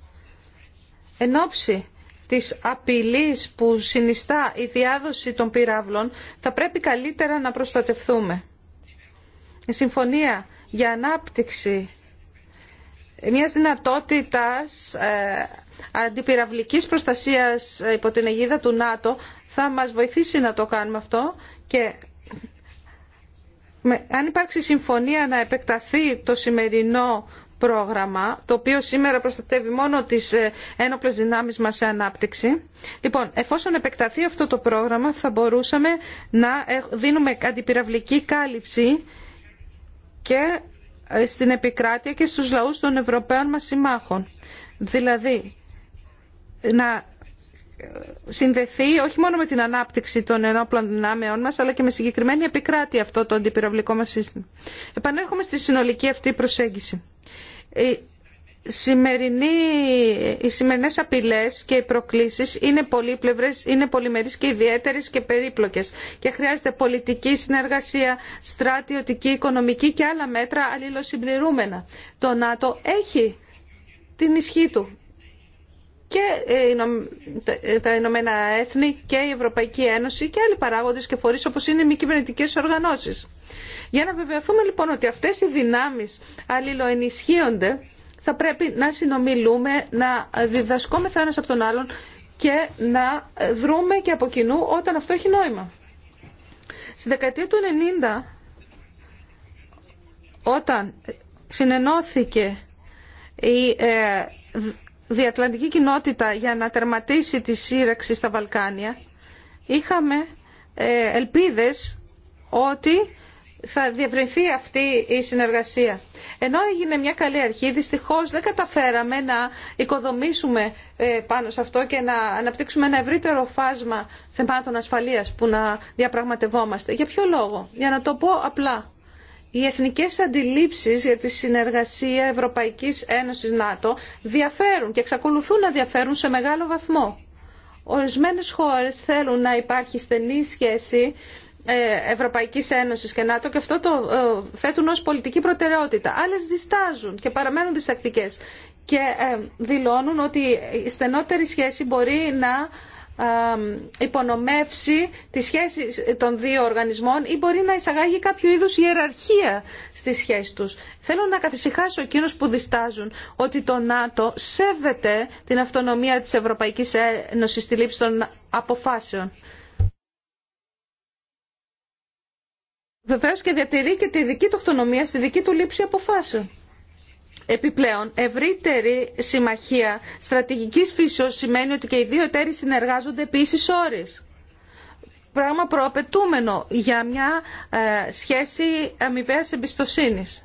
Εν ώψη της απειλής που συνιστά η διάδοση των πυράβλων, θα πρέπει καλύτερα να προστατευθούμε. Η Συμφωνία για Ανάπτυξη μια δυνατότητας ε, αντιπυραυλική προστασίας ε, υπό την αιγίδα του ΝΑΤΟ θα μας βοηθήσει να το κάνουμε αυτό και αν υπάρξει συμφωνία να επεκταθεί το σημερινό πρόγραμμα, το οποίο σήμερα προστατεύει μόνο τις ε, ένοπλες δυνάμεις μας σε ανάπτυξη. Λοιπόν, εφόσον επεκταθεί αυτό το πρόγραμμα θα μπορούσαμε να δίνουμε αντιπυραυλική κάλυψη και ε, στην επικράτεια και στους λαούς των Ευρωπαίων μας συμμάχων. Δηλαδή, να ε, συνδεθεί όχι μόνο με την ανάπτυξη των ενόπλων δυνάμεών μας, αλλά και με συγκεκριμένη επικράτεια αυτό το αντιπυραυλικό μας σύστημα. Επανέρχομαι στη συνολική αυτή προσέγγιση σημερινή, οι σημερινές απειλές και οι προκλήσεις είναι πολύπλευρες, είναι πολυμερείς και ιδιαίτερες και περίπλοκες και χρειάζεται πολιτική συνεργασία, στρατιωτική, οικονομική και άλλα μέτρα αλληλοσυμπληρούμενα. Το ΝΑΤΟ έχει την ισχύ του και ε, ε, τα Ηνωμένα Έθνη και η Ευρωπαϊκή Ένωση και άλλοι παράγοντες και φορείς όπως είναι οι μη κυβερνητικέ οργανώσεις. Για να βεβαιωθούμε λοιπόν ότι αυτές οι δυνάμεις αλληλοενισχύονται θα πρέπει να συνομιλούμε, να διδασκόμεθα ένας από τον άλλον και να δρούμε και από κοινού όταν αυτό έχει νόημα. Στη δεκαετία του 90, όταν συνενώθηκε η ε, διατλαντική κοινότητα για να τερματίσει τη σύραξη στα Βαλκάνια, είχαμε ε, ελπίδες ότι θα διευρυνθεί αυτή η συνεργασία. Ενώ έγινε μια καλή αρχή, δυστυχώ δεν καταφέραμε να οικοδομήσουμε ε, πάνω σε αυτό και να αναπτύξουμε ένα ευρύτερο φάσμα θεμάτων ασφαλείας που να διαπραγματευόμαστε. Για ποιο λόγο, για να το πω απλά. Οι εθνικές αντιλήψεις για τη συνεργασία Ευρωπαϊκής Ένωσης ΝΑΤΟ διαφέρουν και εξακολουθούν να διαφέρουν σε μεγάλο βαθμό. Ορισμένες χώρες θέλουν να υπάρχει στενή σχέση ε, Ευρωπαϊκής Ένωσης και ΝΑΤΟ και αυτό το ε, θέτουν ως πολιτική προτεραιότητα. Άλλες διστάζουν και παραμένουν διστακτικές και ε, δηλώνουν ότι η στενότερη σχέση μπορεί να υπονομεύσει τη σχέση των δύο οργανισμών ή μπορεί να εισαγάγει κάποιο είδους ιεραρχία στις σχέση τους. Θέλω να καθησυχάσω εκείνους που διστάζουν ότι το ΝΑΤΟ σέβεται την αυτονομία της Ευρωπαϊκής Ένωσης στη λήψη των αποφάσεων. Βεβαίω και διατηρεί και τη δική του αυτονομία στη δική του λήψη αποφάσεων. Επιπλέον, ευρύτερη συμμαχία στρατηγικής φύσεως σημαίνει ότι και οι δύο εταίροι συνεργάζονται επίσης όρει. Πράγμα προαπαιτούμενο για μια ε, σχέση αμοιβαία εμπιστοσύνης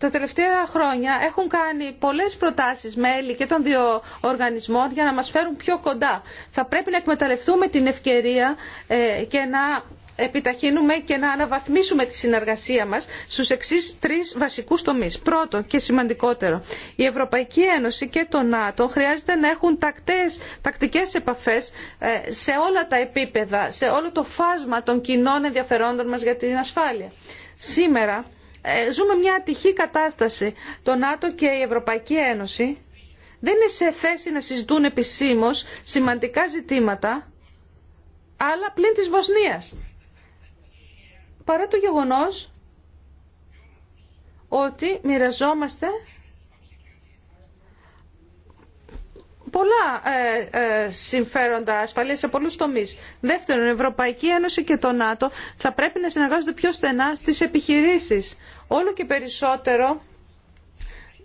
τα τελευταία χρόνια έχουν κάνει πολλές προτάσεις μέλη και των δύο οργανισμών για να μας φέρουν πιο κοντά. Θα πρέπει να εκμεταλλευτούμε την ευκαιρία ε, και να επιταχύνουμε και να αναβαθμίσουμε τη συνεργασία μας στους εξής τρεις βασικούς τομείς. Πρώτο και σημαντικότερο, η Ευρωπαϊκή Ένωση και το ΝΑΤΟ χρειάζεται να έχουν τακτές, τακτικές επαφές ε, σε όλα τα επίπεδα, σε όλο το φάσμα των κοινών ενδιαφερόντων μας για την ασφάλεια. Σήμερα ε, ζούμε μια ατυχή κατάσταση. Το ΝΑΤΟ και η Ευρωπαϊκή Ένωση δεν είναι σε θέση να συζητούν επισήμω σημαντικά ζητήματα, αλλά πλην της Βοσνίας. Παρά το γεγονός ότι μοιραζόμαστε πολλά ε, ε, συμφέροντα ασφαλεία σε πολλού τομεί. Δεύτερον, η Ευρωπαϊκή Ένωση και το ΝΑΤΟ θα πρέπει να συνεργάζονται πιο στενά στις επιχειρήσεις. Όλο και περισσότερο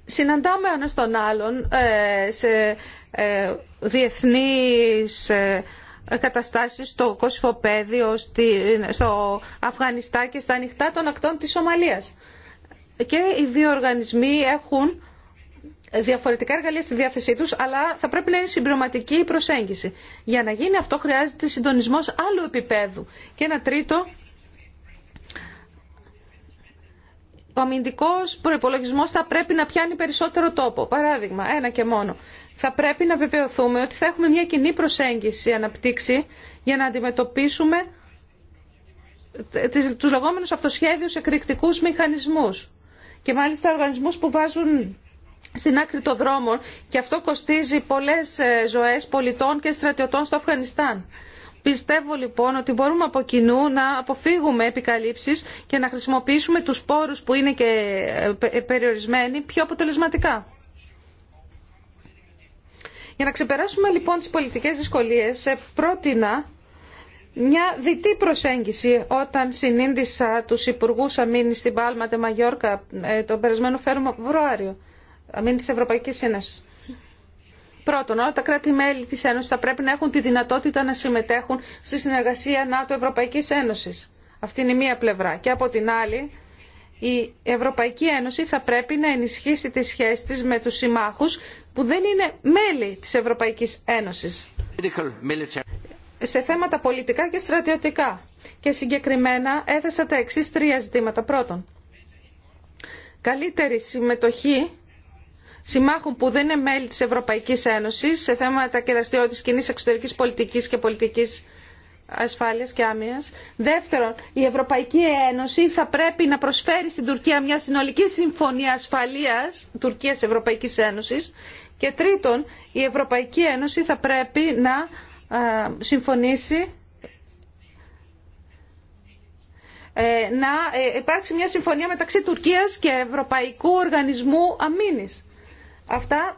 συναντάμε ένα τον άλλον ε, σε διεθνείς καταστάσεις στο στη, στο Αφγανιστά και στα ανοιχτά των ακτών της Σομαλίας. Και οι δύο οργανισμοί έχουν διαφορετικά εργαλεία στη διάθεσή του, αλλά θα πρέπει να είναι συμπληρωματική η προσέγγιση. Για να γίνει αυτό χρειάζεται συντονισμό άλλου επίπεδου. Και ένα τρίτο, ο αμυντικό προπολογισμό θα πρέπει να πιάνει περισσότερο τόπο. Παράδειγμα, ένα και μόνο. Θα πρέπει να βεβαιωθούμε ότι θα έχουμε μια κοινή προσέγγιση αναπτύξει για να αντιμετωπίσουμε τους λεγόμενους αυτοσχέδιους εκρηκτικούς μηχανισμούς και μάλιστα οργανισμούς που βάζουν στην άκρη των δρόμων και αυτό κοστίζει πολλές ε, ζωές πολιτών και στρατιωτών στο Αφγανιστάν. Πιστεύω λοιπόν ότι μπορούμε από κοινού να αποφύγουμε επικαλύψεις και να χρησιμοποιήσουμε τους πόρους που είναι και ε, περιορισμένοι πιο αποτελεσματικά. Για να ξεπεράσουμε λοιπόν τις πολιτικές δυσκολίες, ε, πρότεινα μια διτή προσέγγιση όταν συνήντησα τους Υπουργούς Αμήνης στην Πάλμα Μαγιόρκα τον περασμένο Φεβρουάριο αμήν της Ευρωπαϊκής Ένωσης. Πρώτον, όλα τα κράτη-μέλη της Ένωσης θα πρέπει να έχουν τη δυνατότητα να συμμετέχουν στη συνεργασία ΝΑΤΟ-Ευρωπαϊκής Ένωσης. Αυτή είναι η μία πλευρά. Και από την άλλη, η Ευρωπαϊκή Ένωση θα πρέπει να ενισχύσει τις σχέσεις της με τους συμμάχους που δεν είναι μέλη της Ευρωπαϊκής Ένωσης σε θέματα πολιτικά και στρατιωτικά. Και συγκεκριμένα έθεσα τα εξής τρία ζητήματα. Πρώτον, καλύτερη συμμετοχή συμμάχων που δεν είναι μέλη της Ευρωπαϊκής Ένωσης σε θέματα και δραστηριότητες κοινή εξωτερικής πολιτικής και πολιτικής ασφάλειας και άμυνας. Δεύτερον, η Ευρωπαϊκή Ένωση θα πρέπει να προσφέρει στην Τουρκία μια συνολική συμφωνία ασφαλείας Τουρκίας-Ευρωπαϊκής Ένωσης. Και τρίτον, η Ευρωπαϊκή Ένωση θα πρέπει να συμφωνήσει ε, να ε, υπάρξει μια συμφωνία μεταξύ Τουρκίας και Ευρωπαϊκού Οργανισμού Αμήνης. Αυτά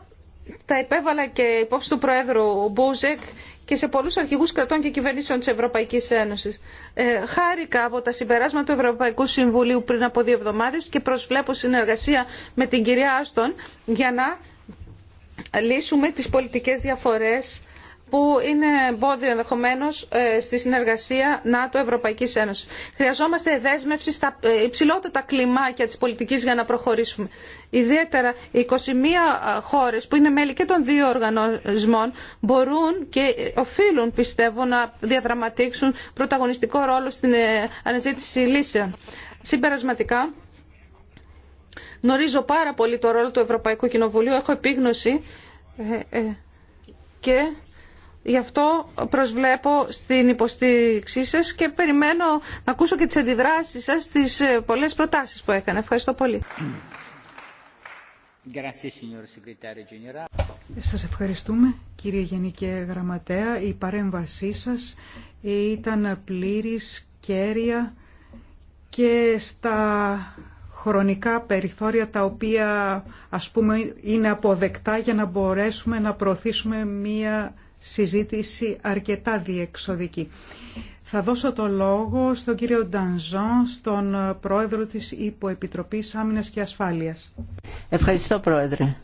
τα επέβαλα και υπόψη του Προέδρου Μπούζεκ και σε πολλούς αρχηγούς κρατών και κυβερνήσεων της Ευρωπαϊκής Ένωσης. Ε, χάρηκα από τα συμπεράσματα του Ευρωπαϊκού Συμβουλίου πριν από δύο εβδομάδες και προσβλέπω συνεργασία με την κυρία Άστον για να λύσουμε τις πολιτικές διαφορές που είναι εμπόδιο ενδεχομένω ε, στη συνεργασία ΝΑΤΟ-Ευρωπαϊκή Ένωση. Χρειαζόμαστε δέσμευση στα ε, υψηλότερα κλιμάκια τη πολιτική για να προχωρήσουμε. Ιδιαίτερα οι 21 χώρε που είναι μέλη και των δύο οργανισμών μπορούν και οφείλουν, πιστεύω, να διαδραματίξουν πρωταγωνιστικό ρόλο στην ε, αναζήτηση λύσεων. Συμπερασματικά, γνωρίζω πάρα πολύ το ρόλο του Ευρωπαϊκού Κοινοβουλίου, έχω επίγνωση και Γι' αυτό προσβλέπω στην υποστήριξή σα και περιμένω να ακούσω και τι αντιδράσει σας στις ε, πολλές προτάσεις που έκανα. Ευχαριστώ πολύ. Σας ευχαριστούμε κύριε Γενική Γραμματέα. Η παρέμβασή σας ήταν πλήρης, κέρια και στα χρονικά περιθώρια τα οποία ας πούμε είναι αποδεκτά για να μπορέσουμε να προωθήσουμε μία συζήτηση αρκετά διεξοδική. Θα δώσω το λόγο στον κύριο Ντανζόν, στον πρόεδρο της Υποεπιτροπής Άμυνας και Ασφάλειας. Ευχαριστώ πρόεδρε.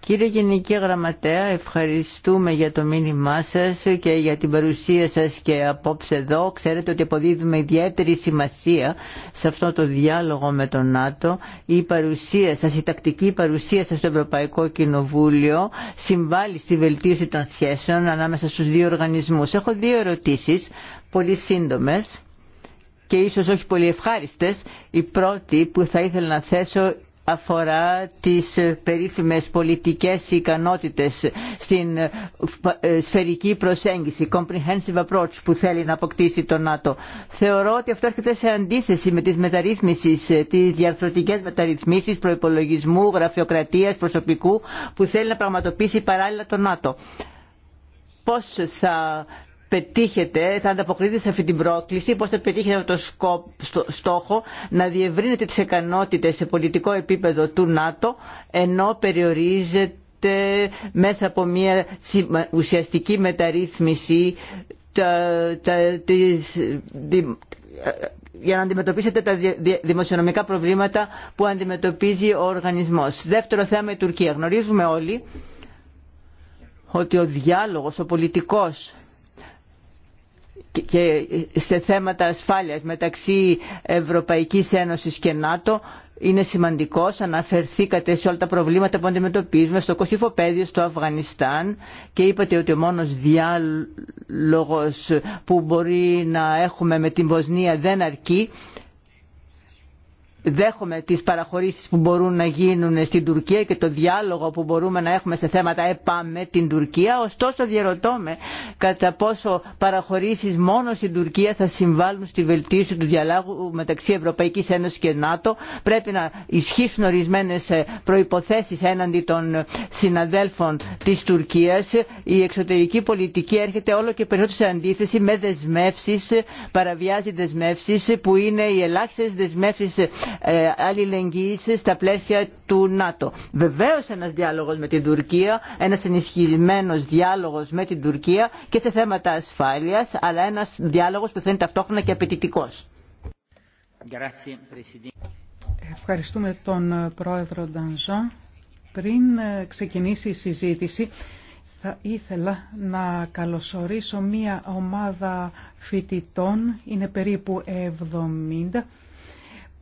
Κύριε Γενική Γραμματέα, ευχαριστούμε για το μήνυμά σας και για την παρουσία σας και απόψε εδώ. Ξέρετε ότι αποδίδουμε ιδιαίτερη σημασία σε αυτό το διάλογο με τον ΝΑΤΟ. Η παρουσία σας, η τακτική παρουσία σας στο Ευρωπαϊκό Κοινοβούλιο συμβάλλει στη βελτίωση των σχέσεων ανάμεσα στους δύο οργανισμούς. Έχω δύο ερωτήσεις, πολύ σύντομε και ίσως όχι πολύ ευχάριστες. Η πρώτη που θα ήθελα να θέσω αφορά τις περίφημες πολιτικές ικανότητες στην σφαιρική προσέγγιση, comprehensive approach που θέλει να αποκτήσει το ΝΑΤΟ. Θεωρώ ότι αυτό έρχεται σε αντίθεση με τις μεταρρύθμισεις, τις διαρθρωτικές μεταρρυθμίσεις προϋπολογισμού, γραφειοκρατίας, προσωπικού που θέλει να πραγματοποιήσει παράλληλα το ΝΑΤΟ. Πώς θα πετύχετε, θα ανταποκρίνετε σε αυτή την πρόκληση, πώς θα πετύχετε αυτό το στόχο να διευρύνετε τις ικανότητες σε πολιτικό επίπεδο του ΝΑΤΟ, ενώ περιορίζετε μέσα από μια ουσιαστική μεταρρύθμιση τα, για να αντιμετωπίσετε τα δημοσιονομικά προβλήματα που αντιμετωπίζει ο οργανισμός. Δεύτερο θέμα η Τουρκία. Γνωρίζουμε όλοι ότι ο διάλογος, ο πολιτικός και σε θέματα ασφάλειας μεταξύ Ευρωπαϊκής Ένωσης και ΝΑΤΟ είναι σημαντικός. Αναφερθήκατε σε όλα τα προβλήματα που αντιμετωπίζουμε στο Πέδιο, στο Αφγανιστάν και είπατε ότι ο μόνος διάλογος που μπορεί να έχουμε με την Βοσνία δεν αρκεί δέχομαι τις παραχωρήσεις που μπορούν να γίνουν στην Τουρκία και το διάλογο που μπορούμε να έχουμε σε θέματα ΕΠΑ με την Τουρκία, ωστόσο διαρωτώ με κατά πόσο παραχωρήσεις μόνο στην Τουρκία θα συμβάλλουν στη βελτίωση του διαλάγου μεταξύ Ευρωπαϊκής Ένωσης και ΝΑΤΟ. Πρέπει να ισχύσουν ορισμένες ε, προϋποθέσεις έναντι των συναδέλφων της Τουρκίας. Η εξωτερική πολιτική έρχεται όλο και περισσότερο σε αντίθεση με δεσμεύσεις, παραβιάζει δεσμεύσεις που είναι οι ελάχιστες δεσμεύσεις ε, αλληλεγγύη στα πλαίσια του ΝΑΤΟ. Βεβαίως ένας διάλογος με την Τουρκία, ένας ενισχυμένος διάλογος με την Τουρκία και σε θέματα ασφάλειας, αλλά ένας διάλογος που θα είναι ταυτόχρονα και απαιτητικό. Ευχαριστούμε τον πρόεδρο Ντανζόν. Πριν ε, ξεκινήσει η συζήτηση, θα ήθελα να καλωσορίσω μία ομάδα φοιτητών, είναι περίπου 70,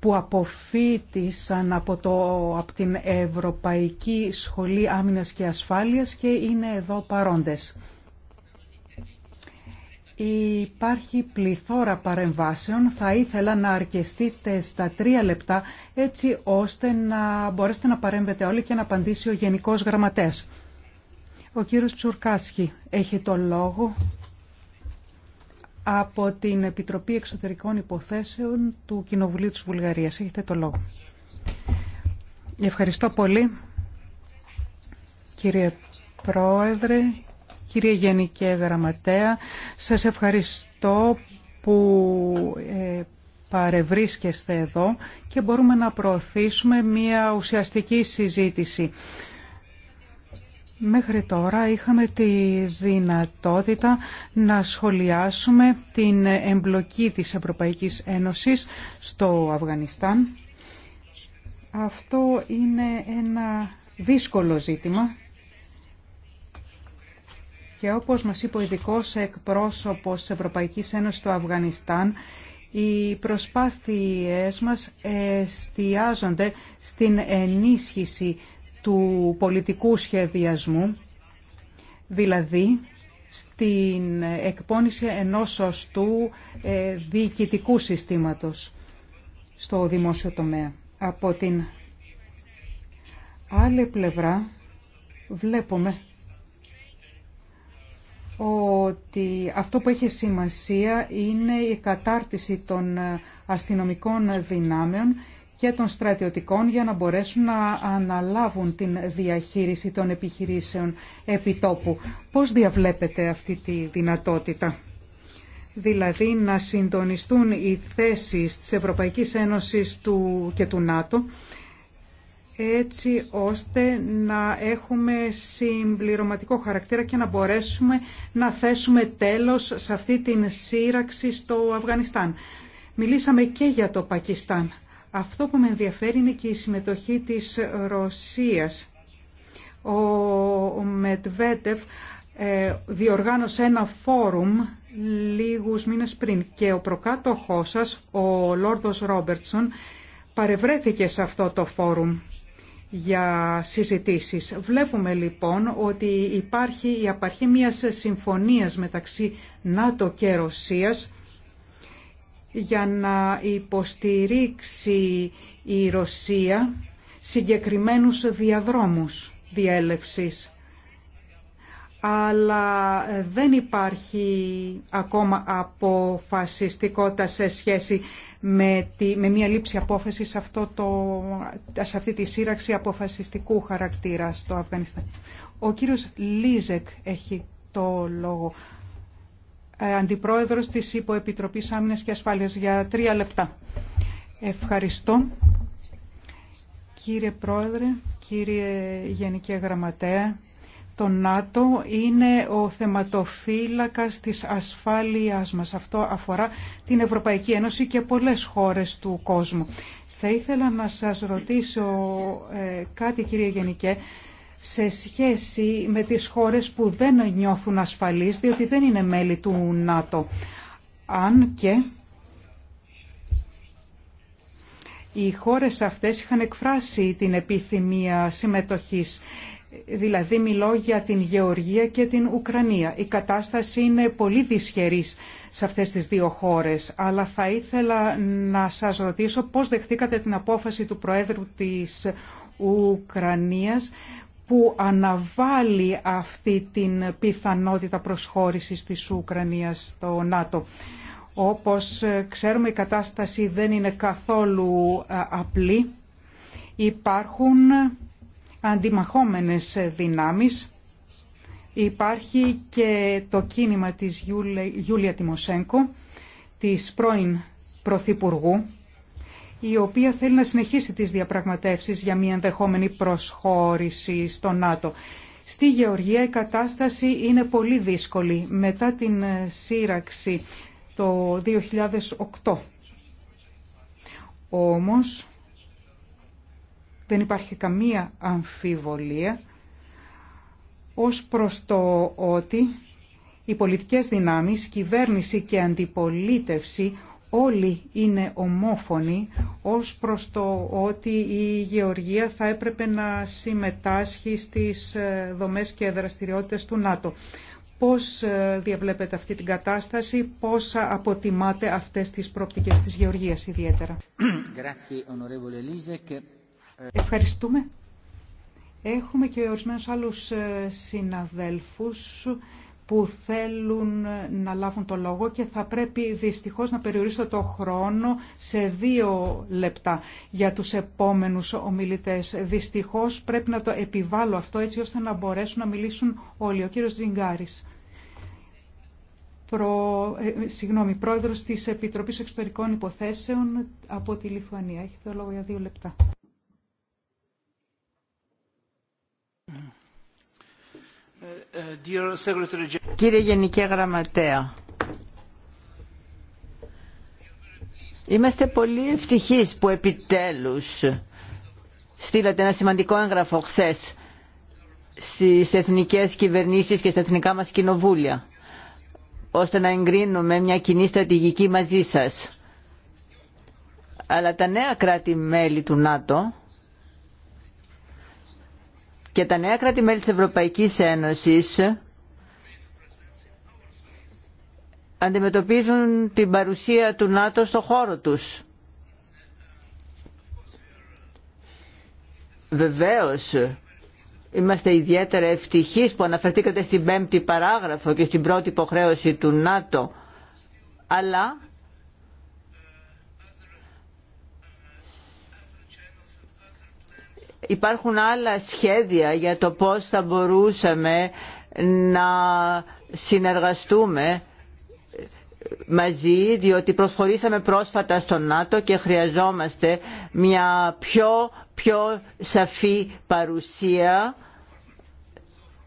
που αποφύτησαν από, το, από την Ευρωπαϊκή Σχολή Άμυνας και Ασφάλειας και είναι εδώ παρόντες. Υπάρχει πληθώρα παρεμβάσεων. Θα ήθελα να αρκεστείτε στα τρία λεπτά έτσι ώστε να μπορέσετε να παρέμβετε όλοι και να απαντήσει ο Γενικός Γραμματέας. Ο κύριος Τσουρκάσχη έχει το λόγο από την Επιτροπή Εξωτερικών Υποθέσεων του Κοινοβουλίου της Βουλγαρίας. Έχετε το λόγο. Ευχαριστώ πολύ, κύριε Πρόεδρε, κύριε Γενική Γραμματέα. Σας ευχαριστώ που ε, παρευρίσκεστε εδώ και μπορούμε να προωθήσουμε μια ουσιαστική συζήτηση Μέχρι τώρα είχαμε τη δυνατότητα να σχολιάσουμε την εμπλοκή της Ευρωπαϊκής Ένωσης στο Αφγανιστάν. Αυτό είναι ένα δύσκολο ζήτημα και όπως μας είπε ο ειδικό εκπρόσωπος της Ευρωπαϊκής Ένωσης στο Αφγανιστάν, οι προσπάθειές μας εστιάζονται στην ενίσχυση του πολιτικού σχεδιασμού, δηλαδή στην εκπόνηση ενός σωστού ε, διοικητικού συστήματος στο δημόσιο τομέα. Από την άλλη πλευρά βλέπουμε ότι αυτό που έχει σημασία είναι η κατάρτιση των αστυνομικών δυνάμεων και των στρατιωτικών για να μπορέσουν να αναλάβουν την διαχείριση των επιχειρήσεων επιτόπου. Πώς διαβλέπετε αυτή τη δυνατότητα δηλαδή να συντονιστούν οι θέσεις της Ευρωπαϊκής Ένωσης του και του ΝΑΤΟ έτσι ώστε να έχουμε συμπληρωματικό χαρακτήρα και να μπορέσουμε να θέσουμε τέλος σε αυτή την σύραξη στο Αφγανιστάν. Μιλήσαμε και για το Πακιστάν. Αυτό που με ενδιαφέρει είναι και η συμμετοχή της Ρωσίας. Ο Μετβέτεφ ε, διοργάνωσε ένα φόρουμ λίγους μήνες πριν και ο προκάτοχός σας, ο Λόρδος Ρόμπερτσον, παρευρέθηκε σε αυτό το φόρουμ για συζητήσεις. Βλέπουμε λοιπόν ότι υπάρχει η απαρχή μιας συμφωνίας μεταξύ ΝΑΤΟ και Ρωσίας για να υποστηρίξει η Ρωσία συγκεκριμένους διαδρόμους διέλευσης. Αλλά δεν υπάρχει ακόμα αποφασιστικότητα σε σχέση με, τη, με μια λήψη απόφαση σε, αυτό το, αυτή τη σύραξη αποφασιστικού χαρακτήρα στο Αφγανιστάν. Ο κύριος Λίζεκ έχει το λόγο. Ε, αντιπρόεδρος της Υποεπιτροπής Άμυνα και Ασφάλειας για τρία λεπτά. Ευχαριστώ. Κύριε Πρόεδρε, κύριε Γενική Γραμματέα, το ΝΑΤΟ είναι ο θεματοφύλακας της ασφάλειάς μας. Αυτό αφορά την Ευρωπαϊκή Ένωση και πολλές χώρες του κόσμου. Θα ήθελα να σας ρωτήσω ε, κάτι κύριε Γενικέ σε σχέση με τις χώρες που δεν νιώθουν ασφαλείς διότι δεν είναι μέλη του ΝΑΤΟ. Αν και οι χώρες αυτές είχαν εκφράσει την επιθυμία συμμετοχής. Δηλαδή μιλώ για την Γεωργία και την Ουκρανία. Η κατάσταση είναι πολύ δυσχερής σε αυτές τις δύο χώρες, αλλά θα ήθελα να σας ρωτήσω πώς δεχτήκατε την απόφαση του Προέδρου της Ουκρανίας που αναβάλει αυτή την πιθανότητα προσχώρησης της Ουκρανίας στο ΝΑΤΟ. Όπως ε, ξέρουμε η κατάσταση δεν είναι καθόλου ε, απλή. Υπάρχουν ε, αντιμαχόμενες δυνάμεις. Υπάρχει και το κίνημα της Γιούλια Τιμοσέγκο, της πρώην Πρωθυπουργού, η οποία θέλει να συνεχίσει τις διαπραγματεύσεις για μια ενδεχόμενη προσχώρηση στο ΝΑΤΟ. Στη Γεωργία η κατάσταση είναι πολύ δύσκολη μετά την ε, σύραξη το 2008. Όμως δεν υπάρχει καμία αμφιβολία ως προς το ότι οι πολιτικές δυνάμεις, κυβέρνηση και αντιπολίτευση όλοι είναι ομόφωνοι ως προς το ότι η Γεωργία θα έπρεπε να συμμετάσχει στις ε, δομές και δραστηριότητες του ΝΑΤΟ. Πώς ε, διαβλέπετε αυτή την κατάσταση, πώς αποτιμάτε αυτές τις πρόπτικες της Γεωργίας ιδιαίτερα. Ευχαριστούμε. Έχουμε και ορισμένους άλλους ε, συναδέλφους που θέλουν να λάβουν το λόγο και θα πρέπει δυστυχώς να περιορίσω το χρόνο σε δύο λεπτά για τους επόμενους ομιλητές. Δυστυχώς πρέπει να το επιβάλλω αυτό έτσι ώστε να μπορέσουν να μιλήσουν όλοι. Ο κύριος Τζιγκάρης, προ... ε, συγγνώμη, πρόεδρος της Επιτροπής Εξωτερικών Υποθέσεων από τη Λιθουανία. Έχετε λόγο για δύο λεπτά. Κύριε Γενική Γραμματέα, είμαστε πολύ ευτυχείς που επιτέλους στείλατε ένα σημαντικό έγγραφο χθε στις εθνικές κυβερνήσεις και στα εθνικά μας κοινοβούλια, ώστε να εγκρίνουμε μια κοινή στρατηγική μαζί σας. Αλλά τα νέα κράτη-μέλη του ΝΑΤΟ και τα νέα κράτη-μέλη της Ευρωπαϊκής Ένωσης αντιμετωπίζουν την παρουσία του ΝΑΤΟ στο χώρο τους. Βεβαίως, είμαστε ιδιαίτερα ευτυχείς που αναφερθήκατε στην πέμπτη παράγραφο και στην πρώτη υποχρέωση του ΝΑΤΟ, αλλά υπάρχουν άλλα σχέδια για το πώς θα μπορούσαμε να συνεργαστούμε μαζί διότι προσχωρήσαμε πρόσφατα στο ΝΑΤΟ και χρειαζόμαστε μια πιο, πιο σαφή παρουσία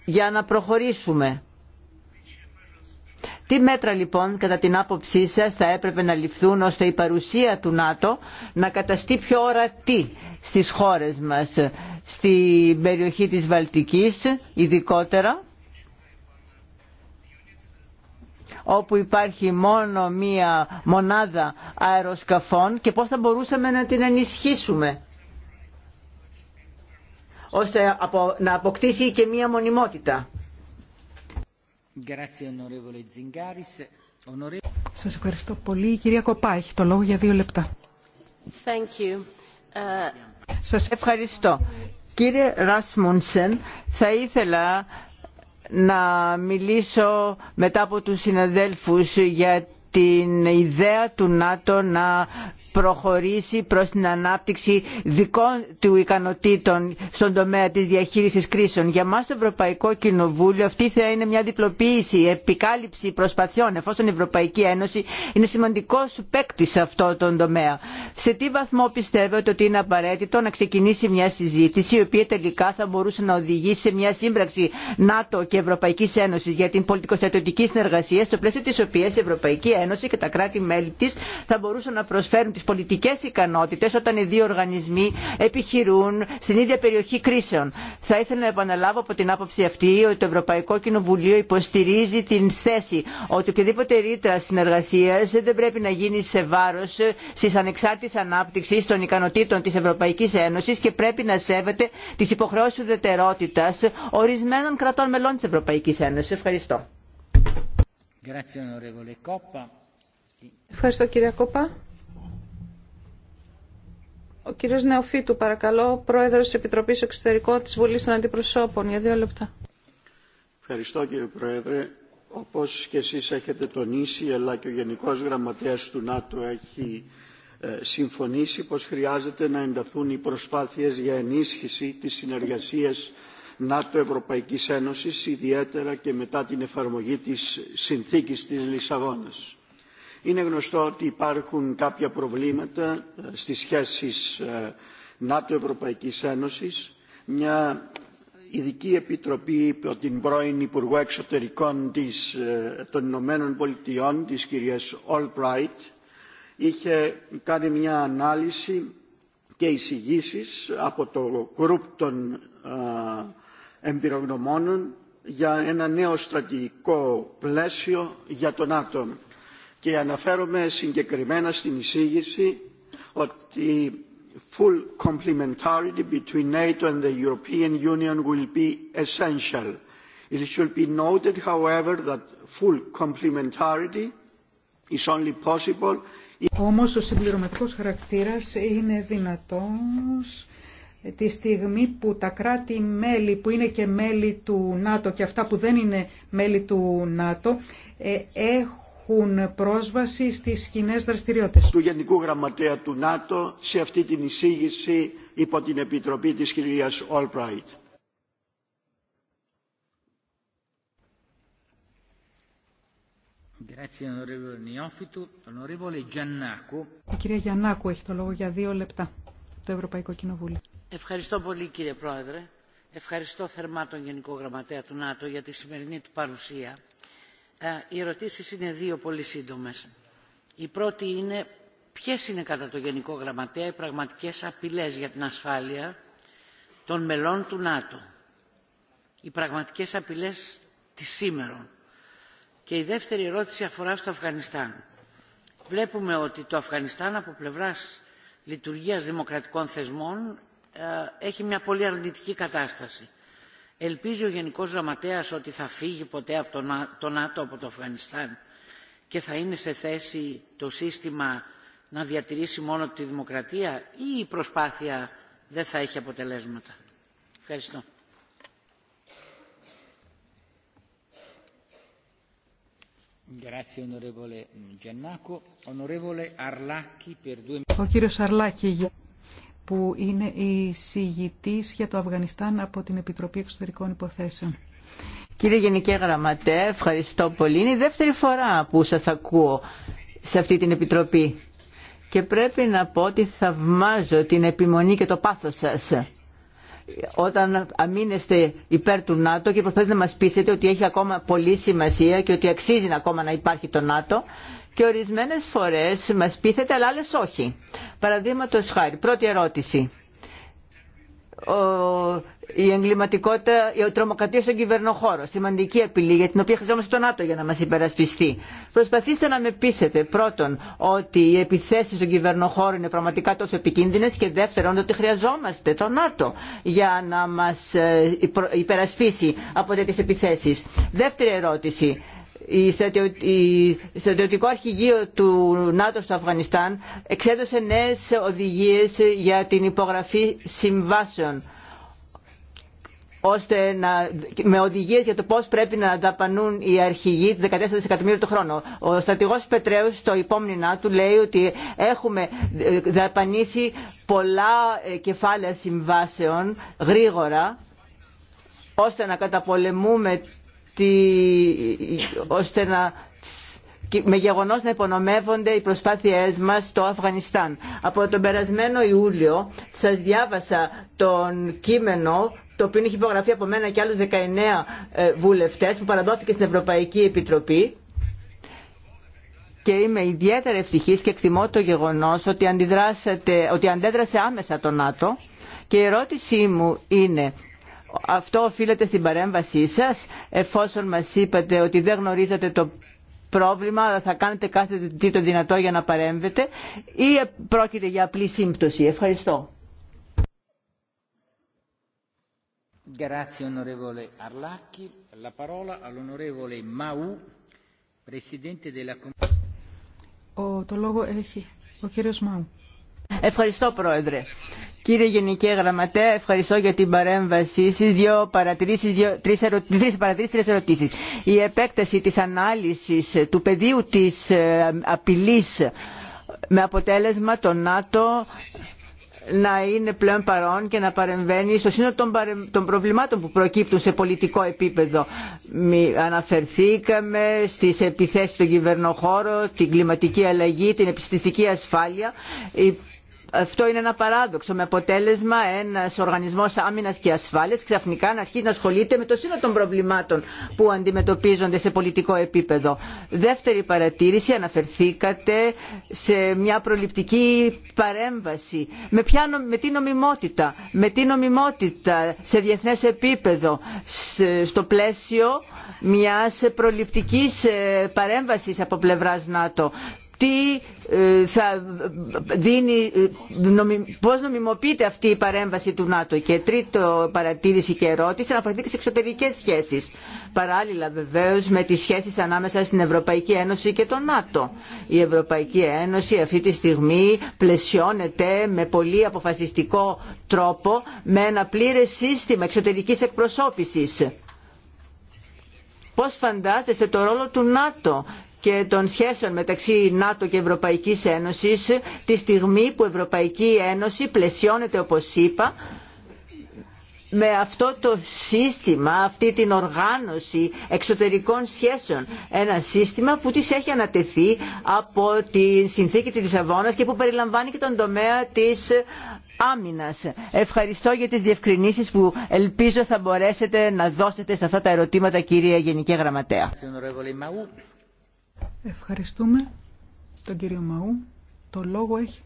για να προχωρήσουμε. Τι μέτρα λοιπόν κατά την άποψή σας θα έπρεπε να ληφθούν ώστε η παρουσία του ΝΑΤΟ να καταστεί πιο ορατή στις χώρες μας, στην περιοχή της Βαλτικής ειδικότερα όπου υπάρχει μόνο μία μονάδα αεροσκαφών και πώς θα μπορούσαμε να την ενισχύσουμε ώστε να αποκτήσει και μία μονιμότητα. Σας ευχαριστώ πολύ. Η κυρία Κοπά έχει το λόγο για δύο λεπτά. Thank ε, Σας ευχαριστώ. Κύριε Ράσμονσεν, θα ήθελα να μιλήσω μετά από τους συναδέλφους για την ιδέα του ΝΑΤΟ να προχωρήσει προς την ανάπτυξη δικών του ικανοτήτων στον τομέα της διαχείρισης κρίσεων. Για μας το Ευρωπαϊκό Κοινοβούλιο αυτή θα είναι μια διπλοποίηση, επικάλυψη προσπαθειών εφόσον η Ευρωπαϊκή Ένωση είναι σημαντικός παίκτη σε αυτό τον τομέα. Σε τι βαθμό πιστεύετε ότι είναι απαραίτητο να ξεκινήσει μια συζήτηση η οποία τελικά θα μπορούσε να οδηγήσει σε μια σύμπραξη ΝΑΤΟ και Ευρωπαϊκής Ένωσης για την πολιτικοστατιωτική συνεργασία στο πλαίσιο της οποίας η Ευρωπαϊκή Ένωση και τα κράτη-μέλη της θα μπορούσαν να προσφέρουν τις πολιτικές ικανότητες όταν οι δύο οργανισμοί επιχειρούν στην ίδια περιοχή κρίσεων. Θα ήθελα να επαναλάβω από την άποψη αυτή ότι το Ευρωπαϊκό Κοινοβουλίο υποστηρίζει την θέση ότι οποιαδήποτε ρήτρα συνεργασίας δεν πρέπει να γίνει σε βάρος της ανεξάρτητης ανάπτυξης των ικανοτήτων της Ευρωπαϊκής Ένωσης και πρέπει να σέβεται τις υποχρεώσεις ουδετερότητας ορισμένων κρατών μελών της Ευρωπαϊκής Ένωσης. Ευχαριστώ. Ευχαριστώ κύριε Κόπα. Ο κύριος Νεοφίτου, παρακαλώ, πρόεδρος της Επιτροπής Εξωτερικών της Βουλής των Αντιπροσώπων, για δύο λεπτά. Ευχαριστώ κύριε Πρόεδρε. Όπως και εσείς έχετε τονίσει, αλλά και ο Γενικός Γραμματέας του ΝΑΤΟ έχει ε, συμφωνήσει πως χρειάζεται να ενταθούν οι προσπάθειες για ενίσχυση της συνεργασίας ΝΑΤΟ-Ευρωπαϊκής Ένωσης, ιδιαίτερα και μετά την εφαρμογή της συνθήκης της Λισαβόνα. Είναι γνωστό ότι υπάρχουν κάποια προβλήματα ε, στις σχέσεις ε, ΝΑΤΟ-Ευρωπαϊκής Ένωσης. Μια ειδική επιτροπή υπό την πρώην Υπουργό Εξωτερικών της, ε, των Ηνωμένων Πολιτειών, της κυρίας Ολπράιτ, είχε κάνει μια ανάλυση και εισηγήσει από το κρουπ των εμπειρογνωμόνων για ένα νέο στρατηγικό πλαίσιο για τον άτομο και αναφέρομαι συγκεκριμένα στην εισήγηση ότι full complementarity between NATO and the European Union will be essential. It should be noted, however, that full complementarity is only possible. Όμως ο συμπληρωματικός χαρακτήρας είναι δυνατός τη στιγμή που τα κράτη-μέλη που είναι και μέλη του ΝΑΤΟ και αυτά που δεν είναι μέλη του ΝΑΤΟ ε, έχουν έχουν πρόσβαση στις κοινέ δραστηριότητες. Του Γενικού Γραμματέα του ΝΑΤΟ σε αυτή την εισήγηση υπό την Επιτροπή της κυρίας Όλπραϊτ. Η κυρία Γιαννάκου έχει το λόγο για δύο λεπτά. Το Ευρωπαϊκό Κοινοβούλιο. Ευχαριστώ πολύ κύριε Πρόεδρε. Ευχαριστώ θερμά τον Γενικό Γραμματέα του ΝΑΤΟ για τη σημερινή του παρουσία ε, οι ερωτήσεις είναι δύο πολύ σύντομες. Η πρώτη είναι ποιες είναι κατά το Γενικό Γραμματέα οι πραγματικές απειλές για την ασφάλεια των μελών του ΝΑΤΟ. Οι πραγματικές απειλές της σήμερα. Και η δεύτερη ερώτηση αφορά στο Αφγανιστάν. Βλέπουμε ότι το Αφγανιστάν από πλευράς λειτουργίας δημοκρατικών θεσμών ε, έχει μια πολύ αρνητική κατάσταση ελπίζει ο Γενικός Γραμματέα ότι θα φύγει ποτέ από τον το ΝΑΤΟ από το Αφγανιστάν και θα είναι σε θέση το σύστημα να διατηρήσει μόνο τη δημοκρατία ή η προσπάθεια δεν θα έχει αποτελέσματα. Ευχαριστώ. Ο κύριος Αρλάκη που είναι η συγητής για το Αφγανιστάν από την Επιτροπή Εξωτερικών Υποθέσεων. Κύριε Γενικέ Γραμματέ, ευχαριστώ πολύ. Είναι η δεύτερη φορά που σας ακούω σε αυτή την Επιτροπή και πρέπει να πω ότι θαυμάζω την επιμονή και το πάθος σας όταν αμήνεστε υπέρ του ΝΑΤΟ και προσπαθείτε να μας πείσετε ότι έχει ακόμα πολύ σημασία και ότι αξίζει ακόμα να υπάρχει το ΝΑΤΟ και ορισμένες φορές μας πείθεται, αλλά άλλες όχι. Παραδείγματος χάρη, πρώτη ερώτηση. η εγκληματικότητα, η τρομοκρατία στον κυβερνοχώρο. Σημαντική απειλή για την οποία χρειαζόμαστε τον ΝΑΤΟ για να μα υπερασπιστεί. Προσπαθήστε να με πείσετε πρώτον ότι οι επιθέσει στον κυβερνοχώρο είναι πραγματικά τόσο επικίνδυνε και δεύτερον ότι χρειαζόμαστε τον ΝΑΤΟ για να μα ε, υπερασπίσει από τέτοιε επιθέσει. Δεύτερη ερώτηση η στρατιωτικό αρχηγείο του ΝΑΤΟ στο Αφγανιστάν εξέδωσε νέες οδηγίες για την υπογραφή συμβάσεων ώστε να, με οδηγίες για το πώς πρέπει να δαπανούν οι αρχηγοί 14 δισεκατομμύρια το χρόνο. Ο στρατηγός Πετρέου στο υπόμνηνά του λέει ότι έχουμε ε, δαπανίσει πολλά ε, κεφάλαια συμβάσεων γρήγορα ώστε να καταπολεμούμε ώστε να με γεγονός να υπονομεύονται οι προσπάθειές μας στο Αφγανιστάν. Από τον περασμένο Ιούλιο σας διάβασα τον κείμενο το οποίο έχει υπογραφεί από μένα και άλλους 19 ε, βουλευτές που παραδόθηκε στην Ευρωπαϊκή Επιτροπή και είμαι ιδιαίτερα ευτυχής και εκτιμώ το γεγονός ότι, ότι αντέδρασε άμεσα το ΝΑΤΟ και η ερώτησή μου είναι αυτό οφείλεται στην παρέμβασή σας, εφόσον μας είπατε ότι δεν γνωρίζετε το πρόβλημα, αλλά θα κάνετε κάθε τι το δυνατό για να παρέμβετε ή πρόκειται για απλή σύμπτωση. Ευχαριστώ. Ευχαριστώ, Πρόεδρε. Κύριε Γενική Γραμματέα, ευχαριστώ για την παρέμβασή σας. Δύο παρατηρήσεις, τρει τρεις, Η επέκταση τη ανάλυση του πεδίου τη ε, απειλή με αποτέλεσμα το ΝΑΤΟ να είναι πλέον παρόν και να παρεμβαίνει στο σύνολο των, προβλημάτων που προκύπτουν σε πολιτικό επίπεδο. αναφερθήκαμε στις επιθέσεις στον κυβερνοχώρο, την κλιματική αλλαγή, την επιστημική ασφάλεια. Αυτό είναι ένα παράδοξο με αποτέλεσμα ένα οργανισμό άμυνα και ασφάλεια ξαφνικά να αρχίσει να ασχολείται με το σύνολο των προβλημάτων που αντιμετωπίζονται σε πολιτικό επίπεδο. Δεύτερη παρατήρηση, αναφερθήκατε σε μια προληπτική παρέμβαση. Με, τι νομιμότητα, με τι νομιμότητα σε διεθνέ επίπεδο, στο πλαίσιο μια προληπτική ε, παρέμβαση από πλευρά ΝΑΤΟ τι ε, θα δίνει, ε, πώς νομιμοποιείται αυτή η παρέμβαση του ΝΑΤΟ. Και τρίτο παρατήρηση και ερώτηση αναφορθεί στις εξωτερικές σχέσεις. Παράλληλα βεβαίως με τις σχέσεις ανάμεσα στην Ευρωπαϊκή Ένωση και τον ΝΑΤΟ. Η Ευρωπαϊκή Ένωση αυτή τη στιγμή πλαισιώνεται με πολύ αποφασιστικό τρόπο με ένα πλήρες σύστημα εξωτερικής εκπροσώπησης. Πώς φαντάζεστε το ρόλο του ΝΑΤΟ και των σχέσεων μεταξύ νατο και ευρωπαϊκής ένωσης τη στιγμή που η ευρωπαϊκή ένωση πλαισιώνεται όπως είπα με αυτό το σύστημα, αυτή την οργάνωση εξωτερικών σχέσεων. Ένα σύστημα που της έχει ανατεθεί από τη συνθήκη της Λισαβόνας και που περιλαμβάνει και τον τομέα της άμυνας. Ευχαριστώ για τις διευκρινήσεις που ελπίζω θα μπορέσετε να δώσετε σε αυτά τα ερωτήματα κυρία Γενική Γραμματέα. Ευχαριστούμε τον κύριο Μαού. Το λόγο έχει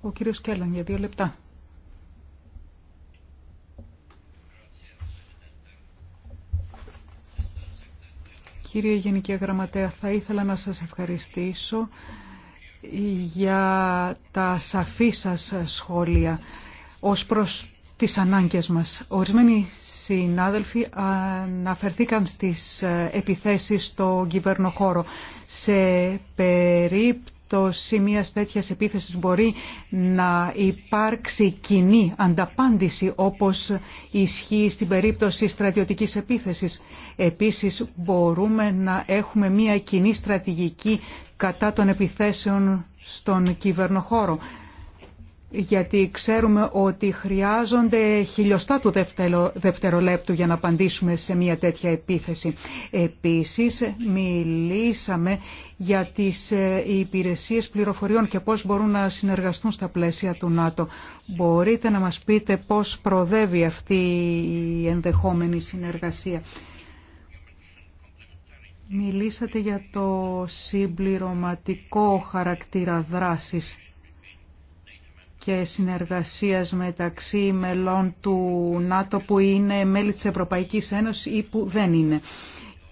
ο κύριος Κέλλαν για δύο λεπτά. Κύριε Γενική Γραμματέα, θα ήθελα να σας ευχαριστήσω για τα σαφή σας σχόλια ως προς τις ανάγκες μας. Ορισμένοι συνάδελφοι αναφερθήκαν στις ε, επιθέσεις στο κυβερνοχώρο. Σε περίπτωση μιας τέτοια επίθεσης μπορεί να υπάρξει κοινή ανταπάντηση όπως ισχύει στην περίπτωση στρατιωτικής επίθεσης. Επίσης μπορούμε να έχουμε μια κοινή στρατηγική κατά των επιθέσεων στον κυβερνοχώρο γιατί ξέρουμε ότι χρειάζονται χιλιοστά του δευτερολέπτου για να απαντήσουμε σε μια τέτοια επίθεση. Επίσης, μιλήσαμε για τις ε, υπηρεσίες πληροφοριών και πώς μπορούν να συνεργαστούν στα πλαίσια του ΝΑΤΟ. Μπορείτε να μας πείτε πώς προδεύει αυτή η ενδεχόμενη συνεργασία. Μιλήσατε για το συμπληρωματικό χαρακτήρα δράσης και συνεργασίας μεταξύ μελών του ΝΑΤΟ που είναι μέλη της Ευρωπαϊκής Ένωσης ή που δεν είναι.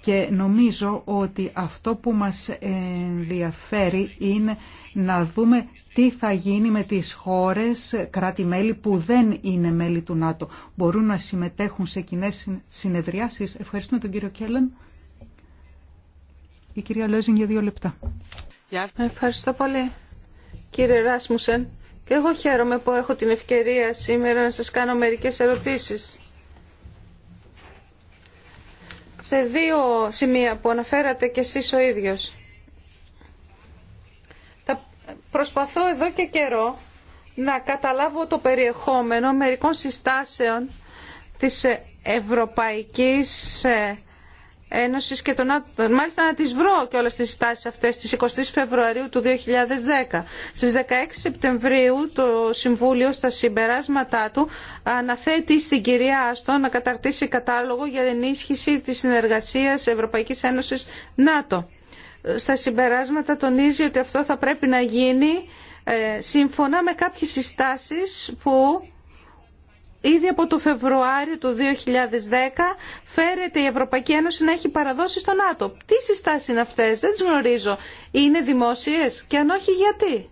Και νομίζω ότι αυτό που μας ενδιαφέρει είναι να δούμε τι θα γίνει με τις χώρες κράτη-μέλη που δεν είναι μέλη του ΝΑΤΟ. Μπορούν να συμμετέχουν σε κοινέ συνεδριάσεις. Ευχαριστούμε τον κύριο Κέλλεν. Η κυρία Λέζιν για δύο λεπτά. Ευχαριστώ πολύ. Κύριε Ράσμουσεν, και εγώ χαίρομαι που έχω την ευκαιρία σήμερα να σας κάνω μερικές ερωτήσεις. Σε δύο σημεία που αναφέρατε και εσείς ο ίδιος. προσπαθώ εδώ και καιρό να καταλάβω το περιεχόμενο μερικών συστάσεων της Ευρωπαϊκής ε, Ένωση και τον ΝΑΤΟ. Μάλιστα να τις βρω και όλες τις συστάσεις αυτές στις 20 Φεβρουαρίου του 2010. Στις 16 Σεπτεμβρίου το Συμβούλιο στα συμπεράσματά του αναθέτει στην κυρία Άστο να καταρτήσει κατάλογο για ενίσχυση της συνεργασίας Ευρωπαϊκής Ένωσης ΝΑΤΟ. Στα συμπεράσματα τονίζει ότι αυτό θα πρέπει να γίνει ε, σύμφωνα με κάποιες συστάσεις που ήδη από το Φεβρουάριο του 2010 φέρεται η Ευρωπαϊκή Ένωση να έχει παραδώσει στον ΝΑΤΟ. Τι συστάσεις είναι αυτές, δεν τις γνωρίζω. Είναι δημόσιες και αν όχι γιατί.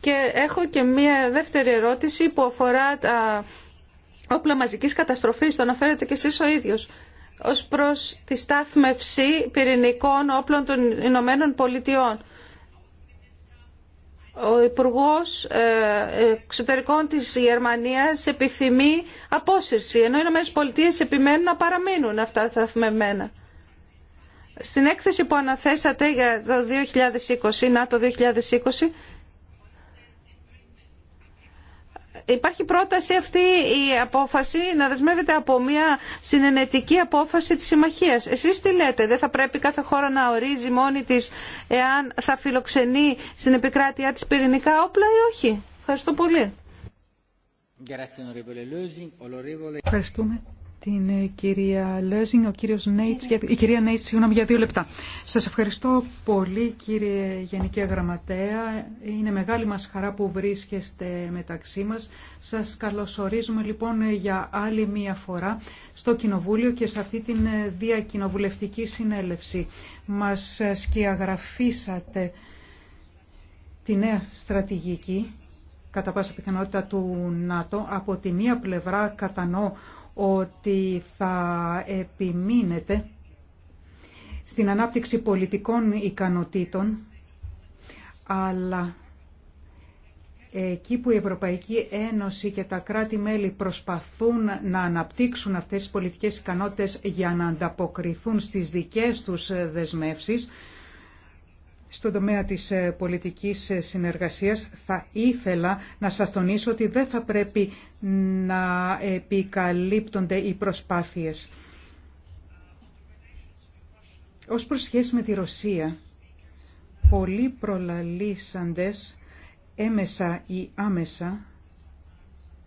Και έχω και μία δεύτερη ερώτηση που αφορά τα όπλα μαζικής καταστροφής, το αναφέρετε και εσείς ο ίδιος ως προς τη στάθμευση πυρηνικών όπλων των Ηνωμένων Πολιτειών. Ο υπουργό ε, Εξωτερικών της Γερμανίας επιθυμεί απόσυρση, ενώ οι ΗΠΑ επιμένουν να παραμείνουν αυτά τα θαυμεμένα. Στην έκθεση που αναθέσατε για το 2020, να το 2020, Υπάρχει πρόταση αυτή η απόφαση να δεσμεύεται από μια συνενετική απόφαση της συμμαχίας. Εσείς τι λέτε, δεν θα πρέπει κάθε χώρα να ορίζει μόνη της εάν θα φιλοξενεί στην επικράτειά της πυρηνικά όπλα ή όχι. Ευχαριστώ πολύ την ε, κυρία Λέζινγκ, ο κύριος Νέιτς, η κυρία Νέιτς, συγγνώμη, για δύο λεπτά. Σας ευχαριστώ πολύ κύριε Γενική Γραμματέα. Είναι μεγάλη μας χαρά που βρίσκεστε μεταξύ μας. Σας καλωσορίζουμε λοιπόν για άλλη μία φορά στο Κοινοβούλιο και σε αυτή την ε, διακοινοβουλευτική συνέλευση. Μας ε, σκιαγραφίσατε τη νέα στρατηγική κατά πάσα πιθανότητα του ΝΑΤΟ. Από τη μία πλευρά κατανοώ ότι θα επιμείνετε στην ανάπτυξη πολιτικών ικανοτήτων, αλλά εκεί που η Ευρωπαϊκή Ένωση και τα κράτη-μέλη προσπαθούν να αναπτύξουν αυτές τις πολιτικές ικανότητες για να ανταποκριθούν στις δικές τους δεσμεύσεις, στον τομέα της ε, πολιτικής ε, συνεργασίας θα ήθελα να σας τονίσω ότι δεν θα πρέπει να επικαλύπτονται οι προσπάθειες. Ως προς σχέση με τη Ρωσία, πολλοί προλαλήσαντες έμεσα ή άμεσα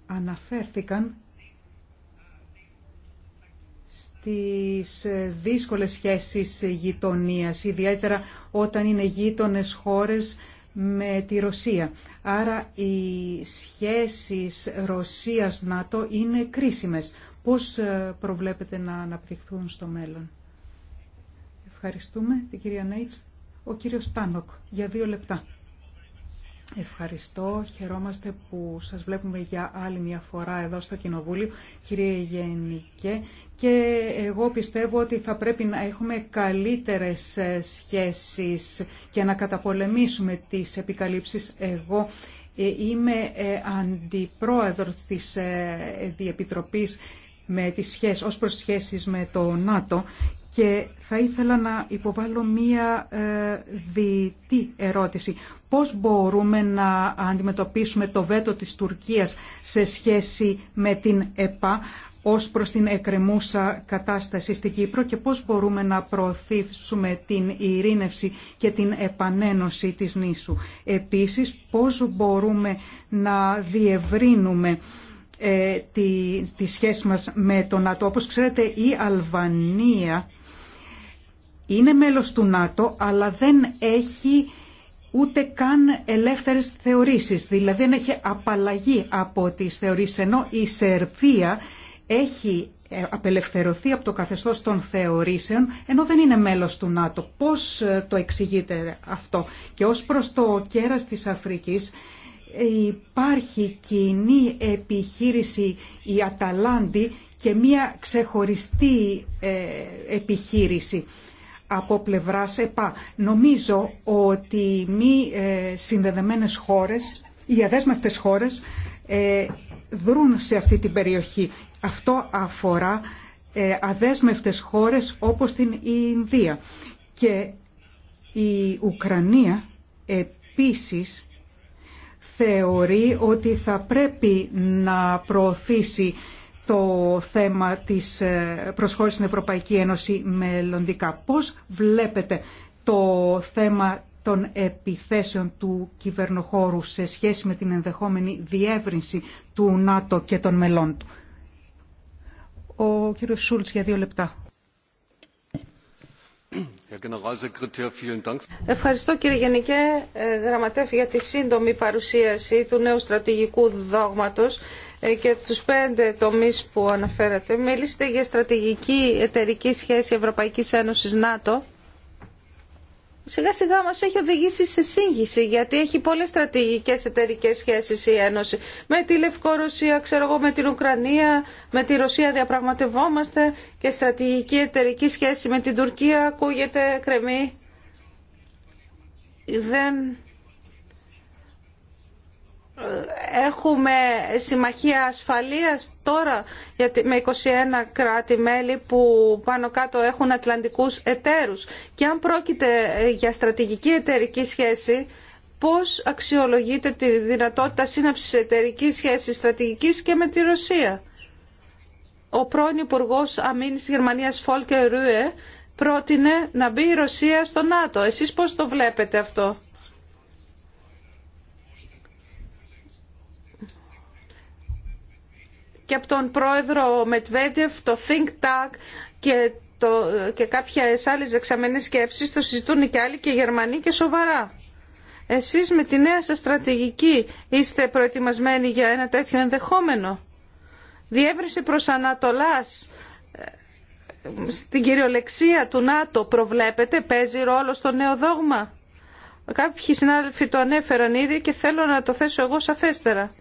αναφέρθηκαν τις ε, δύσκολες σχέσεις γειτονίας, ιδιαίτερα όταν είναι γείτονες χώρες με τη Ρωσία. Άρα οι σχέσεις Ρωσίας-ΝΑΤΟ είναι κρίσιμες. Πώς ε, προβλέπετε να αναπτυχθούν στο μέλλον. Ευχαριστούμε την κυρία Νέιτς. Ο κύριος Τάνοκ για δύο λεπτά. Ευχαριστώ. Χαιρόμαστε που σας βλέπουμε για άλλη μια φορά εδώ στο Κοινοβούλιο, κύριε Γενικέ. Και εγώ πιστεύω ότι θα πρέπει να έχουμε καλύτερες ε, σχέσεις και να καταπολεμήσουμε τις επικαλύψεις. Εγώ ε, είμαι ε, αντιπρόεδρος της Διεπιτροπής με τις σχέσεις, ως προς σχέσεις με το ΝΑΤΟ και θα ήθελα να υποβάλω μία ε, διητή ερώτηση. Πώς μπορούμε να αντιμετωπίσουμε το βέτο της Τουρκίας σε σχέση με την ΕΠΑ ως προς την εκκρεμούσα κατάσταση στην Κύπρο και πώς μπορούμε να προωθήσουμε την ειρήνευση και την επανένωση της νήσου. Επίσης, πώς μπορούμε να διευρύνουμε ε, τη, τη σχέση μας με το ΝΑΤΟ. Όπως ξέρετε η Αλβανία είναι μέλος του ΝΑΤΟ αλλά δεν έχει ούτε καν ελεύθερες θεωρήσεις. Δηλαδή δεν έχει απαλλαγή από τις θεωρήσεις ενώ η Σερβία έχει ε, απελευθερωθεί από το καθεστώς των θεωρήσεων ενώ δεν είναι μέλος του ΝΑΤΟ. Πώς ε, το εξηγείτε αυτό. Και ως προς το κέρας της Αφρικής υπάρχει κοινή επιχείρηση η Αταλάντη και μία ξεχωριστή ε, επιχείρηση από πλευράς ΕΠΑ. Νομίζω ότι μη ε, συνδεδεμένες χώρες, οι αδέσμευτες χώρες, ε, δρούν σε αυτή την περιοχή. Αυτό αφορά αδέσμευτες χώρες όπως την Ινδία. Και η Ουκρανία επίσης θεωρεί ότι θα πρέπει να προωθήσει το θέμα της ε, προσχώρησης στην Ευρωπαϊκή Ένωση μελλοντικά. Πώς βλέπετε το θέμα των επιθέσεων του κυβερνοχώρου σε σχέση με την ενδεχόμενη διεύρυνση του ΝΑΤΟ και των μελών του. Ο κύριος Σούλτς για δύο λεπτά. Ευχαριστώ κύριε Γενικέ ε, Γραμματέα, για τη σύντομη παρουσίαση του νέου στρατηγικού δόγματος ε, και τους πέντε τομείς που αναφέρατε. Μιλήσετε για στρατηγική εταιρική σχέση Ευρωπαϊκής Ένωσης ΝΑΤΟ σιγά σιγά μας έχει οδηγήσει σε σύγχυση γιατί έχει πολλές στρατηγικές εταιρικέ σχέσεις η Ένωση με τη Λευκορωσία, ξέρω εγώ, με την Ουκρανία, με τη Ρωσία διαπραγματευόμαστε και στρατηγική εταιρική σχέση με την Τουρκία ακούγεται κρεμή. Δεν Έχουμε συμμαχία ασφαλείας τώρα με 21 κράτη-μέλη που πάνω κάτω έχουν ατλαντικούς εταίρους. Και αν πρόκειται για στρατηγική εταιρική σχέση, πώς αξιολογείται τη δυνατότητα σύναψης εταιρικής σχέσης στρατηγικής και με τη Ρωσία. Ο πρώην Υπουργό Αμήνης Γερμανίας Φόλκερ Ρούε πρότεινε να μπει η Ρωσία στο ΝΑΤΟ. Εσείς πώς το βλέπετε αυτό. και από τον πρόεδρο Μετβέντεφ, το Think Tank και, το, και κάποιες άλλες δεξαμενές σκέψεις, το συζητούν και άλλοι και Γερμανοί και σοβαρά. Εσείς με τη νέα σας στρατηγική είστε προετοιμασμένοι για ένα τέτοιο ενδεχόμενο. Διεύρυνση προς Ανατολάς στην κυριολεξία του ΝΑΤΟ προβλέπεται, παίζει ρόλο στο νέο δόγμα. Κάποιοι συνάδελφοι το ανέφεραν ήδη και θέλω να το θέσω εγώ σαφέστερα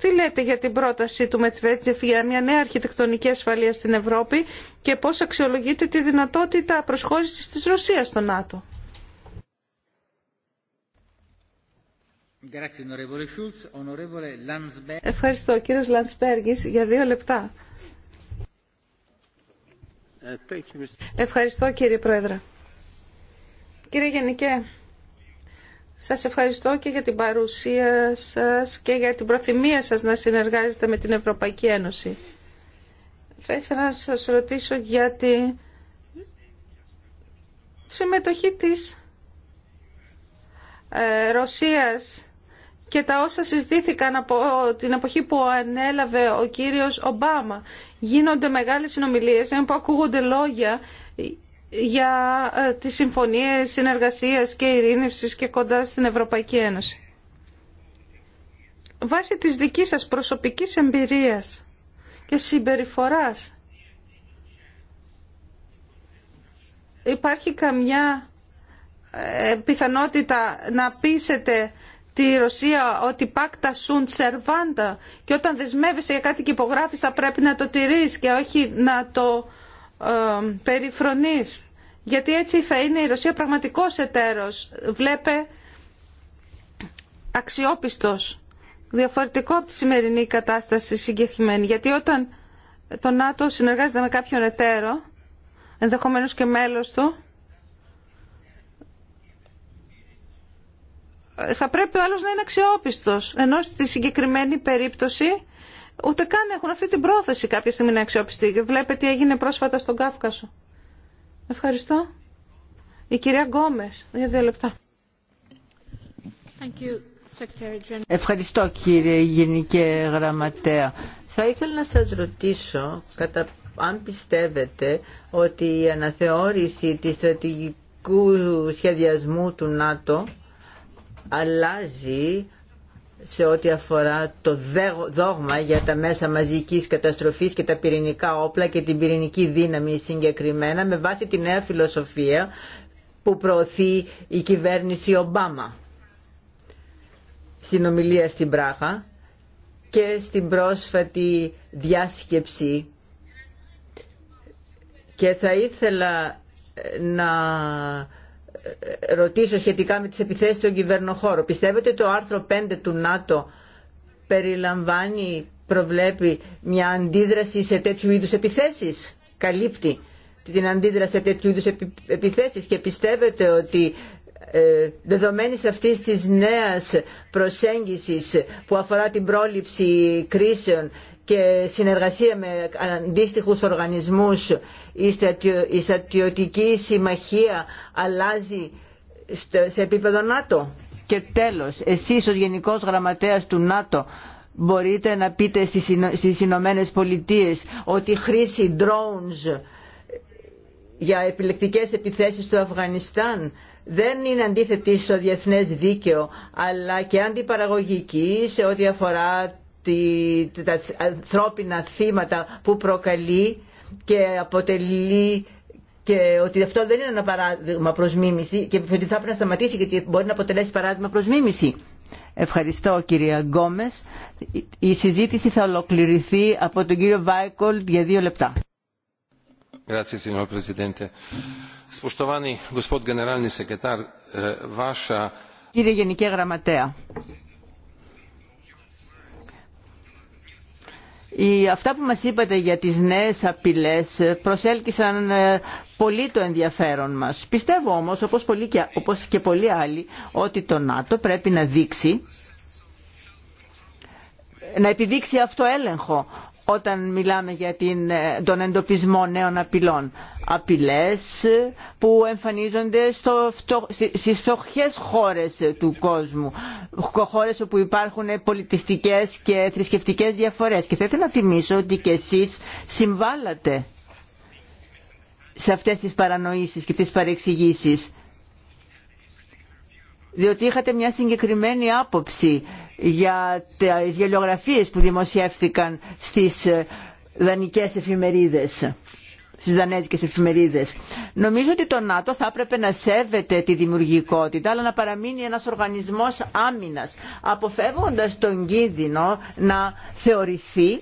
τι λέτε για την πρόταση του Μετσβέτσεφ για μια νέα αρχιτεκτονική ασφαλεία στην Ευρώπη και πώς αξιολογείται τη δυνατότητα προσχώρησης της Ρωσίας στο ΝΑΤΟ. Ευχαριστώ κύριος Λαντσπέργης για δύο λεπτά. Ε, Ευχαριστώ κύριε Πρόεδρε. Κύριε Γενικέ, σας ευχαριστώ και για την παρουσία σας και για την προθυμία σας να συνεργάζεστε με την Ευρωπαϊκή Ένωση. Θα ήθελα να σας ρωτήσω για τη συμμετοχή της ε, Ρωσίας και τα όσα συζητήθηκαν από την εποχή που ανέλαβε ο κύριος Ομπάμα. Γίνονται μεγάλες συνομιλίες, που ακούγονται λόγια για ε, τις συμφωνίες συνεργασίας και ειρήνευσης και κοντά στην Ευρωπαϊκή Ένωση. Βάσει της δικής σας προσωπικής εμπειρίας και συμπεριφοράς υπάρχει καμιά ε, πιθανότητα να πείσετε τη Ρωσία ότι πάκτα σουν σερβάντα και όταν δεσμεύεσαι για κάτι και υπογράφεις θα πρέπει να το τηρείς και όχι να το ε, περιφρονής. Γιατί έτσι θα είναι η Ρωσία πραγματικός εταίρος. Βλέπε αξιόπιστος. Διαφορετικό από τη σημερινή κατάσταση συγκεκριμένη. Γιατί όταν το ΝΑΤΟ συνεργάζεται με κάποιον εταίρο, ενδεχομένως και μέλος του, θα πρέπει ο άλλος να είναι αξιόπιστος. Ενώ στη συγκεκριμένη περίπτωση ούτε καν έχουν αυτή την πρόθεση κάποια στιγμή να αξιοπιστεί. Βλέπετε τι έγινε πρόσφατα στον Κάφκασο. Ευχαριστώ. Η κυρία Γκόμε, για δύο λεπτά. Ευχαριστώ κύριε Γενική Γραμματέα. Θα ήθελα να σας ρωτήσω κατά, αν πιστεύετε ότι η αναθεώρηση της στρατηγικού σχεδιασμού του ΝΑΤΟ αλλάζει σε ό,τι αφορά το δόγμα για τα μέσα μαζικής καταστροφής και τα πυρηνικά όπλα και την πυρηνική δύναμη συγκεκριμένα με βάση τη νέα φιλοσοφία που προωθεί η κυβέρνηση Ομπάμα στην ομιλία στην Πράχα και στην πρόσφατη διάσκεψη και θα ήθελα να ρωτήσω σχετικά με τις επιθέσεις στον κυβερνοχώρο. Πιστεύετε το άρθρο 5 του ΝΑΤΟ περιλαμβάνει, προβλέπει μια αντίδραση σε τέτοιου είδους επιθέσεις. Καλύπτει την αντίδραση σε τέτοιου είδους επιθέσεις και πιστεύετε ότι ε, δεδομένης αυτής της νέας προσέγγισης που αφορά την πρόληψη κρίσεων και συνεργασία με αντίστοιχου οργανισμούς η στρατιωτική συμμαχία αλλάζει σε επίπεδο ΝΑΤΟ. Και τέλος, εσεί ο Γενικό Γραμματέας του ΝΑΤΟ μπορείτε να πείτε στι Ηνωμένε Πολιτείε ότι η χρήση drones για επιλεκτικέ επιθέσει στο Αφγανιστάν δεν είναι αντίθετη στο διεθνές δίκαιο αλλά και αντιπαραγωγική σε ό,τι αφορά τα ανθρώπινα θύματα που προκαλεί και αποτελεί και ότι αυτό δεν είναι ένα παράδειγμα προς μίμηση και ότι θα πρέπει να σταματήσει γιατί μπορεί να αποτελέσει παράδειγμα προς μίμηση. Ευχαριστώ κυρία Γκόμες. Η συζήτηση θα ολοκληρωθεί από τον κύριο Βάικολ για δύο λεπτά. Eh, Κύριε Γενική Γραμματέα, αυτά που μας είπατε για τις νέες απειλές προσέλκυσαν ε, πολύ το ενδιαφέρον μας. Πιστεύω όμως, όπως, και, όπως και πολλοί άλλοι, ότι το ΝΑΤΟ πρέπει να δείξει να επιδείξει αυτό έλεγχο όταν μιλάμε για την, ε, τον εντοπισμό νέων απειλών. Απειλές που εμφανίζονται στο, στις φτωχές χώρες του κόσμου. Χώρες όπου υπάρχουν πολιτιστικές και θρησκευτικές διαφορές. Και θα ήθελα να θυμίσω ότι και εσείς συμβάλλατε σε αυτές τις παρανοήσεις και τις παρεξηγήσεις διότι είχατε μια συγκεκριμένη άποψη για τις γελιογραφίες που δημοσιεύθηκαν στις ε, δανεικές εφημερίδες στις δανέζικες εφημερίδες. Νομίζω ότι το ΝΑΤΟ θα έπρεπε να σέβεται τη δημιουργικότητα, αλλά να παραμείνει ένας οργανισμός άμυνας, αποφεύγοντας τον κίνδυνο να θεωρηθεί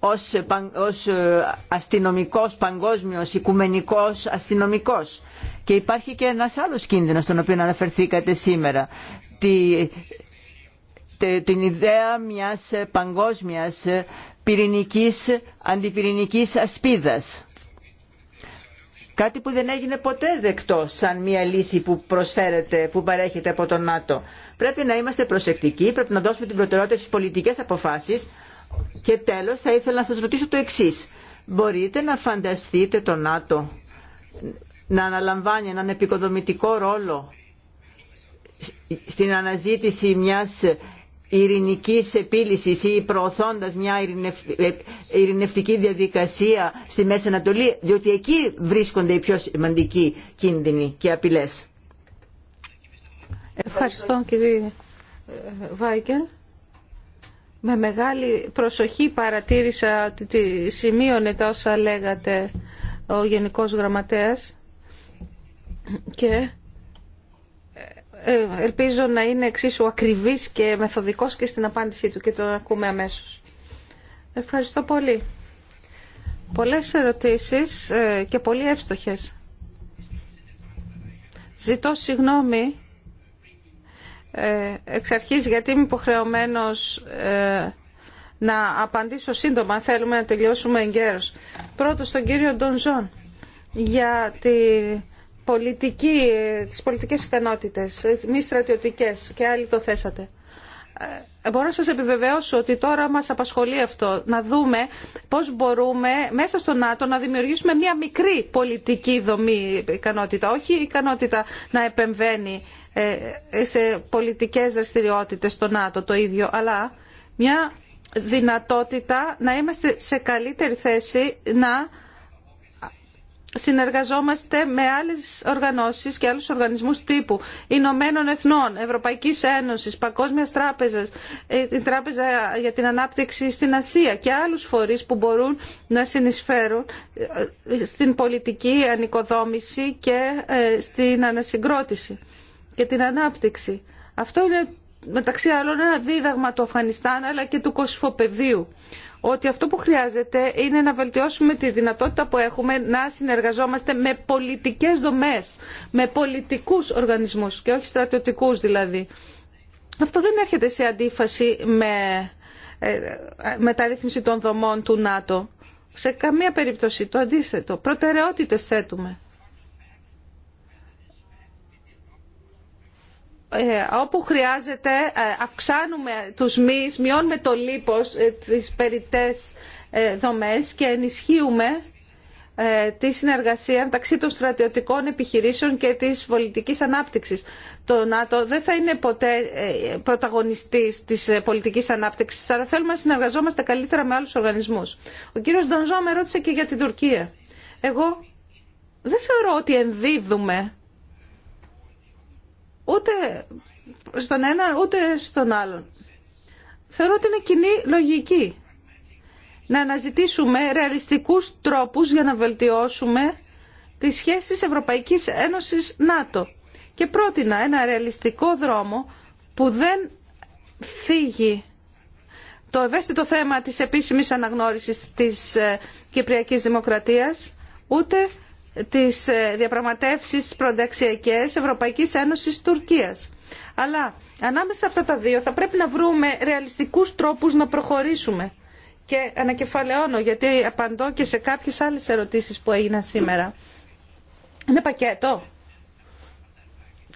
ως, ως ε, αστυνομικός, παγκόσμιος, οικουμενικός αστυνομικός. Και υπάρχει και ένας άλλος κίνδυνος, τον οποίο αναφερθήκατε σήμερα την ιδέα μιας παγκόσμιας πυρηνικής, αντιπυρηνικής ασπίδας. Κάτι που δεν έγινε ποτέ δεκτό σαν μια λύση που προσφέρεται, που παρέχεται από τον ΝΑΤΟ. Πρέπει να είμαστε προσεκτικοί, πρέπει να δώσουμε την προτεραιότητα στις πολιτικές αποφάσεις. Και τέλος θα ήθελα να σας ρωτήσω το εξής. Μπορείτε να φανταστείτε τον ΝΑΤΟ να αναλαμβάνει έναν επικοδομητικό ρόλο στην αναζήτηση μιας ειρηνικής επίλυσης ή προωθώντας μια ε, ειρηνευτική διαδικασία στη Μέση Ανατολή, διότι εκεί βρίσκονται οι πιο σημαντικοί κίνδυνοι και απειλές. Ευχαριστώ κύριε ε, Βάικελ. Με μεγάλη προσοχή παρατήρησα ότι σημείωνε τα όσα λέγατε ο Γενικός Γραμματέας και ε, ελπίζω να είναι εξίσου ακριβής και μεθοδικός και στην απάντησή του και τον ακούμε αμέσως. Ευχαριστώ πολύ. Πολλές ερωτήσεις ε, και πολύ εύστοχες. Ζητώ συγγνώμη ε, εξ αρχής γιατί είμαι υποχρεωμένος να απαντήσω σύντομα αν θέλουμε να τελειώσουμε εγκαίρως. Πρώτος τον κύριο Ντονζόν για τη πολιτική, τις πολιτικές ικανότητες, μη στρατιωτικές και άλλοι το θέσατε. Ε, μπορώ να σας επιβεβαιώσω ότι τώρα μας απασχολεί αυτό, να δούμε πώς μπορούμε μέσα στο ΝΑΤΟ να δημιουργήσουμε μια μικρή πολιτική δομή ικανότητα, όχι ικανότητα να επεμβαίνει ε, σε πολιτικές δραστηριότητες στο ΝΑΤΟ το ίδιο, αλλά μια δυνατότητα να είμαστε σε καλύτερη θέση να συνεργαζόμαστε με άλλες οργανώσεις και άλλους οργανισμούς τύπου Ηνωμένων Εθνών, Ευρωπαϊκής Ένωσης, Παγκόσμιας Τράπεζας, ε, την Τράπεζα για την Ανάπτυξη στην Ασία και άλλους φορείς που μπορούν να συνεισφέρουν ε, ε, στην πολιτική ανοικοδόμηση και στην ανασυγκρότηση και την ανάπτυξη. Αυτό είναι μεταξύ άλλων ένα δίδαγμα του Αφγανιστάν αλλά και του Κοσφοπεδίου ότι αυτό που χρειάζεται είναι να βελτιώσουμε τη δυνατότητα που έχουμε να συνεργαζόμαστε με πολιτικές δομές, με πολιτικούς οργανισμούς και όχι στρατιωτικούς δηλαδή. Αυτό δεν έρχεται σε αντίφαση με ε, μεταρρύθμιση των δομών του ΝΑΤΟ. Σε καμία περίπτωση το αντίθετο. Προτεραιότητες θέτουμε. Ε, όπου χρειάζεται ε, αυξάνουμε τους μυς, μειώνουμε το λίπος, ε, τις περιττές δομές και ενισχύουμε τη συνεργασία μεταξύ των στρατιωτικών επιχειρήσεων και της πολιτικής ανάπτυξης. Το ΝΑΤΟ δεν θα είναι ποτέ πρωταγωνιστής της πολιτικής ανάπτυξης, αλλά θέλουμε να συνεργαζόμαστε καλύτερα με άλλους οργανισμούς. Ο κύριος Ντονζό με ρώτησε και για την Τουρκία. Εγώ δεν θεωρώ ότι ενδίδουμε ούτε στον ένα ούτε στον άλλον. Θεωρώ ότι είναι κοινή λογική να αναζητήσουμε ρεαλιστικούς τρόπους για να βελτιώσουμε τις σχέσεις Ευρωπαϊκής Ένωσης ΝΑΤΟ. Και πρότεινα ένα ρεαλιστικό δρόμο που δεν θίγει το ευαίσθητο θέμα της επίσημης αναγνώρισης της ε, Κυπριακής Δημοκρατίας, ούτε τις ε, διαπραγματεύσεις προνταξιακές Ευρωπαϊκής Ένωσης Τουρκίας. Αλλά ανάμεσα σε αυτά τα δύο θα πρέπει να βρούμε ρεαλιστικούς τρόπους να προχωρήσουμε. Και ανακεφαλαιώνω γιατί απαντώ και σε κάποιες άλλες ερωτήσεις που έγιναν σήμερα. Είναι πακέτο.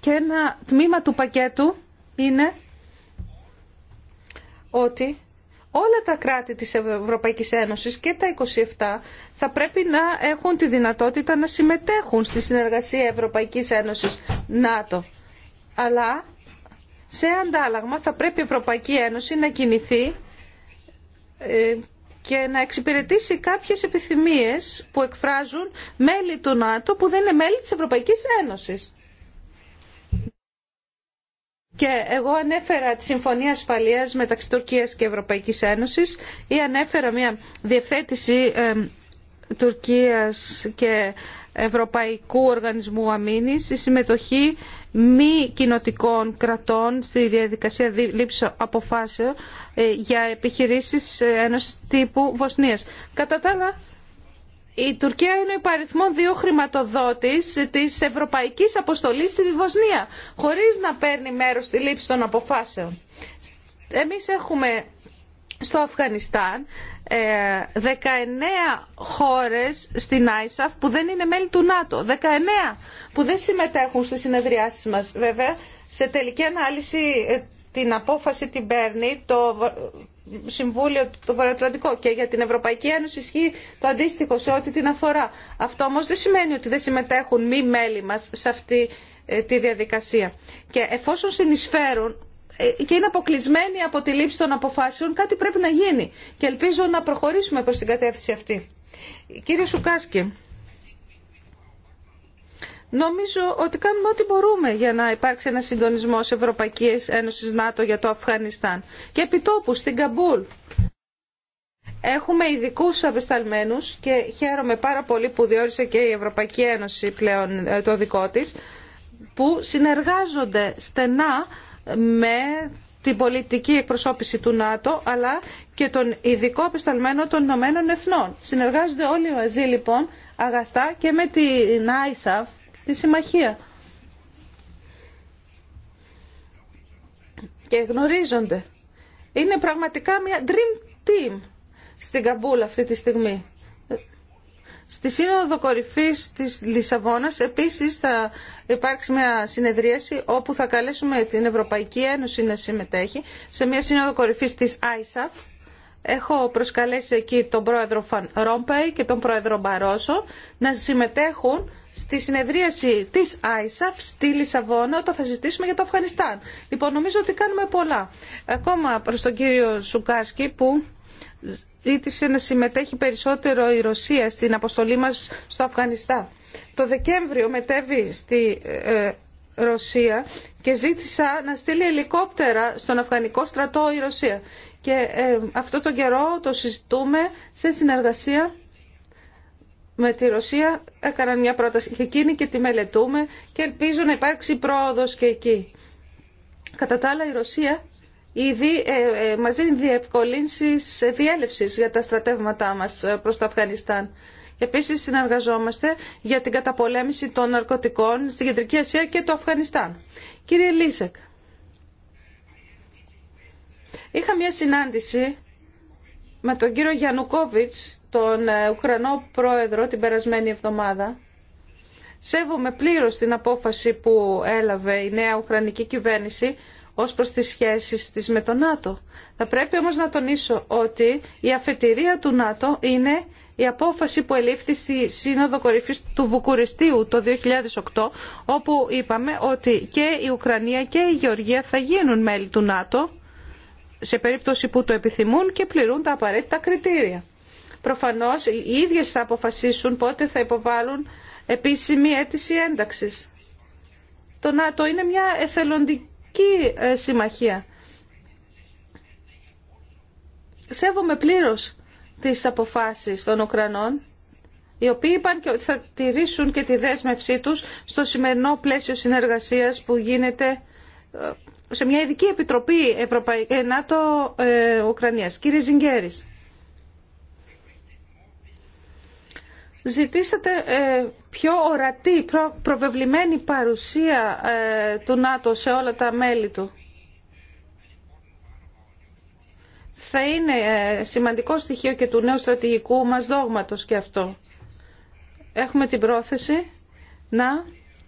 Και ένα τμήμα του πακέτου είναι ότι όλα τα κράτη της Ευρωπαϊκής Ένωσης και τα 27 θα πρέπει να έχουν τη δυνατότητα να συμμετέχουν στη συνεργασία Ευρωπαϊκής Ένωσης ΝΑΤΟ. Αλλά σε αντάλλαγμα θα πρέπει η Ευρωπαϊκή Ένωση να κινηθεί ε, και να εξυπηρετήσει κάποιες επιθυμίες που εκφράζουν μέλη του ΝΑΤΟ που δεν είναι μέλη της Ευρωπαϊκής Ένωσης. Και εγώ ανέφερα τη Συμφωνία Ασφαλείας μεταξύ Τουρκίας και Ευρωπαϊκής Ένωσης ή ανέφερα μια διευθέτηση ε, Τουρκίας και Ευρωπαϊκού Οργανισμού Αμήνης η συμμετοχή μη κοινοτικών κρατών στη διαδικασία λήψη αποφάσεων ε, για επιχειρήσεις ε, ενός τύπου Βοσνίας. Κατά τα άλλα, η Τουρκία είναι ο υπαριθμόν δύο χρηματοδότης της Ευρωπαϊκής Αποστολής στη Βοσνία, χωρίς να παίρνει μέρος στη λήψη των αποφάσεων. Εμείς έχουμε στο Αφγανιστάν 19 ε, χώρες στην ISAF που δεν είναι μέλη του ΝΑΤΟ. 19 που δεν συμμετέχουν στις συνεδριάσεις μας. Βέβαια, σε τελική ανάλυση ε, την απόφαση την παίρνει το Συμβούλιο του Βορειοατλαντικό και για την Ευρωπαϊκή Ένωση ισχύει το αντίστοιχο σε ό,τι την αφορά. Αυτό όμως δεν σημαίνει ότι δεν συμμετέχουν μη μέλη μας σε αυτή ε, τη διαδικασία. Και εφόσον συνεισφέρουν ε, και είναι αποκλεισμένοι από τη λήψη των αποφάσεων, κάτι πρέπει να γίνει. Και ελπίζω να προχωρήσουμε προς την κατεύθυνση αυτή. Κύριε Σουκάσκι, νομίζω ότι κάνουμε ό,τι μπορούμε για να υπάρξει ένα συντονισμό Ευρωπαϊκής Ένωσης ΝΑΤΟ για το Αφγανιστάν. Και επιτόπου στην Καμπούλ. Έχουμε ειδικού απεσταλμένου και χαίρομαι πάρα πολύ που διόρισε και η Ευρωπαϊκή Ένωση πλέον ε, το δικό τη, που συνεργάζονται στενά με την πολιτική εκπροσώπηση του ΝΑΤΟ αλλά και τον ειδικό απεσταλμένο των Ηνωμένων Εθνών. Συνεργάζονται όλοι μαζί λοιπόν αγαστά και με την ISAF, τη Συμμαχία. Και γνωρίζονται. Είναι πραγματικά μια dream team στην Καμπούλα αυτή τη στιγμή. Στη Σύνοδο Κορυφή της Λισαβόνας επίσης θα υπάρξει μια συνεδρίαση όπου θα καλέσουμε την Ευρωπαϊκή Ένωση να συμμετέχει σε μια Σύνοδο Κορυφή της ISAF. Έχω προσκαλέσει εκεί τον πρόεδρο Φαν Ρόμπεϊ και τον πρόεδρο Μπαρόσο να συμμετέχουν στη συνεδρίαση της ISAF στη Λισαβόνα όταν θα συζητήσουμε για το Αφγανιστάν. Λοιπόν, νομίζω ότι κάνουμε πολλά. Ακόμα προ τον κύριο Σουκάσκι που ζήτησε να συμμετέχει περισσότερο η Ρωσία στην αποστολή μας στο Αφγανιστάν. Το Δεκέμβριο μετέβη στη ε, Ρωσία και ζήτησα να στείλει ελικόπτερα στον Αφγανικό στρατό η Ρωσία. Και ε, αυτό τον καιρό το συζητούμε σε συνεργασία με τη Ρωσία. Έκαναν μια πρόταση και εκείνη και τη μελετούμε και ελπίζω να υπάρξει πρόοδος και εκεί. Κατά τα άλλα η Ρωσία ήδη ε, ε, μας δίνει διευκολύνσεις ε, διέλευσης για τα στρατεύματά μας προς το Αφγανιστάν. Επίσης συνεργαζόμαστε για την καταπολέμηση των ναρκωτικών στην Κεντρική Ασία και το Αφγανιστάν. Κύριε Λίσεκ, είχα μια συνάντηση με τον κύριο Γιανουκόβιτς τον Ουκρανό πρόεδρο, την περασμένη εβδομάδα. Σέβομαι πλήρως την απόφαση που έλαβε η νέα Ουκρανική κυβέρνηση ως προς τις σχέσεις της με το ΝΑΤΟ. Θα πρέπει όμως να τονίσω ότι η αφετηρία του ΝΑΤΟ είναι η απόφαση που ελήφθη στη Σύνοδο Κορυφής του Βουκουριστίου το 2008, όπου είπαμε ότι και η Ουκρανία και η Γεωργία θα γίνουν μέλη του ΝΑΤΟ, σε περίπτωση που το επιθυμούν και πληρούν τα απαραίτητα κριτήρια. Προφανώς οι ίδιες θα αποφασίσουν πότε θα υποβάλουν επίσημη αίτηση ένταξης. Το ΝΑΤΟ είναι μια εθελοντική Ευρωπαϊκή ε, Συμμαχία. Σέβομαι πλήρως τις αποφάσεις των Ουκρανών, οι οποίοι είπαν και ότι θα τηρήσουν και τη δέσμευσή τους στο σημερινό πλαίσιο συνεργασίας που γίνεται ε, σε μια ειδική επιτροπή Ευρωπαϊκή, ε, ΝΑΤΟ ε, Ουκρανίας. Κύριε Ζιγκέρης, ζητήσατε πιο ορατή, προβεβλημένη παρουσία ε, του ΝΑΤΟ σε όλα τα μέλη του. Θα είναι ε, σημαντικό στοιχείο και του νέου στρατηγικού μας δόγματος και αυτό. Έχουμε την πρόθεση να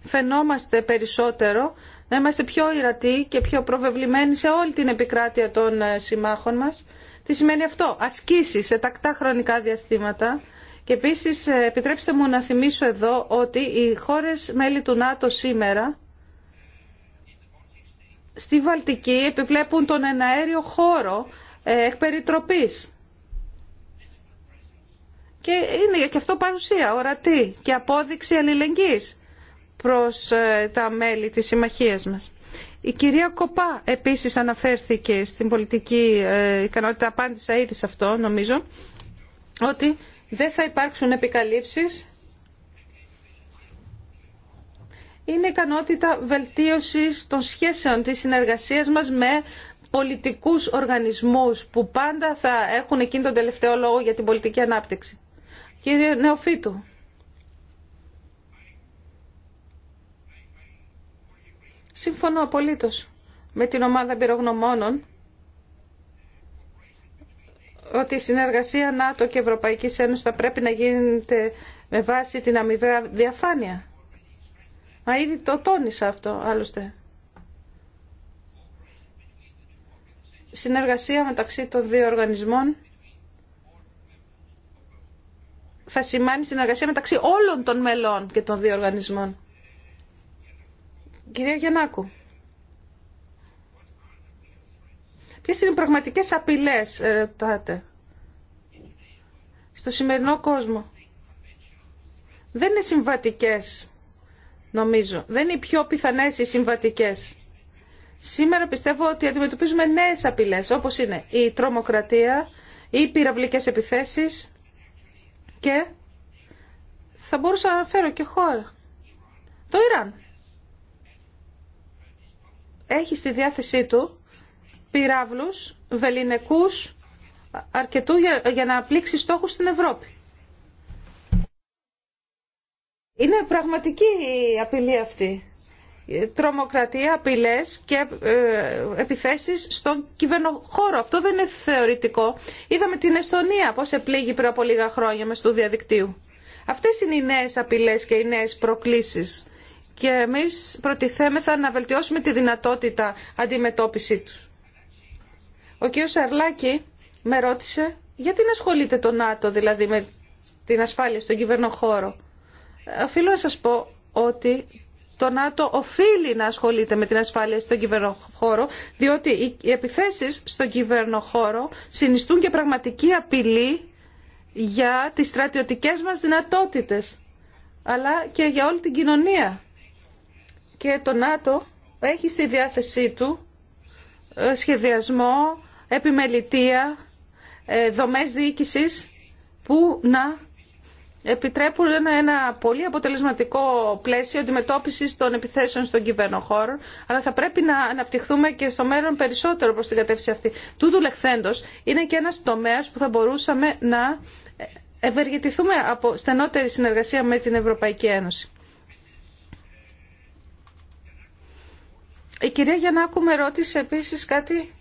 φαινόμαστε περισσότερο, να είμαστε πιο ιρατοί και πιο προβεβλημένοι σε όλη την επικράτεια των ε, συμμάχων μας. Τι σημαίνει αυτό. Ασκήσεις σε τακτά χρονικά διαστήματα και επίση ε, επιτρέψτε μου να θυμίσω εδώ ότι οι χώρες μέλη του ΝΑΤΟ σήμερα στη Βαλτική επιβλέπουν τον εναέριο χώρο ε, εκ περιτροπής. Και είναι και αυτό παρουσία ορατή και απόδειξη αλληλεγγύης προς ε, τα μέλη της συμμαχίας μας. Η κυρία Κοπά επίσης αναφέρθηκε στην πολιτική ικανότητα, απάντησα ήδη σε αυτό νομίζω, ότι δεν θα υπάρξουν επικαλύψεις. Είναι ικανότητα βελτίωσης των σχέσεων της συνεργασίας μας με πολιτικούς οργανισμούς που πάντα θα έχουν εκείνο τον τελευταίο λόγο για την πολιτική ανάπτυξη. Κύριε Νεοφίτου. Συμφωνώ απολύτως με την ομάδα πυρογνωμόνων ότι η συνεργασία ΝΑΤΟ και Ευρωπαϊκής Ένωσης θα πρέπει να γίνεται με βάση την αμοιβαία διαφάνεια. Μα ήδη το τόνισα αυτό, άλλωστε. Συνεργασία μεταξύ των δύο οργανισμών θα σημάνει συνεργασία μεταξύ όλων των μελών και των δύο οργανισμών. Κυρία Γιαννάκου. Ποιε είναι οι πραγματικέ απειλές, ρωτάτε, στο σημερινό κόσμο. Δεν είναι συμβατικές, νομίζω. Δεν είναι οι πιο πιθανές οι συμβατικές. Σήμερα πιστεύω ότι αντιμετωπίζουμε νέες απειλές, όπως είναι η τρομοκρατία, οι πυραυλικέ επιθέσεις και θα μπορούσα να αναφέρω και χώρα. Το Ιράν. Έχει στη διάθεσή του πυράβλους βεληνικούς αρκετού για, να πλήξει στόχους στην Ευρώπη. Είναι πραγματική η απειλή αυτή. Τρομοκρατία, απειλές και ε, επιθέσεις στον κυβερνοχώρο. Αυτό δεν είναι θεωρητικό. Είδαμε την Εστονία πώς επλήγει πριν από λίγα χρόνια μες του διαδικτύου. Αυτές είναι οι νέες απειλές και οι νέες προκλήσεις. Και εμείς προτιθέμεθα να βελτιώσουμε τη δυνατότητα αντιμετώπιση τους. Ο κ. Σαρλάκη με ρώτησε γιατί να ασχολείται το ΝΑΤΟ δηλαδή με την ασφάλεια στον κυβερνοχώρο. Ε, οφείλω να σας πω ότι το ΝΑΤΟ οφείλει να ασχολείται με την ασφάλεια στον κυβερνοχώρο, διότι οι επιθέσεις στον κυβερνοχώρο συνιστούν και πραγματική απειλή για τις στρατιωτικές μας δυνατότητες, αλλά και για όλη την κοινωνία. Και το ΝΑΤΟ έχει στη διάθεσή του ε, σχεδιασμό επιμελητεία, ε, δομές διοίκησης που να επιτρέπουν ένα πολύ αποτελεσματικό πλαίσιο αντιμετώπιση των επιθέσεων στον χώρο, αλλά θα πρέπει να αναπτυχθούμε και στο μέλλον περισσότερο προς την κατεύθυνση αυτή. Τούτου λεχθέντος, είναι και ένας τομέας που θα μπορούσαμε να ευεργετηθούμε από στενότερη συνεργασία με την Ευρωπαϊκή Ένωση. Η κυρία Γιαννάκου με ρώτησε επίσης κάτι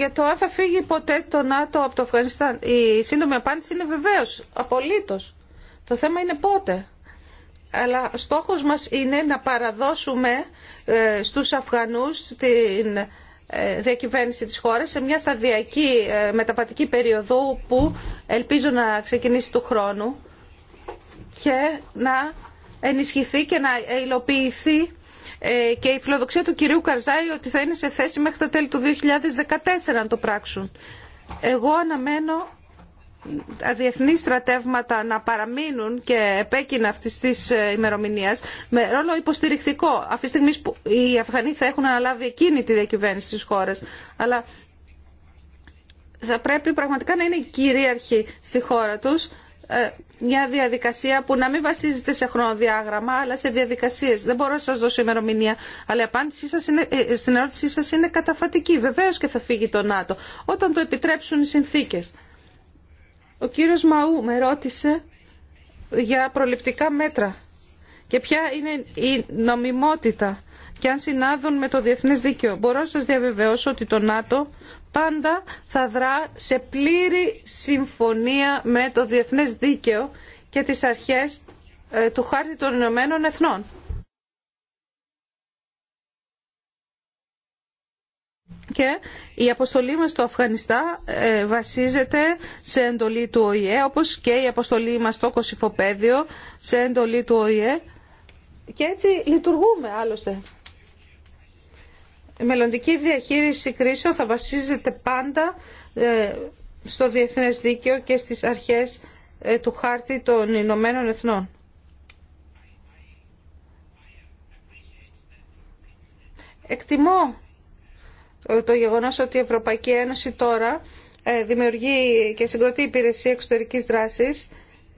για το αν θα φύγει ποτέ το ΝΑΤΟ από το Αφγανιστάν. Η σύντομη απάντηση είναι βεβαίω, απολύτω. Το θέμα είναι πότε. Αλλά στόχος μας είναι να παραδώσουμε ε, στους Αφγανούς την ε, διακυβέρνηση της χώρας σε μια σταδιακή ε, μεταπατική περίοδο που ελπίζω να ξεκινήσει του χρόνου και να ενισχυθεί και να υλοποιηθεί ε, και η φιλοδοξία του κυρίου Καρζάη ότι θα είναι σε θέση μέχρι τα τέλη του 2014 να το πράξουν. Εγώ αναμένω τα διεθνή στρατεύματα να παραμείνουν και επέκεινα αυτή τη ε, ημερομηνία με ρόλο υποστηρικτικό. Αυτή τη στιγμή που οι Αφγανοί θα έχουν αναλάβει εκείνη τη διακυβέρνηση τη χώρα. Αλλά θα πρέπει πραγματικά να είναι κυρίαρχοι στη χώρα τους ε, μια διαδικασία που να μην βασίζεται σε χρονοδιάγραμμα, αλλά σε διαδικασίε. Δεν μπορώ να σα δώσω ημερομηνία, αλλά η απάντησή σας είναι, ε, στην ερώτησή σα είναι καταφατική. Βεβαίω και θα φύγει το ΝΑΤΟ, όταν το επιτρέψουν οι συνθήκε. Ο κύριο Μαού με ρώτησε για προληπτικά μέτρα και ποια είναι η νομιμότητα και αν συνάδουν με το διεθνές δίκαιο. Μπορώ να σας διαβεβαιώσω ότι το ΝΑΤΟ πάντα θα δρά σε πλήρη συμφωνία με το διεθνές δίκαιο και τις αρχές ε, του χάρτη των Ηνωμένων Εθνών. και η αποστολή μας στο Αφγανιστά ε, βασίζεται σε εντολή του ΟΗΕ όπως και η αποστολή μας στο Κωσυφοπαίδιο σε εντολή του ΟΗΕ και έτσι λειτουργούμε άλλωστε. Η μελλοντική διαχείριση κρίσεων θα βασίζεται πάντα ε, στο διεθνές δίκαιο και στις αρχές ε, του χάρτη των Ηνωμένων Εθνών. Εκτιμώ ε, το γεγονός ότι η Ευρωπαϊκή Ένωση τώρα δημιουργεί και συγκροτεί υπηρεσία εξωτερικής δράσης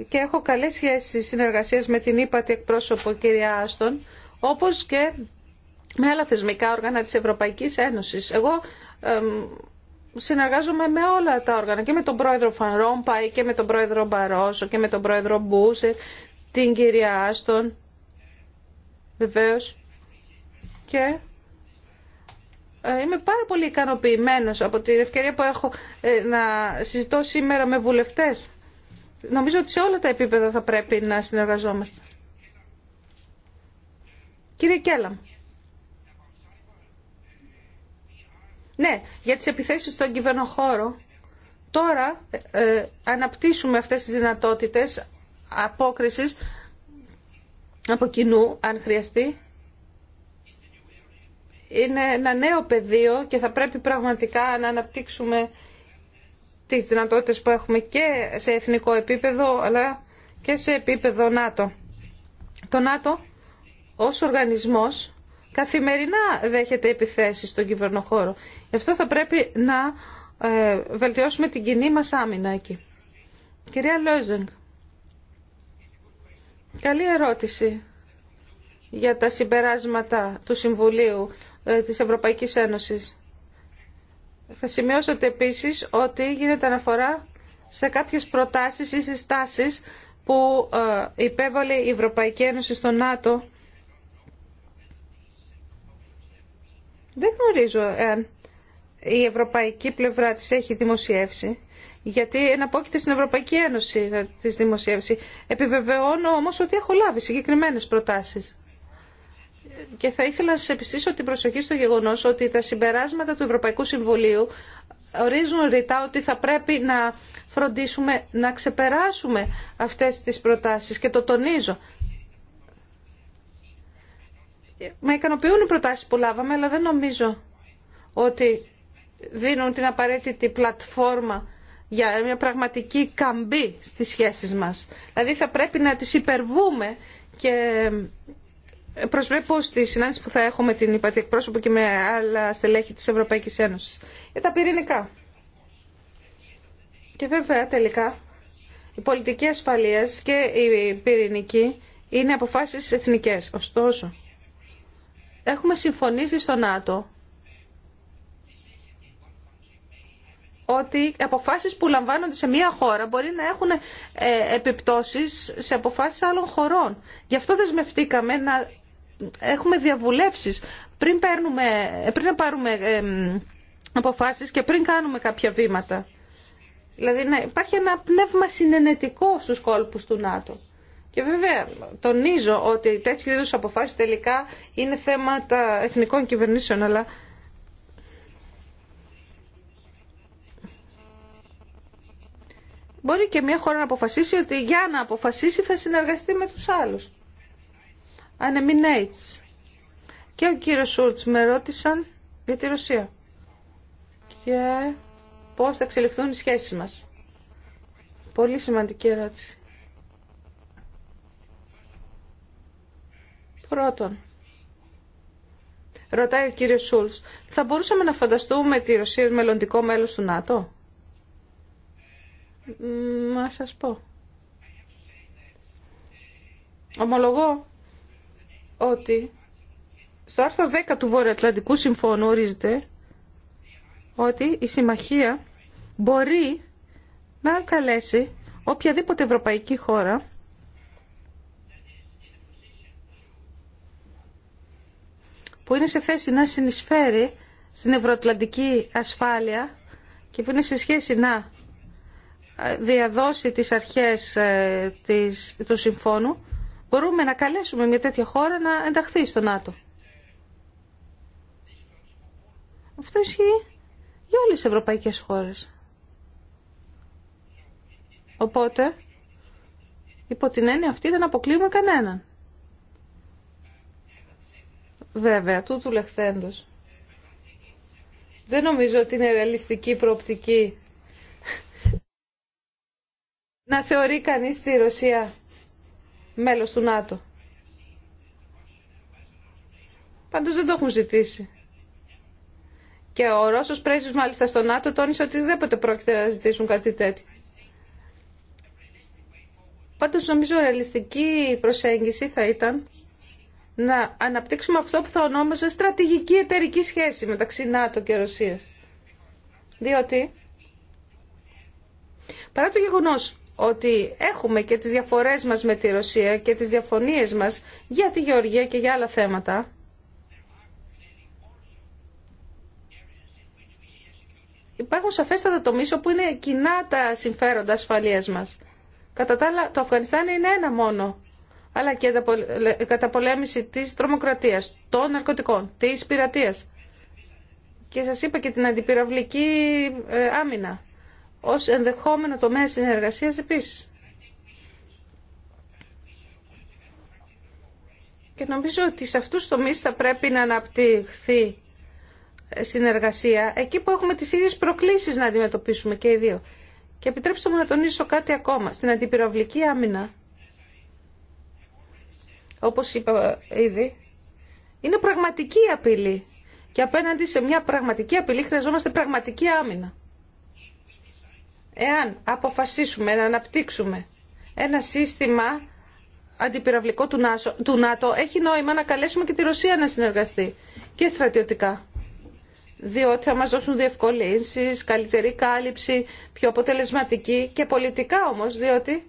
και έχω καλές σχέσεις συνεργασίας με την ύπατη εκπρόσωπο κυρία Άστον, όπως και με άλλα θεσμικά όργανα της Ευρωπαϊκής Ένωσης. Εγώ συνεργάζομαι με όλα τα όργανα και με τον πρόεδρο Φαν και με τον πρόεδρο Μπαρόσο και με τον πρόεδρο Μπούσε, την κυρία Άστον βεβαίως και ε, είμαι πάρα πολύ ικανοποιημένος από την ευκαιρία που έχω ε, να συζητώ σήμερα με βουλευτές. Νομίζω ότι σε όλα τα επίπεδα θα πρέπει να συνεργαζόμαστε. Κύριε Κέλαμ. Ναι, για τις επιθέσεις στον κυβερνοχώρο. Τώρα ε, αναπτύσσουμε αυτές τις δυνατότητες απόκρισης από κοινού, αν χρειαστεί. Είναι ένα νέο πεδίο και θα πρέπει πραγματικά να αναπτύξουμε τις δυνατότητες που έχουμε και σε εθνικό επίπεδο, αλλά και σε επίπεδο ΝΑΤΟ. Το ΝΑΤΟ ως οργανισμός καθημερινά δέχεται επιθέσεις στον κυβερνοχώρο. Γι' αυτό θα πρέπει να ε, βελτιώσουμε την κοινή μας άμυνα εκεί. Κυρία Λόζενγκ, καλή ερώτηση για τα συμπεράσματα του Συμβουλίου ε, της Ευρωπαϊκής Ένωσης. Θα σημειώσετε επίσης ότι γίνεται αναφορά σε κάποιες προτάσεις ή συστάσεις που ε, υπέβαλε η Ευρωπαϊκή Ένωση στο ΝΑΤΟ Δεν γνωρίζω εάν η ευρωπαϊκή πλευρά της έχει δημοσιεύσει, γιατί εναπόκειται στην Ευρωπαϊκή Ένωση να δημοσιεύσει. Επιβεβαιώνω όμως ότι έχω λάβει συγκεκριμένες προτάσεις. Και θα ήθελα να σα επιστήσω την προσοχή στο γεγονός ότι τα συμπεράσματα του Ευρωπαϊκού Συμβουλίου ορίζουν ρητά ότι θα πρέπει να φροντίσουμε να ξεπεράσουμε αυτές τις προτάσεις και το τονίζω με ικανοποιούν οι προτάσεις που λάβαμε, αλλά δεν νομίζω ότι δίνουν την απαραίτητη πλατφόρμα για μια πραγματική καμπή στις σχέσεις μας. Δηλαδή θα πρέπει να τις υπερβούμε και προσβλέπω στη συνάντηση που θα έχω με την υπατή εκπρόσωπο και με άλλα στελέχη της Ευρωπαϊκής Ένωσης για τα πυρηνικά. Και βέβαια τελικά η πολιτική ασφαλείας και η πυρηνική είναι αποφάσεις εθνικές. Ωστόσο, έχουμε συμφωνήσει στο ΝΑΤΟ ότι αποφάσεις που λαμβάνονται σε μία χώρα μπορεί να έχουν ε, επιπτώσεις σε αποφάσεις άλλων χωρών. Γι' αυτό δεσμευτήκαμε να έχουμε διαβουλεύσεις πριν, παίρνουμε, πριν πάρουμε αποφάσεις και πριν κάνουμε κάποια βήματα. Δηλαδή να υπάρχει ένα πνεύμα συνενετικό στους κόλπους του ΝΑΤΟ. Και βέβαια τονίζω ότι τέτοιου είδους αποφάσεις τελικά είναι θέματα εθνικών κυβερνήσεων, αλλά μπορεί και μια χώρα να αποφασίσει ότι για να αποφασίσει θα συνεργαστεί με τους άλλους. Ανεμινέιτς. Και ο κύριος Σούλτς με ρώτησαν για τη Ρωσία. Και πώς θα εξελιχθούν οι σχέσεις μας. Πολύ σημαντική ερώτηση. Πρώτον, ρωτάει ο κύριο Σούλς, θα μπορούσαμε να φανταστούμε τη Ρωσία μελλοντικό μέλο του ΝΑΤΟ. Να σα πω. Ομολογώ ότι στο άρθρο 10 του Βορειοατλαντικού Συμφώνου ορίζεται ότι η συμμαχία μπορεί να καλέσει οποιαδήποτε ευρωπαϊκή χώρα που είναι σε θέση να συνεισφέρει στην ευρωατλαντική ασφάλεια και που είναι σε σχέση να ε, διαδώσει τις αρχές ε, της, του συμφώνου, μπορούμε να καλέσουμε μια τέτοια χώρα να ενταχθεί στο ΝΑΤΟ. Αυτό ισχύει για όλες τις ευρωπαϊκές χώρες. Οπότε, υπό την έννοια αυτή δεν αποκλείουμε κανέναν. Βέβαια, τούτου λεχθέντος. Δεν νομίζω ότι είναι ρεαλιστική προοπτική να θεωρεί κανείς τη Ρωσία μέλος του ΝΑΤΟ. Πάντως δεν το έχουν ζητήσει. Και ο Ρώσος πρέσβης μάλιστα στο ΝΑΤΟ τόνισε ότι δεν ποτέ πρόκειται να ζητήσουν κάτι τέτοιο. Πάντως νομίζω ρεαλιστική προσέγγιση θα ήταν να αναπτύξουμε αυτό που θα ονόμαζα στρατηγική εταιρική σχέση μεταξύ ΝΑΤΟ και Ρωσίας. Διότι, παρά το γεγονός ότι έχουμε και τις διαφορές μας με τη Ρωσία και τις διαφωνίες μας για τη Γεωργία και για άλλα θέματα, υπάρχουν σαφέστατα τομείς όπου είναι κοινά τα συμφέροντα ασφαλείας μας. Κατά τα άλλα, το Αφγανιστάν είναι ένα μόνο αλλά και καταπολέμηση της τρομοκρατίας, των ναρκωτικών, της πειρατείας. Και σας είπα και την αντιπυραυλική ε, άμυνα ως ενδεχόμενο τομέα συνεργασίας επίσης. Και νομίζω ότι σε αυτούς τους τομείς θα πρέπει να αναπτυχθεί ε, συνεργασία, εκεί που έχουμε τις ίδιες προκλήσεις να αντιμετωπίσουμε και οι δύο. Και επιτρέψτε μου να τονίσω κάτι ακόμα. Στην αντιπυραυλική άμυνα όπως είπα ήδη, είναι πραγματική απειλή. Και απέναντι σε μια πραγματική απειλή χρειαζόμαστε πραγματική άμυνα. Εάν αποφασίσουμε να αναπτύξουμε ένα σύστημα αντιπυραυλικό του, του ΝΑΤΟ, έχει νόημα να καλέσουμε και τη Ρωσία να συνεργαστεί και στρατιωτικά. Διότι θα μας δώσουν διευκολύνσεις, καλύτερη κάλυψη, πιο αποτελεσματική και πολιτικά όμως, διότι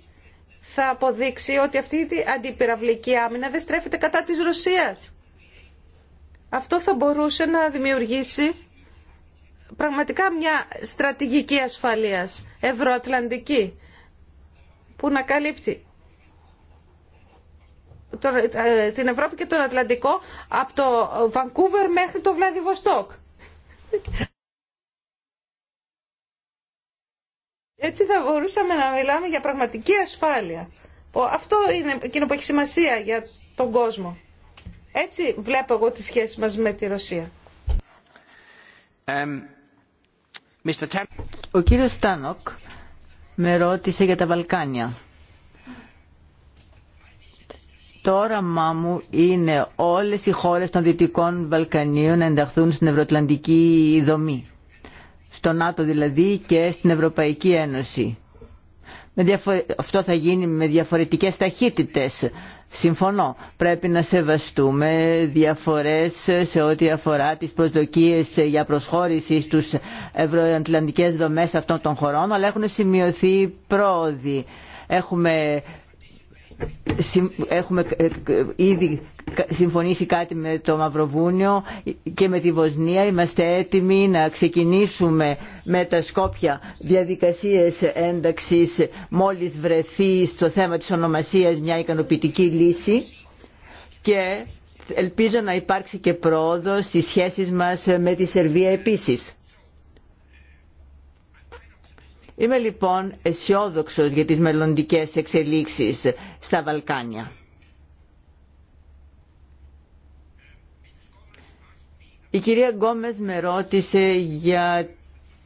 θα αποδείξει ότι αυτή η αντιπυραυλική άμυνα δεν στρέφεται κατά της Ρωσίας. Αυτό θα μπορούσε να δημιουργήσει πραγματικά μια στρατηγική ασφαλείας, ευρωατλαντική, που να καλύπτει ε, την Ευρώπη και τον Ατλαντικό από το Βανκούβερ μέχρι το Βλαδιβοστόκ. Έτσι θα μπορούσαμε να μιλάμε για πραγματική ασφάλεια. Αυτό είναι εκείνο που έχει σημασία για τον κόσμο. Έτσι βλέπω εγώ τη σχέση μας με τη Ρωσία. Ο κύριος Τάνοκ με ρώτησε για τα Βαλκάνια. Το όραμά μου είναι όλες οι χώρες των Δυτικών Βαλκανίων να ενταχθούν στην Ευρωατλαντική δομή στο ΝΑΤΟ δηλαδή και στην Ευρωπαϊκή Ένωση. Αυτό θα γίνει με διαφορετικές ταχύτητες. Συμφωνώ, πρέπει να σεβαστούμε διαφορές σε ό,τι αφορά τις προσδοκίες για προσχώρηση στους ευρωατλαντικές δομές αυτών των χωρών, αλλά έχουν σημειωθεί πρόοδοι. Έχουμε έχουμε ε, ε, ήδη συμφωνήσει κάτι με το Μαυροβούνιο και με τη Βοσνία. Είμαστε έτοιμοι να ξεκινήσουμε με τα Σκόπια διαδικασίες ένταξης μόλις βρεθεί στο θέμα της ονομασίας μια ικανοποιητική λύση και ελπίζω να υπάρξει και πρόοδο στις σχέσεις μας με τη Σερβία επίσης. Είμαι λοιπόν αισιόδοξο για τις μελλοντικέ εξελίξεις στα Βαλκάνια. Η κυρία Γκόμες με ρώτησε για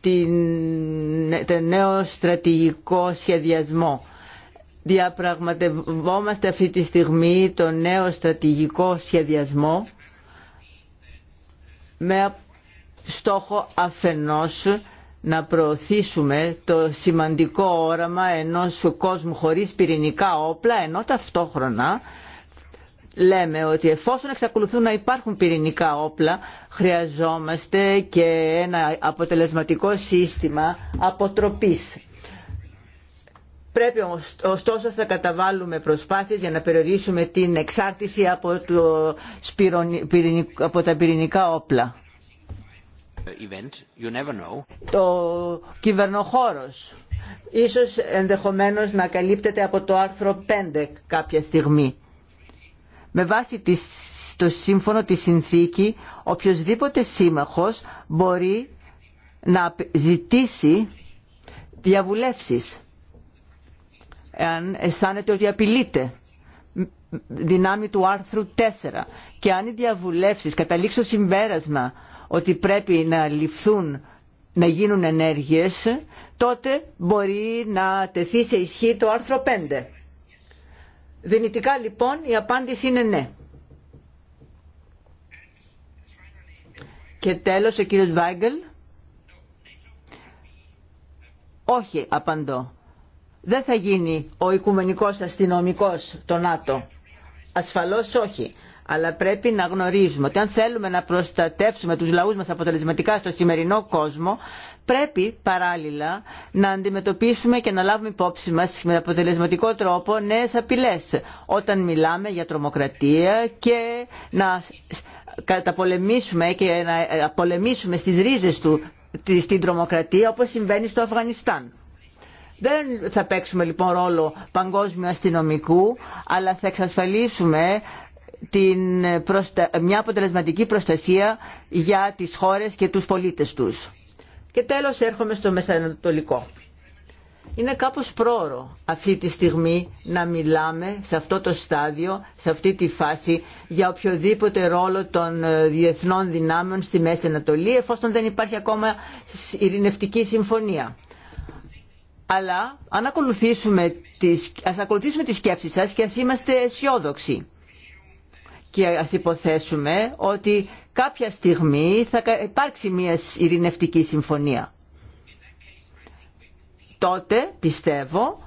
την, τον νέο στρατηγικό σχεδιασμό. Διαπραγματευόμαστε αυτή τη στιγμή το νέο στρατηγικό σχεδιασμό με στόχο αφενός να προωθήσουμε το σημαντικό όραμα ενός κόσμου χωρίς πυρηνικά όπλα, ενώ ταυτόχρονα λέμε ότι εφόσον εξακολουθούν να υπάρχουν πυρηνικά όπλα, χρειαζόμαστε και ένα αποτελεσματικό σύστημα αποτροπής. Πρέπει ωστόσο θα καταβάλουμε προσπάθειες για να περιορίσουμε την εξάρτηση από, το, από τα πυρηνικά όπλα. Το κυβερνοχώρος. Ίσως ενδεχομένως να καλύπτεται από το άρθρο 5 κάποια στιγμή. Με βάση το σύμφωνο τη συνθήκη, οποιοδήποτε σύμμαχος μπορεί να ζητήσει διαβουλεύσεις εάν αισθάνεται ότι απειλείται δυνάμει του άρθρου 4 και αν οι διαβουλεύσεις καταλήξουν συμπέρασμα ότι πρέπει να ληφθούν, να γίνουν ενέργειες, τότε μπορεί να τεθεί σε ισχύ το άρθρο 5. Δυνητικά λοιπόν η απάντηση είναι ναι. Και τέλος ο κύριος Βάγκελ. Όχι, απαντώ. Δεν θα γίνει ο οικουμενικός αστυνομικός το ΝΑΤΟ. Ασφαλώς όχι αλλά πρέπει να γνωρίζουμε ότι αν θέλουμε να προστατεύσουμε τους λαούς μας αποτελεσματικά στο σημερινό κόσμο, πρέπει παράλληλα να αντιμετωπίσουμε και να λάβουμε υπόψη μας με αποτελεσματικό τρόπο νέες απειλές όταν μιλάμε για τρομοκρατία και να καταπολεμήσουμε και να πολεμήσουμε στις ρίζες του στην τρομοκρατία όπως συμβαίνει στο Αφγανιστάν. Δεν θα παίξουμε λοιπόν ρόλο παγκόσμιου αστυνομικού, αλλά θα εξασφαλίσουμε την μια αποτελεσματική προστασία για τις χώρες και τους πολίτες τους. Και τέλος έρχομαι στο Μεσανατολικό. Είναι κάπως πρόωρο αυτή τη στιγμή να μιλάμε σε αυτό το στάδιο, σε αυτή τη φάση, για οποιοδήποτε ρόλο των ε, διεθνών δυνάμεων στη Μέση Ανατολή, εφόσον δεν υπάρχει ακόμα ειρηνευτική συμφωνία. Αλλά αν ακολουθήσουμε τις, ας ακολουθήσουμε τις σας και ας είμαστε αισιόδοξοι και ας υποθέσουμε ότι κάποια στιγμή θα υπάρξει μια ειρηνευτική συμφωνία. Τότε πιστεύω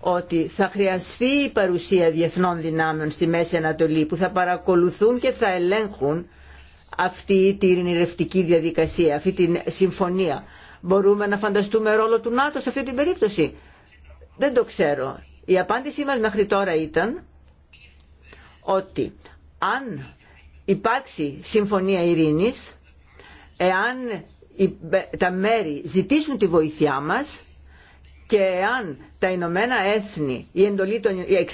ότι θα χρειαστεί η παρουσία διεθνών δυνάμεων στη Μέση Ανατολή που θα παρακολουθούν και θα ελέγχουν αυτή τη ειρηνευτική διαδικασία, αυτή τη συμφωνία. Μπορούμε να φανταστούμε ρόλο του ΝΑΤΟ σε αυτή την περίπτωση. Δεν το ξέρω. Η απάντησή μας μέχρι τώρα ήταν ότι αν υπάρξει συμφωνία ειρήνης, εάν ε, τα μέρη ζητήσουν τη βοήθειά μας και εάν τα Ηνωμένα Έθνη η εντολή ε,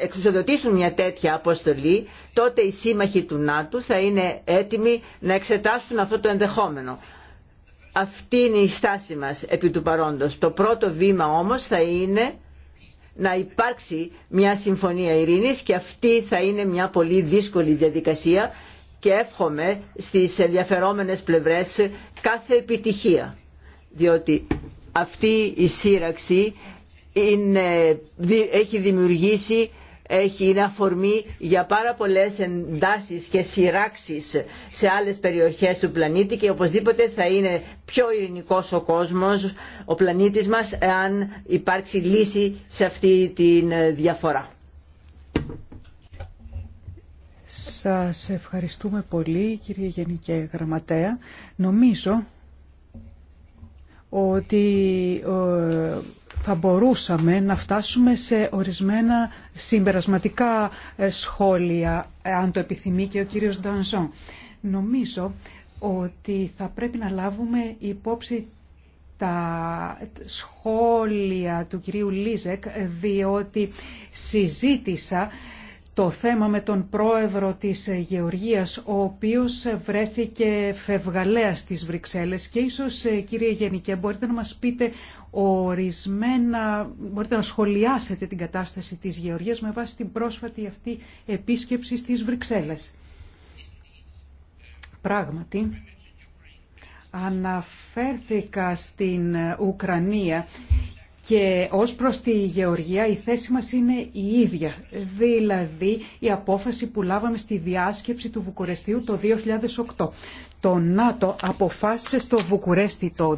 εξουσιοδοτήσουν μια τέτοια αποστολή, τότε οι σύμμαχοι του ΝΑΤΟΥ θα είναι έτοιμοι να εξετάσουν αυτό το ενδεχόμενο. Αυτή είναι η στάση μας επί του παρόντος. Το πρώτο βήμα όμως θα είναι να υπάρξει μια συμφωνία ειρήνης και αυτή θα είναι μια πολύ δύσκολη διαδικασία και εύχομαι στις ενδιαφερόμενες πλευρές κάθε επιτυχία διότι αυτή η σύραξη έχει δημιουργήσει έχει είναι αφορμή για πάρα πολλές εντάσεις και σειράξεις σε άλλες περιοχές του πλανήτη και οπωσδήποτε θα είναι πιο ειρηνικός ο κόσμος, ο πλανήτης μας, αν υπάρξει λύση σε αυτή τη διαφορά. Σας ευχαριστούμε πολύ κύριε Γενική Γραμματέα. Νομίζω ότι ε, θα μπορούσαμε να φτάσουμε σε ορισμένα συμπερασματικά ε, σχόλια, ε, αν το επιθυμεί και ο κύριος Ντανζόν. Νομίζω ότι θα πρέπει να λάβουμε υπόψη τα σχόλια του κυρίου Λίζεκ, διότι συζήτησα το θέμα με τον πρόεδρο της Γεωργίας, ο οποίος βρέθηκε φευγαλέα στις Βρυξέλλες και ίσως ε, κύριε Γενικέ μπορείτε να μας πείτε ορισμένα, μπορείτε να σχολιάσετε την κατάσταση της Γεωργίας με βάση την πρόσφατη αυτή επίσκεψη στις Βρυξέλλες. Πράγματι, αναφέρθηκα στην Ουκρανία και ως προς τη Γεωργία η θέση μας είναι η ίδια, δηλαδή η απόφαση που λάβαμε στη διάσκεψη του Βουκουρεστίου το 2008 το ΝΑΤΟ αποφάσισε στο Βουκουρέστι το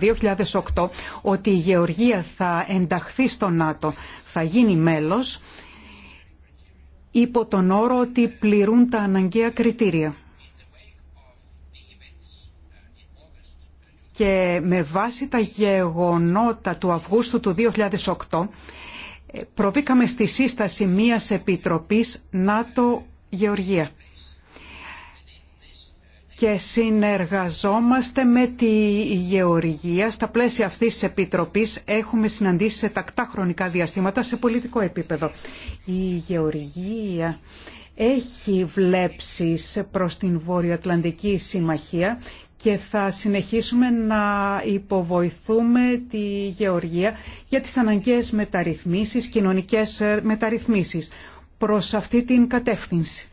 2008 ότι η Γεωργία θα ενταχθεί στο ΝΑΤΟ, θα γίνει μέλος υπό τον όρο ότι πληρούν τα αναγκαία κριτήρια. Και με βάση τα γεγονότα του Αυγούστου του 2008 προβήκαμε στη σύσταση μιας επιτροπής ΝΑΤΟ-Γεωργία και συνεργαζόμαστε με τη Γεωργία. Στα πλαίσια αυτής της Επιτροπής έχουμε συναντήσει σε τακτά χρονικά διαστήματα σε πολιτικό επίπεδο. Η Γεωργία έχει βλέψεις προς την Βόρειο-Ατλαντική Συμμαχία και θα συνεχίσουμε να υποβοηθούμε τη Γεωργία για τις αναγκαίες μεταρρυθμίσεις, κοινωνικές ε, μεταρρυθμίσεις προς αυτή την κατεύθυνση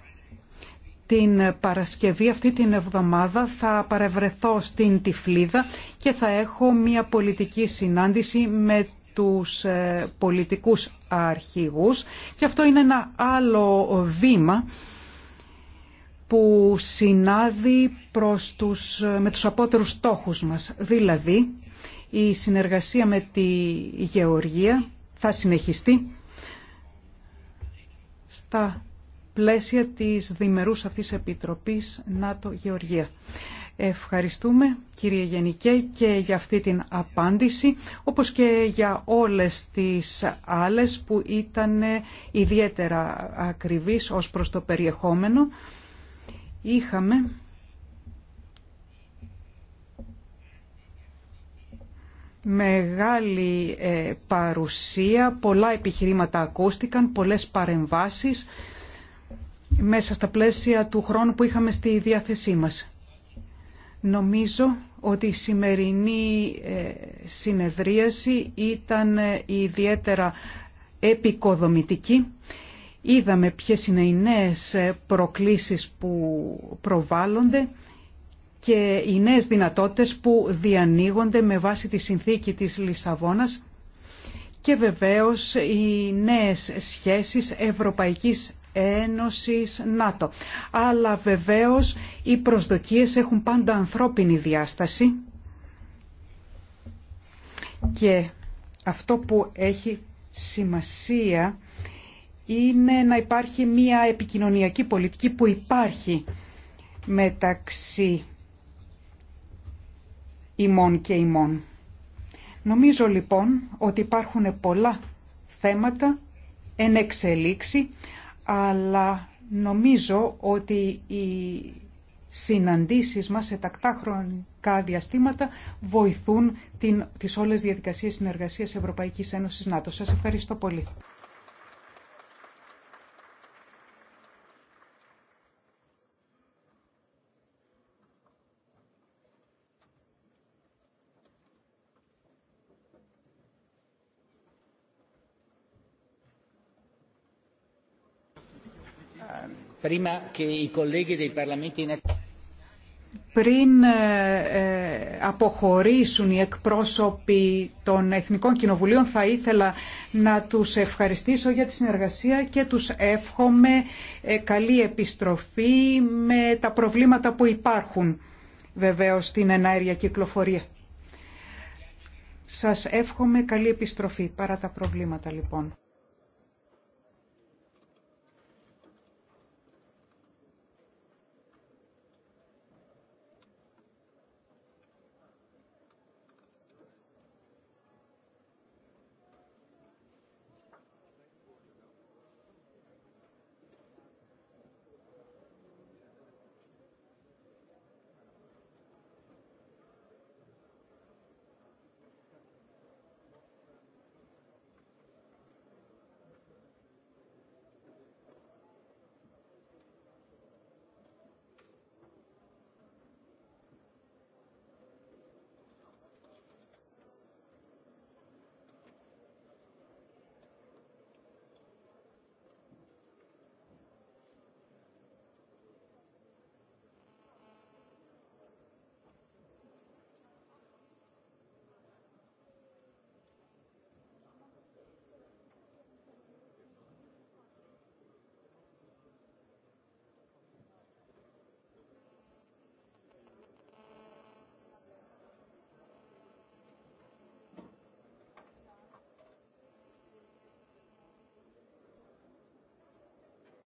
την Παρασκευή αυτή την εβδομάδα θα παρευρεθώ στην Τυφλίδα και θα έχω μια πολιτική συνάντηση με τους ε, πολιτικούς αρχηγούς και αυτό είναι ένα άλλο βήμα που συνάδει προς τους, με τους απότερους στόχους μας. Δηλαδή, η συνεργασία με τη Γεωργία θα συνεχιστεί στα πλαίσια της διμερούς αυτής επιτροπής ΝΑΤΟ-Γεωργία. Ευχαριστούμε κύριε Γενικέ και για αυτή την απάντηση όπως και για όλες τις άλλες που ήταν ιδιαίτερα ακριβείς ως προς το περιεχόμενο. Είχαμε μεγάλη ε, παρουσία, πολλά επιχειρήματα ακούστηκαν, πολλές παρεμβάσεις μέσα στα πλαίσια του χρόνου που είχαμε στη διάθεσή μας. Νομίζω ότι η σημερινή ε, συνεδρίαση ήταν ε, ιδιαίτερα επικοδομητική. Είδαμε ποιες είναι οι νέες ε, προκλήσεις που προβάλλονται και οι νέες δυνατότητες που διανοίγονται με βάση τη συνθήκη της Λισαβόνας και βεβαίως οι νέες σχέσεις Ευρωπαϊκής Ένωσης ΝΑΤΟ. Αλλά βεβαίως οι προσδοκίες έχουν πάντα ανθρώπινη διάσταση και αυτό που έχει σημασία είναι να υπάρχει μία επικοινωνιακή πολιτική που υπάρχει μεταξύ ημών και ημών. Νομίζω λοιπόν ότι υπάρχουν πολλά θέματα εν εξελίξη αλλά νομίζω ότι οι συναντήσεις μας σε τακτά χρονικά διαστήματα βοηθούν την, τις όλες διαδικασίες συνεργασίας Ευρωπαϊκής Ένωσης ΝΑΤΟ. Σας ευχαριστώ πολύ. πριν ε, ε, αποχωρήσουν οι εκπρόσωποι των Εθνικών Κοινοβουλίων θα ήθελα να τους ευχαριστήσω για τη συνεργασία και τους εύχομαι ε, καλή επιστροφή με τα προβλήματα που υπάρχουν βεβαίως στην εναέρια κυκλοφορία. Σας εύχομαι καλή επιστροφή παρά τα προβλήματα λοιπόν.